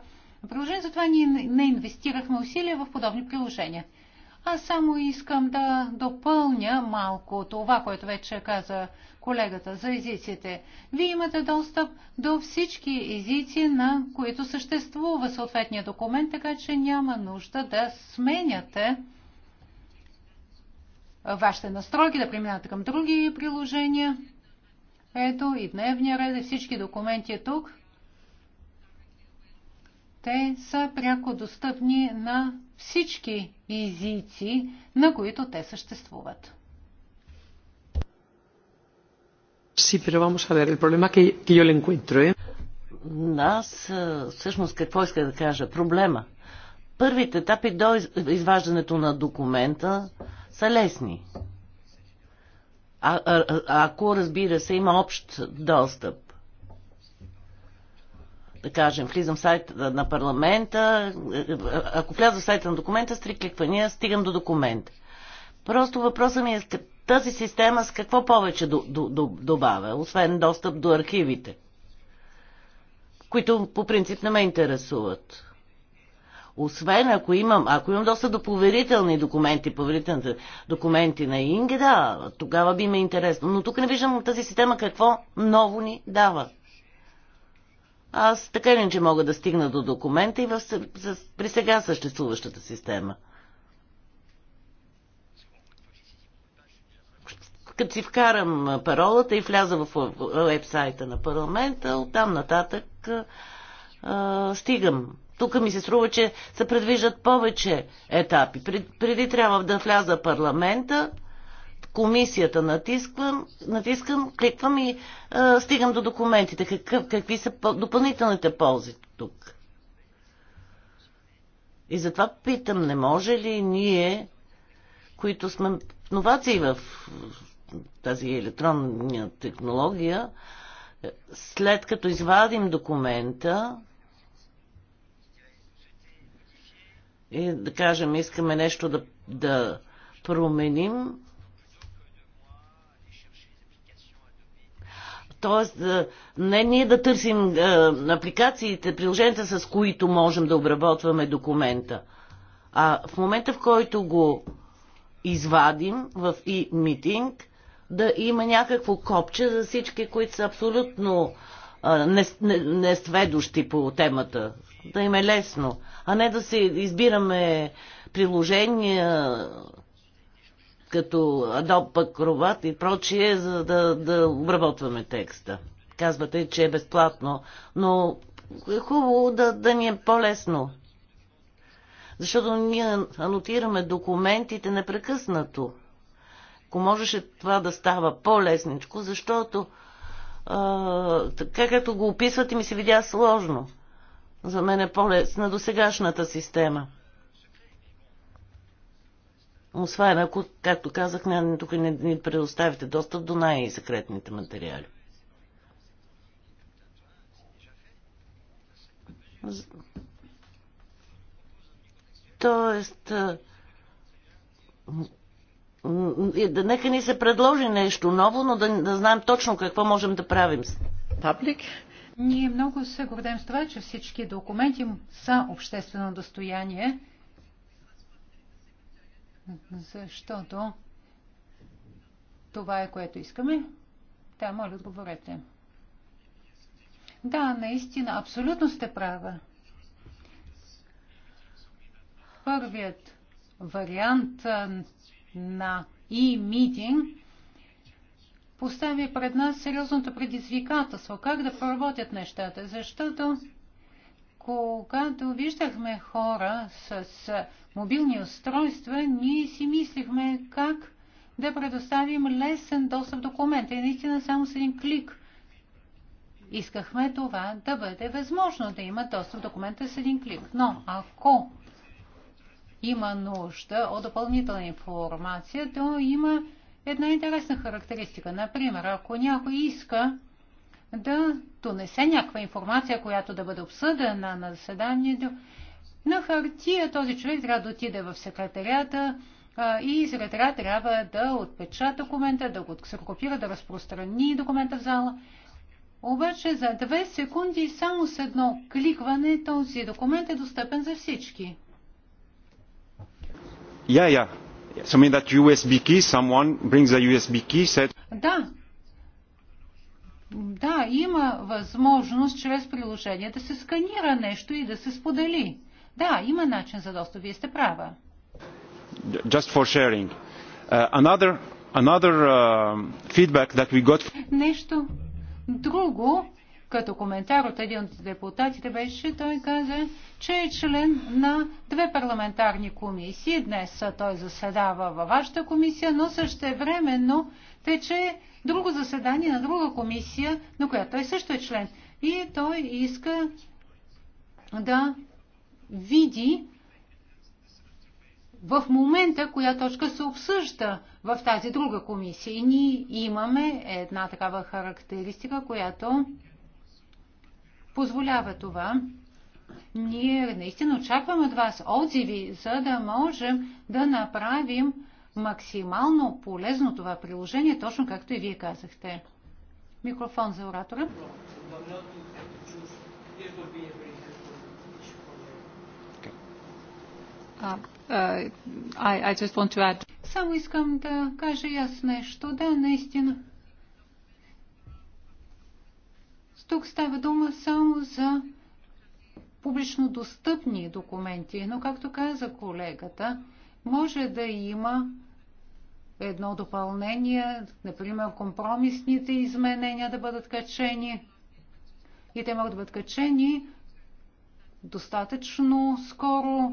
приложение, затова ние не инвестирахме усилия в подобни приложения. Аз само искам да допълня малко това, което вече каза колегата за езиците. Вие имате достъп до всички езици, на които съществува съответния документ, така че няма нужда да сменяте вашите настройки, да преминате към други приложения. Ето и дневния ред, и всички документи е тук. Те са пряко достъпни на всички езици, на които те съществуват. Sí, pero vamos a ver, el problema que, que yo le encuentro, ¿eh? Аз всъщност какво иска да кажа? Проблема. Първите етапи до изваждането на документа са лесни а, а, ако разбира се има общ достъп. Да кажем, влизам в сайта на парламента, ако вляза в сайта на документа, с три кликвания стигам до документ. Просто въпросът ми е тази система с какво повече до, до, до, добавя, освен достъп до архивите, които по принцип не ме интересуват. Освен ако имам, ако имам доста до поверителни документи, поверителните документи на Инге, да, тогава би ме интересно. Но тук не виждам тази система какво ново ни дава. Аз така или че мога да стигна до документа и в, при сега съществуващата система. Като си вкарам паролата и вляза в вебсайта на парламента, оттам нататък а, стигам тук ми се струва, че се предвиждат повече етапи. преди трябва да вляза парламента, комисията натискам, натискам кликвам и а, стигам до документите. Какъв, какви са допълнителните ползи тук? И затова питам, не може ли ние, които сме новации в тази електронна технология, след като извадим документа, и да кажем, искаме нещо да, да променим, Тоест, не ние да търсим апликациите, приложенията, с които можем да обработваме документа. А в момента, в който го извадим в e митинг, да има някакво копче за всички, които са абсолютно несведущи не, не по темата. Да им е лесно а не да се избираме приложения като Adobe Acrobat и прочие, за да, да обработваме текста. Казвате, че е безплатно, но е хубаво да, да ни е по-лесно. Защото ние анотираме документите непрекъснато. Ако можеше това да става по-лесничко, защото а, така като го описвате ми се видя сложно. За мен е по-лесна до сегашната система. Освен ако, както казах, тук не ни предоставите достъп до най-секретните материали. Тоест, да нека ни се предложи нещо ново, но да, да знаем точно какво можем да правим. Ние много се гордем с това, че всички документи са обществено достояние, защото това е което искаме. Да, моля, отговорете. Да, наистина, абсолютно сте права. Първият вариант на e-meeting постави пред нас сериозното предизвикателство как да проработят нещата, защото когато виждахме хора с мобилни устройства, ние си мислихме как да предоставим лесен достъп до документа и наистина само с един клик. Искахме това да бъде възможно, да има достъп до документа с един клик. Но ако има нужда от допълнителна информация, то има една интересна характеристика. Например, ако някой иска да донесе някаква информация, която да бъде обсъдена на заседанието, на хартия този човек трябва да отиде в секретарията и секретарят трябва да отпечата документа, да го ксерокопира, да разпространи документа в зала. Обаче за две секунди само с едно кликване този документ е достъпен за всички. Я, yeah, я. Yeah. So mean that USB key, someone brings a USB key, said... Да. Да, има възможност чрез приложение да се сканира нещо и да се сподели. Да, има начин за достъп. Вие сте права. Just for sharing. Uh, another, another uh, feedback that we got... Нещо друго, като коментар от един от депутатите беше, той каза, че е член на две парламентарни комисии. Днес той заседава във вашата комисия, но също времено тече друго заседание на друга комисия, на която той също е член. И той иска да види в момента, коя точка се обсъжда в тази друга комисия. И ние имаме една такава характеристика, която позволява това. Ние наистина очакваме от вас отзиви, за да можем да направим максимално полезно това приложение, точно както и вие казахте. Микрофон за оратора. I, I Само искам да кажа ясно, нещо. Да, наистина. Тук става дума само за публично достъпни документи, но както каза колегата, може да има едно допълнение, например компромисните изменения да бъдат качени и те могат да бъдат качени достатъчно скоро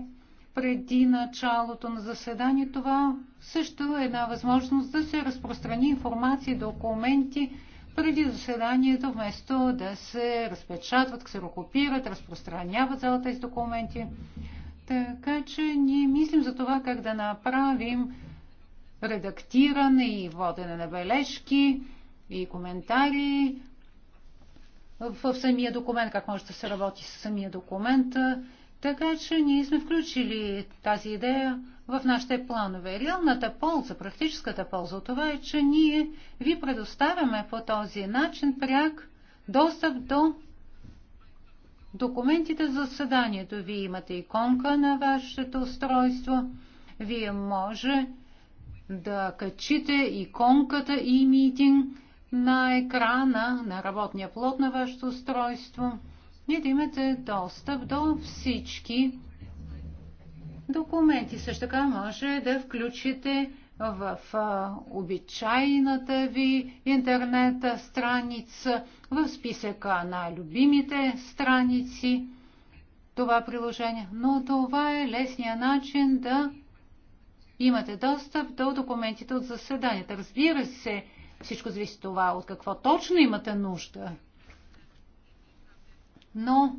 преди началото на заседание. Това също е една възможност да се разпространи информация и документи преди заседанието, вместо да се разпечатват, ксерокопират, разпространяват цялата тези документи. Така че ние мислим за това как да направим редактиране и водене на бележки и коментари в самия документ, как може да се работи с самия документ. Така че ние сме включили тази идея в нашите планове. Реалната полза, практическата полза от това е, че ние ви предоставяме по този начин пряк достъп до документите за заседанието. Вие имате иконка на вашето устройство. Вие може да качите иконката и e митинг на екрана на работния плод на вашето устройство и да имате достъп до всички документи. Също така може да включите в обичайната ви интернет страница, в списъка на любимите страници това приложение. Но това е лесният начин да имате достъп до документите от заседанията. Разбира се, всичко зависи от това от какво точно имате нужда. Но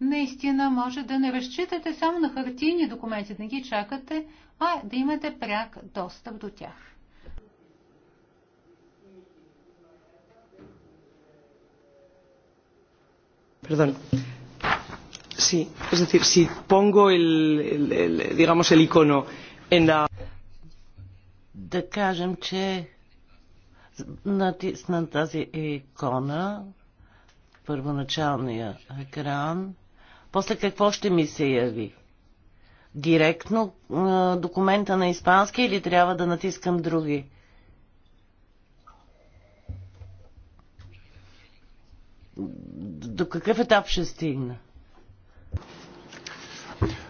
наистина може да не разчитате само на хартийни документи, да не ги чакате, а да имате пряк достъп до тях. Perdón. Sí, es decir, si pongo el, el, el digamos, el icono en la... Да кажем, че натисна тази икона, първоначалния екран, после какво ще ми се яви? Директно документа на испански или трябва да натискам други? До какъв етап ще стигна?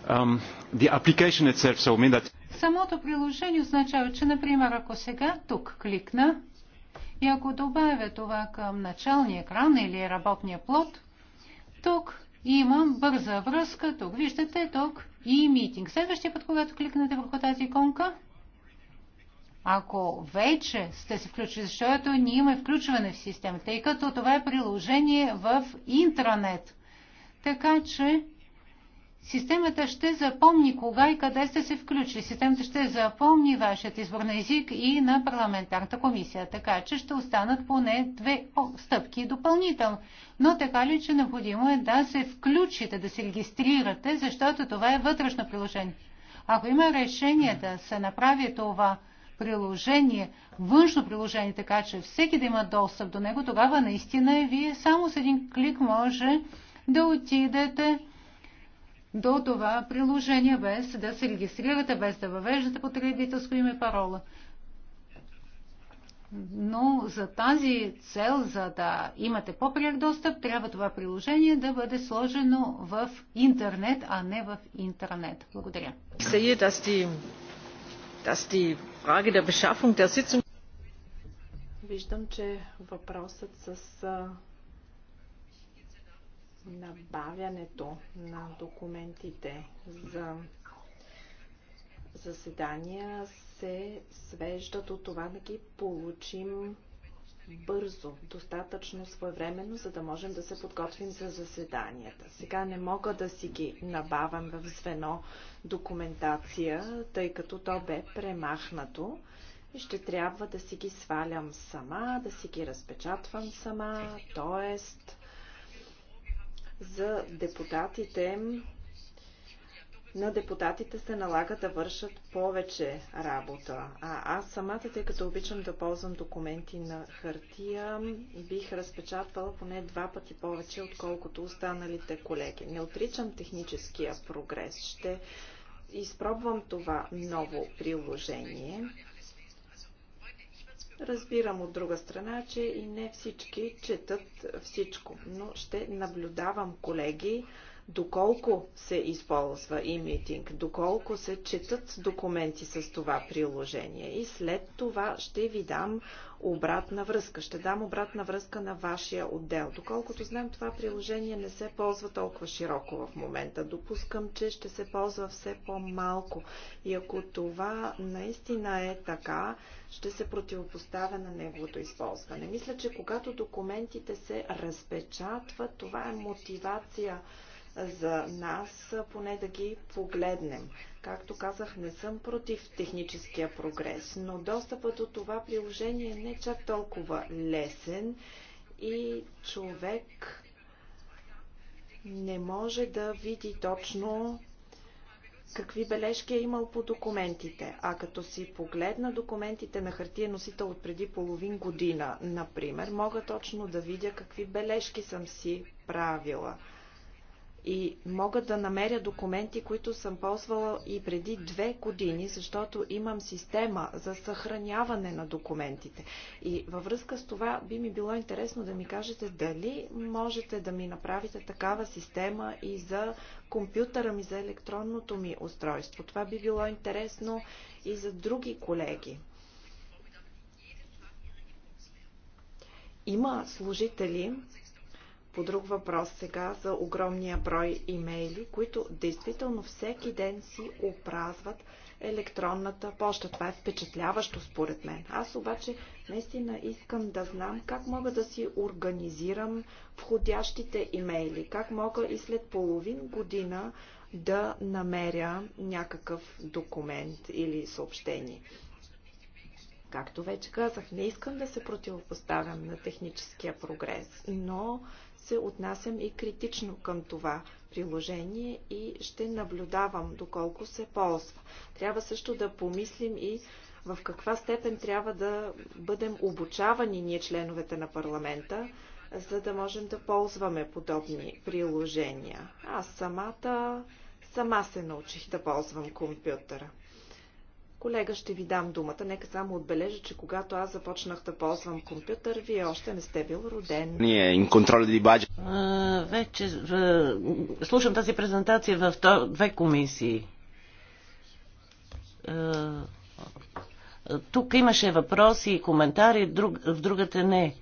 Um, itself, so that... Самото приложение означава, че, например, ако сега тук кликна и ако добавя това към началния екран или работния плод, тук имам бърза връзка. Тук виждате, тук и митинг. Следващия път, когато кликнете върху тази иконка, ако вече сте се включили, защото ние имаме включване в системата, тъй като това е приложение в интранет. Така че Системата ще запомни кога и къде сте се включили. Системата ще запомни вашият избор на език и на парламентарната комисия, така че ще останат поне две стъпки допълнително. Но така ли, че необходимо е да се включите, да се регистрирате, защото това е вътрешно приложение. Ако има решение да се направи това приложение, външно приложение, така че всеки да има достъп до него, тогава наистина вие само с един клик може да отидете до това приложение, без да се регистрирате, без да въвеждате потребителско име парола. Но за тази цел, за да имате по-пряк достъп, трябва това приложение да бъде сложено в интернет, а не в интернет. Благодаря. Виждам, че въпросът с набавянето на документите за заседания се свежда до това да ги получим бързо, достатъчно своевременно, за да можем да се подготвим за заседанията. Сега не мога да си ги набавям в звено документация, тъй като то бе премахнато и ще трябва да си ги свалям сама, да си ги разпечатвам сама, т.е за депутатите на депутатите се налага да вършат повече работа. А аз самата, тъй като обичам да ползвам документи на хартия, бих разпечатвала поне два пъти повече, отколкото останалите колеги. Не отричам техническия прогрес. Ще изпробвам това ново приложение Разбирам от друга страна, че и не всички четат всичко, но ще наблюдавам, колеги, доколко се използва e-meeting, доколко се четат документи с това приложение. И след това ще ви дам обратна връзка. Ще дам обратна връзка на вашия отдел. Доколкото знам, това приложение не се ползва толкова широко в момента. Допускам, че ще се ползва все по-малко. И ако това наистина е така, ще се противопоставя на неговото използване. Мисля, че когато документите се разпечатват, това е мотивация за нас поне да ги погледнем. Както казах, не съм против техническия прогрес, но достъпът до това приложение не е чак толкова лесен и човек не може да види точно какви бележки е имал по документите. А като си погледна документите на хартия носител от преди половин година, например, мога точно да видя какви бележки съм си правила и мога да намеря документи, които съм ползвала и преди две години, защото имам система за съхраняване на документите. И във връзка с това би ми било интересно да ми кажете дали можете да ми направите такава система и за компютъра ми, за електронното ми устройство. Това би било интересно и за други колеги. Има служители, по друг въпрос сега за огромния брой имейли, които действително всеки ден си опразват електронната поща. Това е впечатляващо според мен. Аз обаче наистина искам да знам как мога да си организирам входящите имейли, как мога и след половин година да намеря някакъв документ или съобщение. Както вече казах, не искам да се противопоставям на техническия прогрес, но се отнасям и критично към това приложение и ще наблюдавам доколко се ползва. Трябва също да помислим и в каква степен трябва да бъдем обучавани ние членовете на парламента, за да можем да ползваме подобни приложения. Аз самата сама се научих да ползвам компютъра. Колега, ще ви дам думата. Нека само отбележа, че когато аз започнах да ползвам компютър, вие още не сте бил роден. Ние, инконтрол ди баджа. Вече слушам тази презентация в две комисии. тук имаше въпроси и коментари, друг, в другата не.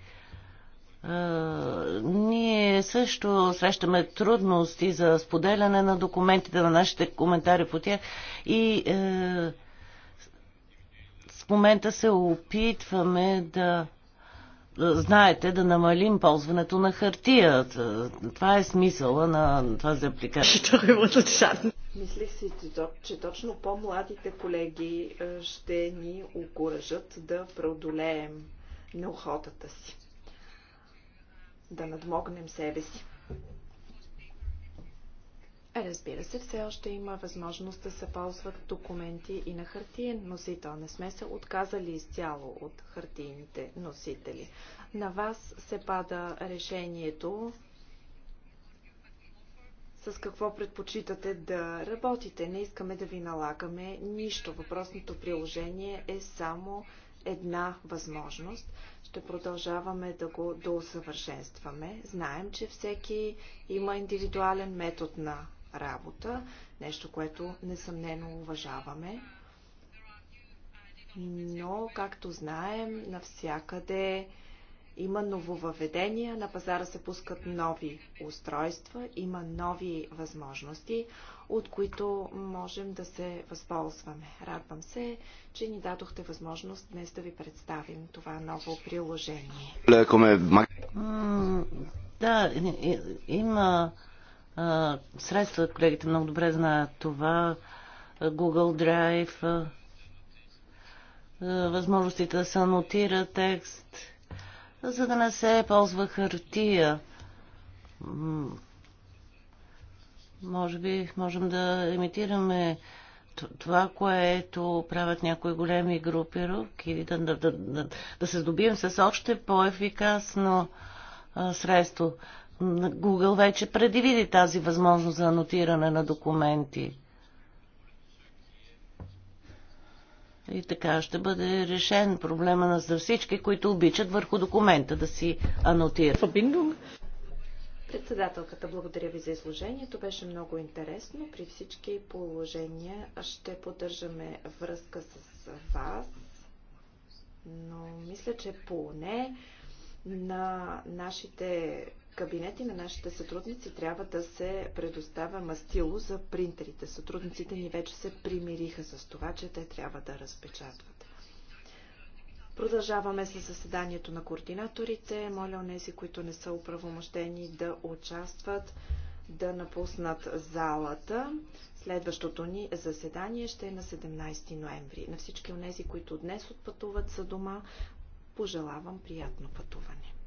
ние също срещаме трудности за споделяне на документите, на нашите коментари по тях и е, в момента се опитваме да знаете, да намалим ползването на хартията. Това е смисъла на тази апликация. Мислих си, че точно по-младите колеги е, ще ни окоръжат да преодолеем неохотата си. Да надмогнем себе си. Е, разбира се, все още има възможност да се ползват документи и на хартиен носител. Не сме се отказали изцяло от хартийните носители. На вас се пада решението с какво предпочитате да работите. Не искаме да ви налагаме нищо. Въпросното приложение е само една възможност. Ще продължаваме да го доусъвършенстваме. Знаем, че всеки има индивидуален метод на работа, нещо, което несъмнено уважаваме. Но, както знаем, навсякъде има нововъведения, на пазара се пускат нови устройства, има нови възможности, от които можем да се възползваме. Радвам се, че ни дадохте възможност днес да ви представим това ново приложение. Да, има средства. Колегите много добре знаят това. Google Drive, възможностите да се анотира текст, за да не се ползва хартия. Може би можем да имитираме това, което правят някои големи групи рук или да, да, да, да, да се здобием с още по-ефикасно средство. Google вече предвиди тази възможност за анотиране на документи. И така ще бъде решен проблема на за всички, които обичат върху документа да си анотират. Председателката, благодаря ви за изложението. Беше много интересно. При всички положения ще поддържаме връзка с вас, но мисля, че поне на нашите кабинети на нашите сътрудници трябва да се предоставя мастило за принтерите. Сътрудниците ни вече се примириха с това, че те трябва да разпечатват. Продължаваме с заседанието на координаторите. Моля онези, които не са управомощени да участват, да напуснат залата. Следващото ни заседание ще е на 17 ноември. На всички онези, които днес отпътуват за дома, пожелавам приятно пътуване.